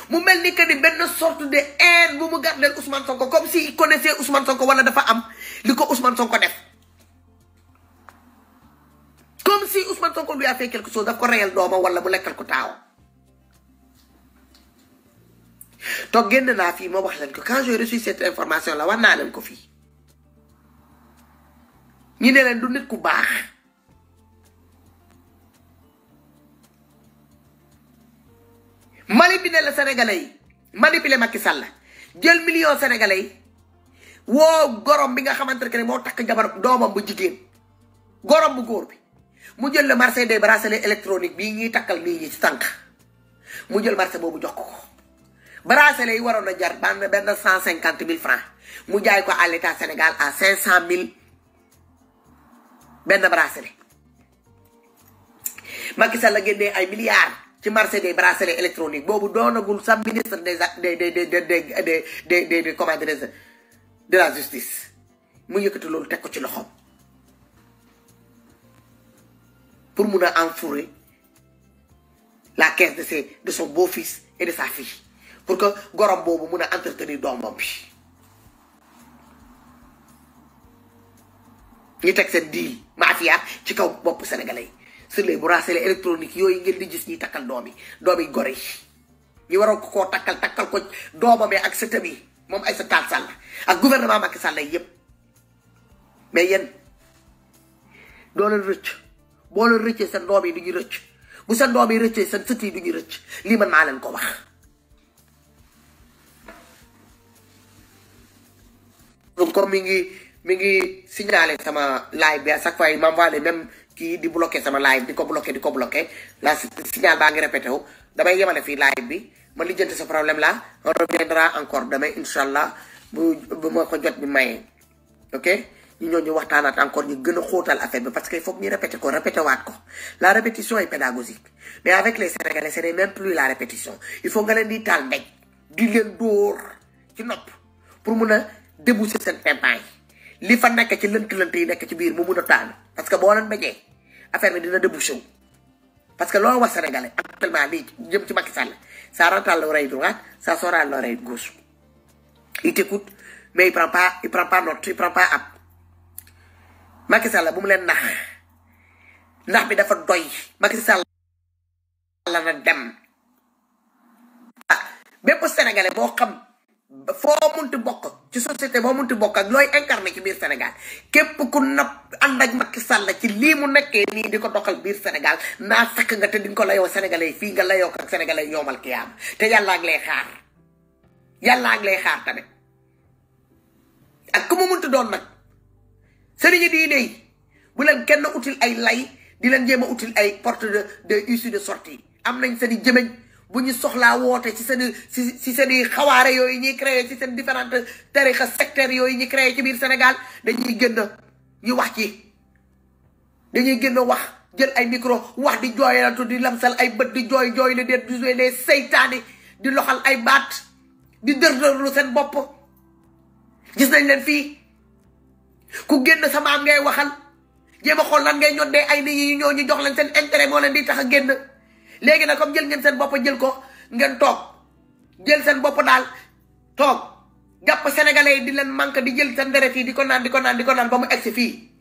mu mel ni que ni benn sorte de haine bu mu gardeel Ousmane Sonko comme s'il connaissait Ousmane Sonko wala dafa am li ko Ousmane Sonko def comme si Ousmane Sonko lui a fait quelque chose daf ko reyal doomam wala mu lekkal ko taaw toog génn naa fii moo wax leen ko quand j'ai reçu cette information la wax naa leen ko fii ñu ne leen du nit ku baax manipuler la sénégalais yi manipuler Macky la jël million sénégalais yi woo gorom bi nga xamante ne moo takk jabar doomam bu jigéen gorom bu góor bi mu jël le marché des bracelets électroniques bii ñuy takkal bi ñi ci tànk mu jël marché boobu jox ko ko bracelet yi waroon a jar benn benn cent cinquante mille francs mu jaay ko à l'état Sénégal à cinq cent mille benn bracelet Macky Sall la génnee ay milliards ci marché des bracelets électroniques Bobu sa ministre des des des des des des des de la justice mu lolu ci pour enfourer enfourer la caisse de de son beau-fils et de sa fille pour que gorom bobu dans entretenir doomam bi. tek mafia ci kaw sénégalais sur les bracelets électroniques yooyu ngeen di gis ñuy takkal doom yi doom yi gore yi ñu waroon ko koo takkal takkal ko doomam ak sëtam yi moom ay sa taal sàll ak gouvernement Macky Sall yépp mais yéen doo leen rëcc boo leen rëccee seen doom yi du ñu rëcc bu seen doom yi rëccee seen sët yi du ñu rëcc lii man naa leen ko wax comme mi ngi mi ngi signalé sama live bi à chaque fois il m'envoie les mêmes kii di bloqué sama live di ko bloqué di ko bloqué la signal baa ngi répété wu damay yemale fii live bi ma lijjanti sa problème la on reviendra encore damay incha allah bu bu ma ko jot bi maye ok ñu ñoo ñu waxtaanaat encore ñi gën a xóotal affaire bi parce que il faut que ñu répété ko répété waat ko la répétition est pédagogique mais avec les sénégalais ce n'est plus la répétition il faut nga leen di taal daj di leen dóor ci nopp pour mun a déboucher seen tympan yi li ci lënt-lënt yi nekk ci biir mu mun a taal parce que boo leen bañee affaire bi dina débouché wu parce que loolu wax sénégalais actuellement lii jëm ci Macky Sall ça rentre à l'oreille droite ça sort à l'oreille gauche il t'écoute mais il prend pas il prend pas note il prend pas ab Macky Sall bu mu leen nax ndax bi dafa doy Macky Sall la na dem ah, bépp sénégalais boo xam foo munti bokk ci société bo muntu bok ak loy incarner ci bir Sénégal képp ku nap and ak Macky Sall ci li mu nekké ni di tokal bir Sénégal na sak nga te di ko layoo sénégalais fi nga layo ak sénégalais yomal qiyam te yalla ak lay xaar yalla ak lay xaar tamit ak ku mu munti doon nag sëriñ bu len kenn util ay lay di len jema outil util ay porte de de issue de sortie am nañ seen i jëmeñ bu ñu soxlaa woote ci seen ci ci seen i xawaare yooyu ñuy créer ci seen différentes tarixa secteur yooyu ñuy créer ci biir Sénégal dañuy génn ñu wax ci dañuy génn wax jël ay micro wax di jooylantu di lamsal ay bët di jooy jooy le deet di les seytaane di loxal ay baat di dërdërlu seen bopp gis nañ leen fii ku génn sama am ngay waxal jéem a xool lan ngay ne ay nit yi ñoo ñu jox leen seen intérêt moo leen di tax a génn léegi nag comme jël ngeen seen bopp jël ko ngeen toog jël seen bopp daal toog jàpp sénégalais yi di leen manque di jël seen deret yi di ko naan di ko naan di ko naan ba mu egsi fii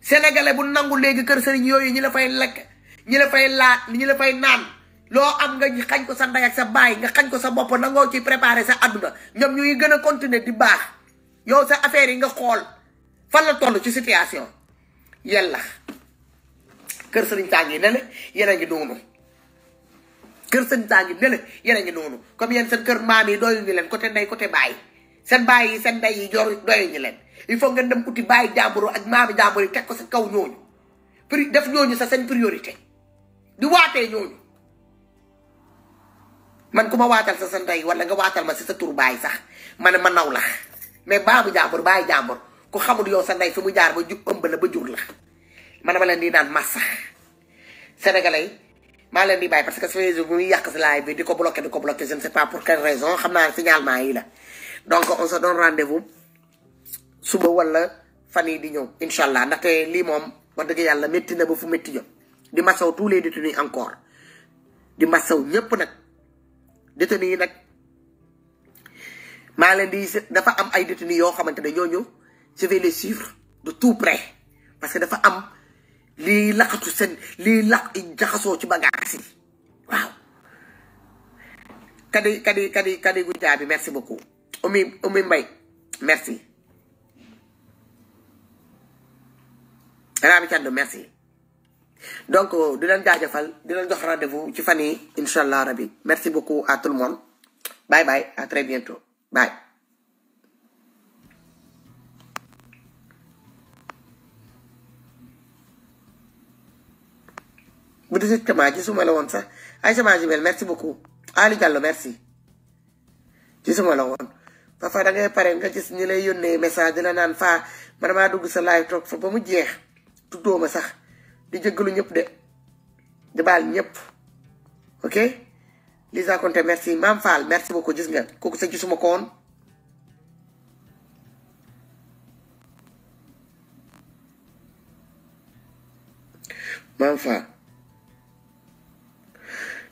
sénégalais bu nangu léegi kër sëriñ yooyu ñi la fay lekk ñi la fay laa ñi la fay naan loo am nga xañ ko sa ndey ak sa baay nga xañ ko sa bopp nangoo ci préparer sa adduna ñoom ñuy gën a continuer di baax yow sa affaire yi nga xool fan la toll ci situation yàlla kër sëriñ tàng yi ne le yéen a ngi kër sëñ saa ngi nele yéen a ngi noonu comme yéen seen kër maam yi doyu ñu leen côté ndey côté baay seen baay yi seen ndey yi jor doyu ñu leen il faut ngeen dem uti bàyyi jàmbur ak maami jàmbur yi ko sa kaw ñooñu pri def ñooñu sa seen priorité di waatee ñooñu man ku ma waatal sa sa ndey wala nga waatal ma si sa tur sax ma ne ma naw la mais baamu jàmbur bàyyi jàmbur ku xamul yow sa ndey fi mu jaar ba ju ëmb la ba jur la man ma leen di naan massa sénégalais maa leen di parce que ce bu muy yàq si live bi di ko bloqué di je ne sais pas pour quelle raison xam naa signalement yi la donc on se donne rendez-vous suba wala fan yii di ñëw incha allah ndaxte lii moom wax dëgg yàlla métti na ba fu métti jot di masaw tous les détenus encore di masaw ñëpp nag détenus yi nag maa leen di dafa am ay détenus yo xamante ñooñu je vais les suivre de tout près parce que dafa am. lii laqatu seen lii laq jaxasoo ci bagaas yi waaw kadi kadi kadi kadi gu jaabi merci beaucoup umi umi mbay merci Rabi Thiandoum merci donc di leen jaajëfal di leen jox rendez-vous ci fan yi incha allah rabi merci beaucoup à tout le monde bye bye à très bientôt bye bu dee tamit gisuma la woon sax Aïcha Madiou merci beaucoup Ali Diallo merci gisuma la woon. parfois da ngay pare nga gis ñi lay yónnee message dina naan faa man maa dugg sa live toog fa ba mu jeex tuddoo ma sax di jéggalu ñëpp de di baal ñëpp ok. Lisa Conté merci Maam Fall merci beaucoup gis nga kooku sa gisuma koo woon Maam Fall.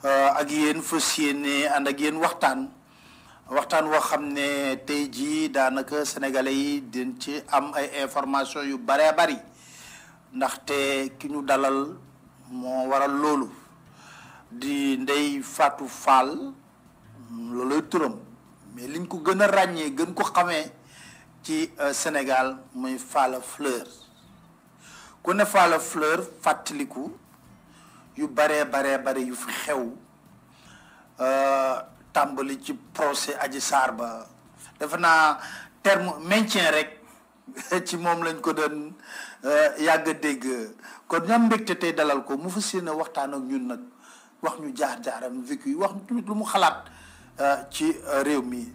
Euh, ak yéen fas yéene ànd ak yéen waxtaan waxtaan woo xam ne tey jii daanaka sénégalais yi din ci am ay information yu baree bari ndaxte ki ñu dalal moo waral loolu di ndey Fatou Fall looluy turam mais liñ ko gën a ràññee gën ko xamee ci euh, Sénégal muy Falla Fleur ku ne Falla Fleur fàttaliku yu baree baree bare yu fi xew euh, tàmbali ci procès aji saar ba defe naa terme maintien rek ci moom lañ ko doon euh, yàgg a dégg kon na mbégte tey dalal ko mu fas yéene waxtaan ak ñun nag wax ñu jaar-jaaram vécu wax ñu lu mu xalaat euh, ci réew mi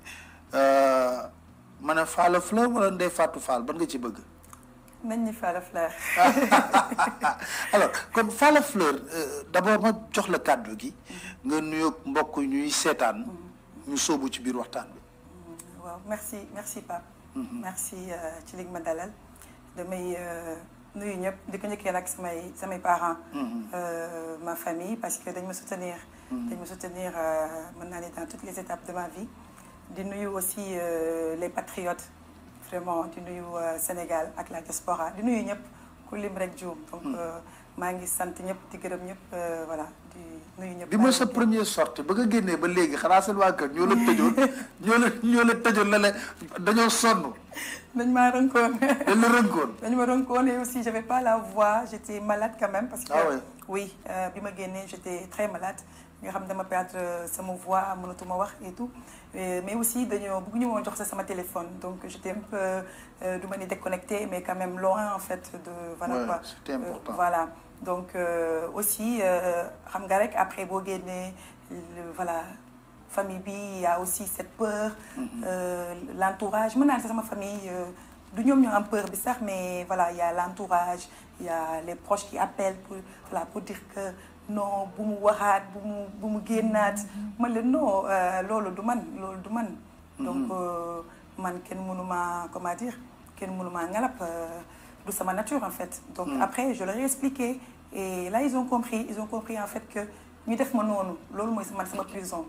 ma ne Falla Fleur wala Ndeye Fatou Fall ban nga ci bëgg nañ ñu Falla Fleur. alors kon Falla Fleur euh, d'abord ma jox la kàddu gi nga nuyoog mbokk ñuy seetaan ñu sóobu ci biir waxtaan waaw merci merci papa, mm-hmm. merci euh, ci li ma dalal damay euh, nuyu ñëpp di ko njëkkee nag samay samay parents. Mm-hmm. ma famille parce que dañ me soutenir. Mm-hmm. dañ me soutenir mën naa ne dans toutes les étapes de ma vie di nuyu aussi les patriotes vraiment di nuyu euh, Sénégal ak la diaspora di nuyu ñep ku lim rek juum. donc hmm. euh, ma ngi sant ñëpp di gërëm ñëpp euh, voilà di nuyu ñep bima sa première sorte ba gënné ba légui xanaa wa waa kër ñoo la tëjoon ñoo la ñoo la tëjoon la la dañoo sonu dañ ma rënkoon. dañ la rënkoon. dañ ma rënkoon et aussi j'avais pas la voix j'étais malade quand même. parce que ah oui euh, bima gënné j'étais très malade nga xam dama perdre euh, sama voix mon wax et tout euh, mais aussi dañoo bëgg ñu jox sa sama téléphone donc j'étais un peu euh, du ma ni déconnecté mais quand même loin en fait de voilà quoi c'était important voilà donc aussi xam nga rek après boo génnee voilà famille bi y a aussi cette peur mm-hmm. l'entourage mën naa ma famille du ñoom ñoo am peur bi sax mais voilà il y a l'entourage il y a les proches qui appellent pour pour dire que non bumu waxat bumu bumu gennat bu le génnaat man leen non euh, loolu du man du man donc mm-hmm. euh, man ken mënuma comment dire ken mënuma ngalap euh, du sa nature en fait donc mm. après je leur ai expliqué et là ils ont compris ils ont compris en fait que ñu def ma noonu lolo moy man sama prison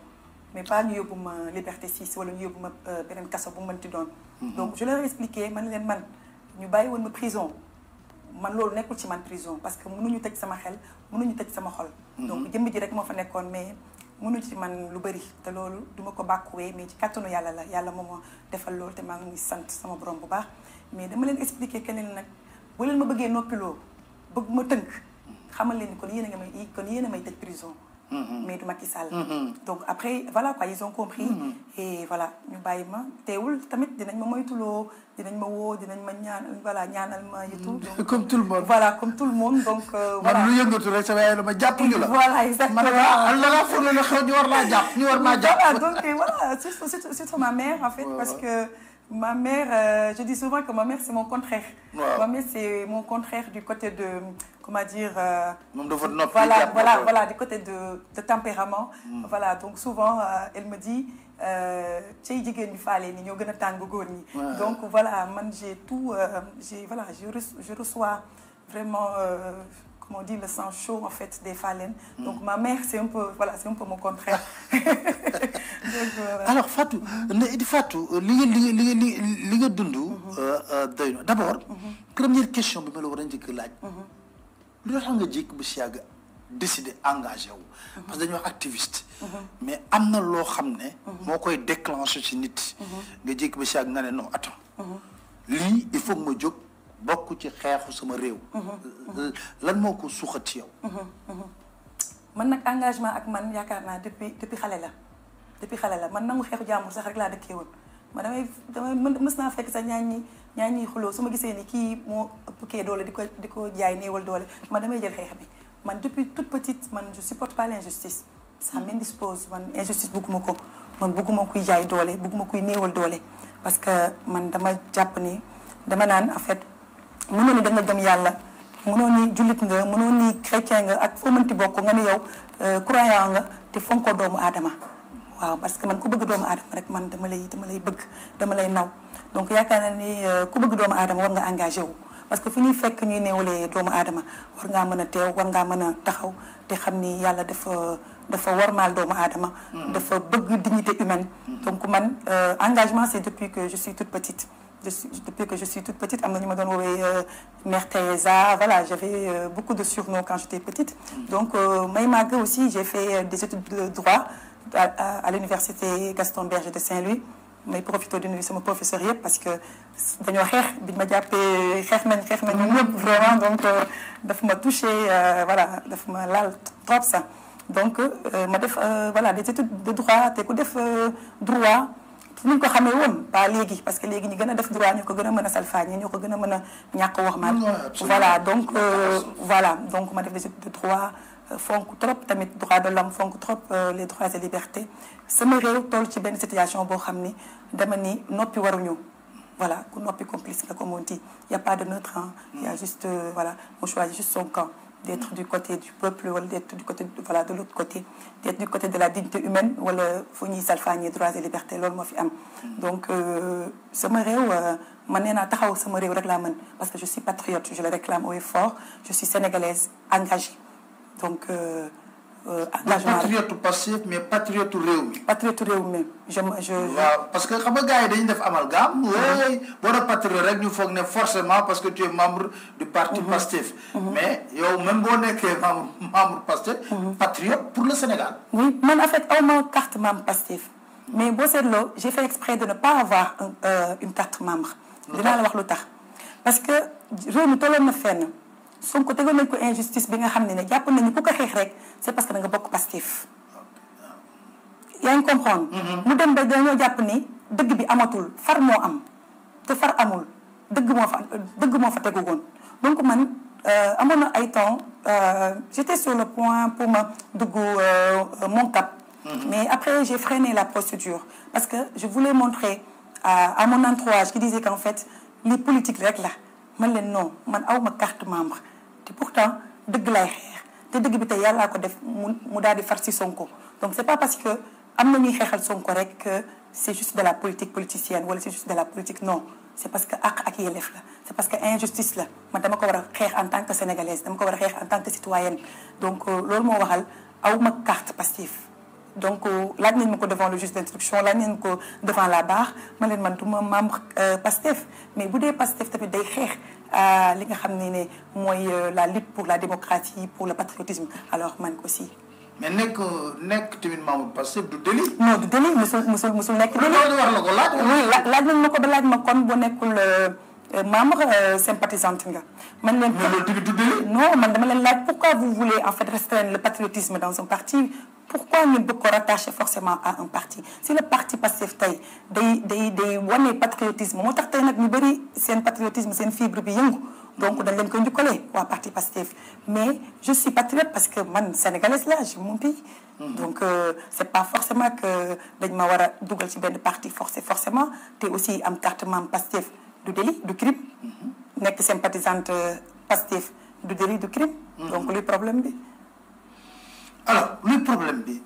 mais pas ñu yobuma ma liberté 6 wala ñu yobuma benen beneen kaso bu mu mënti mm-hmm. donc je leur ai expliqué man len man ñu bàyyi ma prison man lolou nekul ci man prison parce que mënuñu tëj sama xel mënuñu tëj sama xol mhm. donc jëmm ji rek moo fa nekkoon mais mënu ci man lu bëri te lolou duma ko bàkkuwee mais ci katunu yalla la yalla momo defal loolu te ma ngi sante sama borom bu baax mais dama leen expliquer keneen nak bu leen ma bëggee noppiloo bëgg ma tënk xamal leen ko kon nga may kon yéen may tëj prison Mm-hmm. mais de Macky mm-hmm. donc après voilà quoi ils ont compris. Mm-hmm. et voilà nous baillons. voilà et tout. comme tout le monde. voilà comme tout le monde donc. Euh, voilà exactement ah, ah, voilà donc voilà c'est ma mère en fait parce que. Ma mère, euh, je dis souvent que ma mère, c'est mon contraire. Ma mère, c'est mon contraire du côté de, comment dire... Euh, voilà, voilà, voilà, du côté de, tempérament. Hmm. Voilà, donc souvent, euh, elle me dit... Donc voilà, j'ai tout, voilà, je reçois vraiment comme on dit, le sang chaud en fait des phalènes. Mm. Donc ma mère, c'est un peu, voilà, c'est un peu mon contraire. alors fatou mm-hmm. Alors Fatou, mm. Fatou, ce euh, mm-hmm. euh, euh, D'abord, mm-hmm. première question que je voulais dire, c'est que vous avez décidé d'engager ou Parce que nous activiste activistes. Mais il y a moi quoi qui déclenchent chez nous. Vous que dit que non, attends, lui, il faut que je bokk ci xeexu sama réew. Mhm, mhm. Euh, euh, lan moo ko suuxat ci yow. Mhm, man nag engagement ak man yaakaar naa depuis depuis xale la depuis xale la man nangu xeexu jàmbur sax rek laa dëkkee woon man damay damay mës naa fekk sax ñaañ ñi ñaañ ñi xuloo su ma gisee ni kii moo ëpp doole di ko di ko jaay néewal doole man damay jël xeex bi man depuis toute petite man je supporte pas l'injustice ça m'indispose man injustice bugguma ko man bugguma kuy jaay doole bugguma kuy néewal doole parce que man dama jàpp ni dama naan en fait. mënoo ni da na gëm yàlla mënoo ni jullit nga mënoo ni chrétien nga ak foo mënti bokk nga ni yow euh, croyant nga te fonkoo doomu aadama waaw parce que man ku bëgg doomu aadama rek man dama lay dama lay bëgg dama lay naw donc yaakaar naa ni euh, ku bëgg doomu aadama war nga engagé wu parce que fu ñuy fekk ñuy néewalee doomu aadama war ngaa mën a teew war ngaa mën a taxaw te xam ni yàlla dafa dafa warmaal doomu aadama hmm. dafa bëgg dignité humaine hmm. donc man euh, engagement c'est depuis que je suis toute petite je depuis que je suis toute petite, Amna euh, Mère Teresa, voilà, j'avais euh, beaucoup de surnoms quand j'étais petite. Donc, euh, malgré aussi, j'ai fait euh, des études de droit à, l'université Gaston Berger de Saint-Louis. Mais d'une vie de mon professeur parce que dañoo xeex bi ma jàppee euh, xeex nañ xeex vraiment donc daf ma toucher, voilà daf ma laal trop ça donc ma def voilà des études de droit des études de droit niñ ko xamee woon pas léegi parce que léegi ñi gën def droit ñoo gëna mëna a mën a salfaañe ñoo ko wax maal voilà donc euh, voilà donc ma def des études de droit euh, fonk trop tamit droit de l'homme fonk trop euh, les droits et libertés sama réew toll ci ben situation bo xamné dama ni nopi waru ñu voilà ku nopi complice nga comme on dit y a pas de neutre hein y a mm. juste voilà on choisit juste son camp d'être du côté du peuple d'être du côté voilà de l'autre côté d'être du côté de la dignité humaine wala le ñuy les droits et libertés l'homme moo am donc euh, sama me euh, man nee naa taxaw parce que je suis patriote je le réclame au effort, je suis sénégalaise engagée donc euh, euh, patriote passif mais patriote ou patriote réew mi je je. parce que quand nga gars yi dañuy def amalgame. oui boo doon patriote rek ñu forcément parce que tu es membre du parti mhm. passif. Mhm. mais yow même boo un membre membre Pastef. Mhm. patriote pour le Sénégal. oui man en fait au moins carte membre passif. mais c'est l'eau j'ai fait exprès de ne pas avoir euh, une carte membre. de la wax lu tax parce que je me pas na fenn. Son côté, nañ ko injustice bi nga Japonais ne ne jàpp nañu ko rek c'est parce que da nga bokk Pastef yaa ngi comprendre mm-hmm. mu dem ba dañoo jàpp ni dëgg bi amatul far moo am te far amul dëgg moo fa dëgg moo fa tegu donc man à euh, mon ay temps euh, j'étais sur le point pour ma dégouer euh, mon cap mm-hmm. mais après j'ai freiné la procédure parce que je voulais montrer à, à mon entourage qui disait qu'en fait les politiques rek la man leen non man aw ma carte membre et pourtant il y a te gens bi ont yàllaa ko def mu mu Sonko donc c'est pas parce que am na ñuy xeexal Sonko que c'est juste de la politique politicienne ou c'est juste de la politique non c'est parce que qui ak yelleef la c'est parce que injustice la man dama ko faire a en tant que sénégalaise dama ko war a en tant que citoyenne donc euh, loolu moo waxal aw euh, ma carte passive. donc là, je suis devant le juge d'instruction Là, je ko devant la barre ma leen man du ma membre euh, Pastef mais bu dee Pastef tamit day xeex à li nga euh, la lutte pour la démocratie pour le patriotisme alors man aussi. mais nek nekk tamit membre Pastef du délit. non du délit monsieur monsieur nek nekk. délit loolu wax la ko laaj. oui laaj ma ko de laaj ma kon boo nekkul euh, euh, membre sympathisante nga. man leen non man dama len laaj pourquoi vous voulez en fait restreindre le patriotisme dans un parti pourquoi ne peut pas rattacher forcément à un parti si le parti passif, tay day day day wone patriotisme c'est tax tey nag ñu bëri patriotisme sen fibre bi donc dañ leen ko parti passif. mais je suis patriote parce que man sénégalaise là, je mon pays mm-hmm. donc ce euh, c'est pas forcément que je ma wara parti forcé forcément té aussi am carte passif du délit du crime mm-hmm. nek sympathisante euh, passif du délit du crime mm-hmm. donc le problème bi alors le problème B.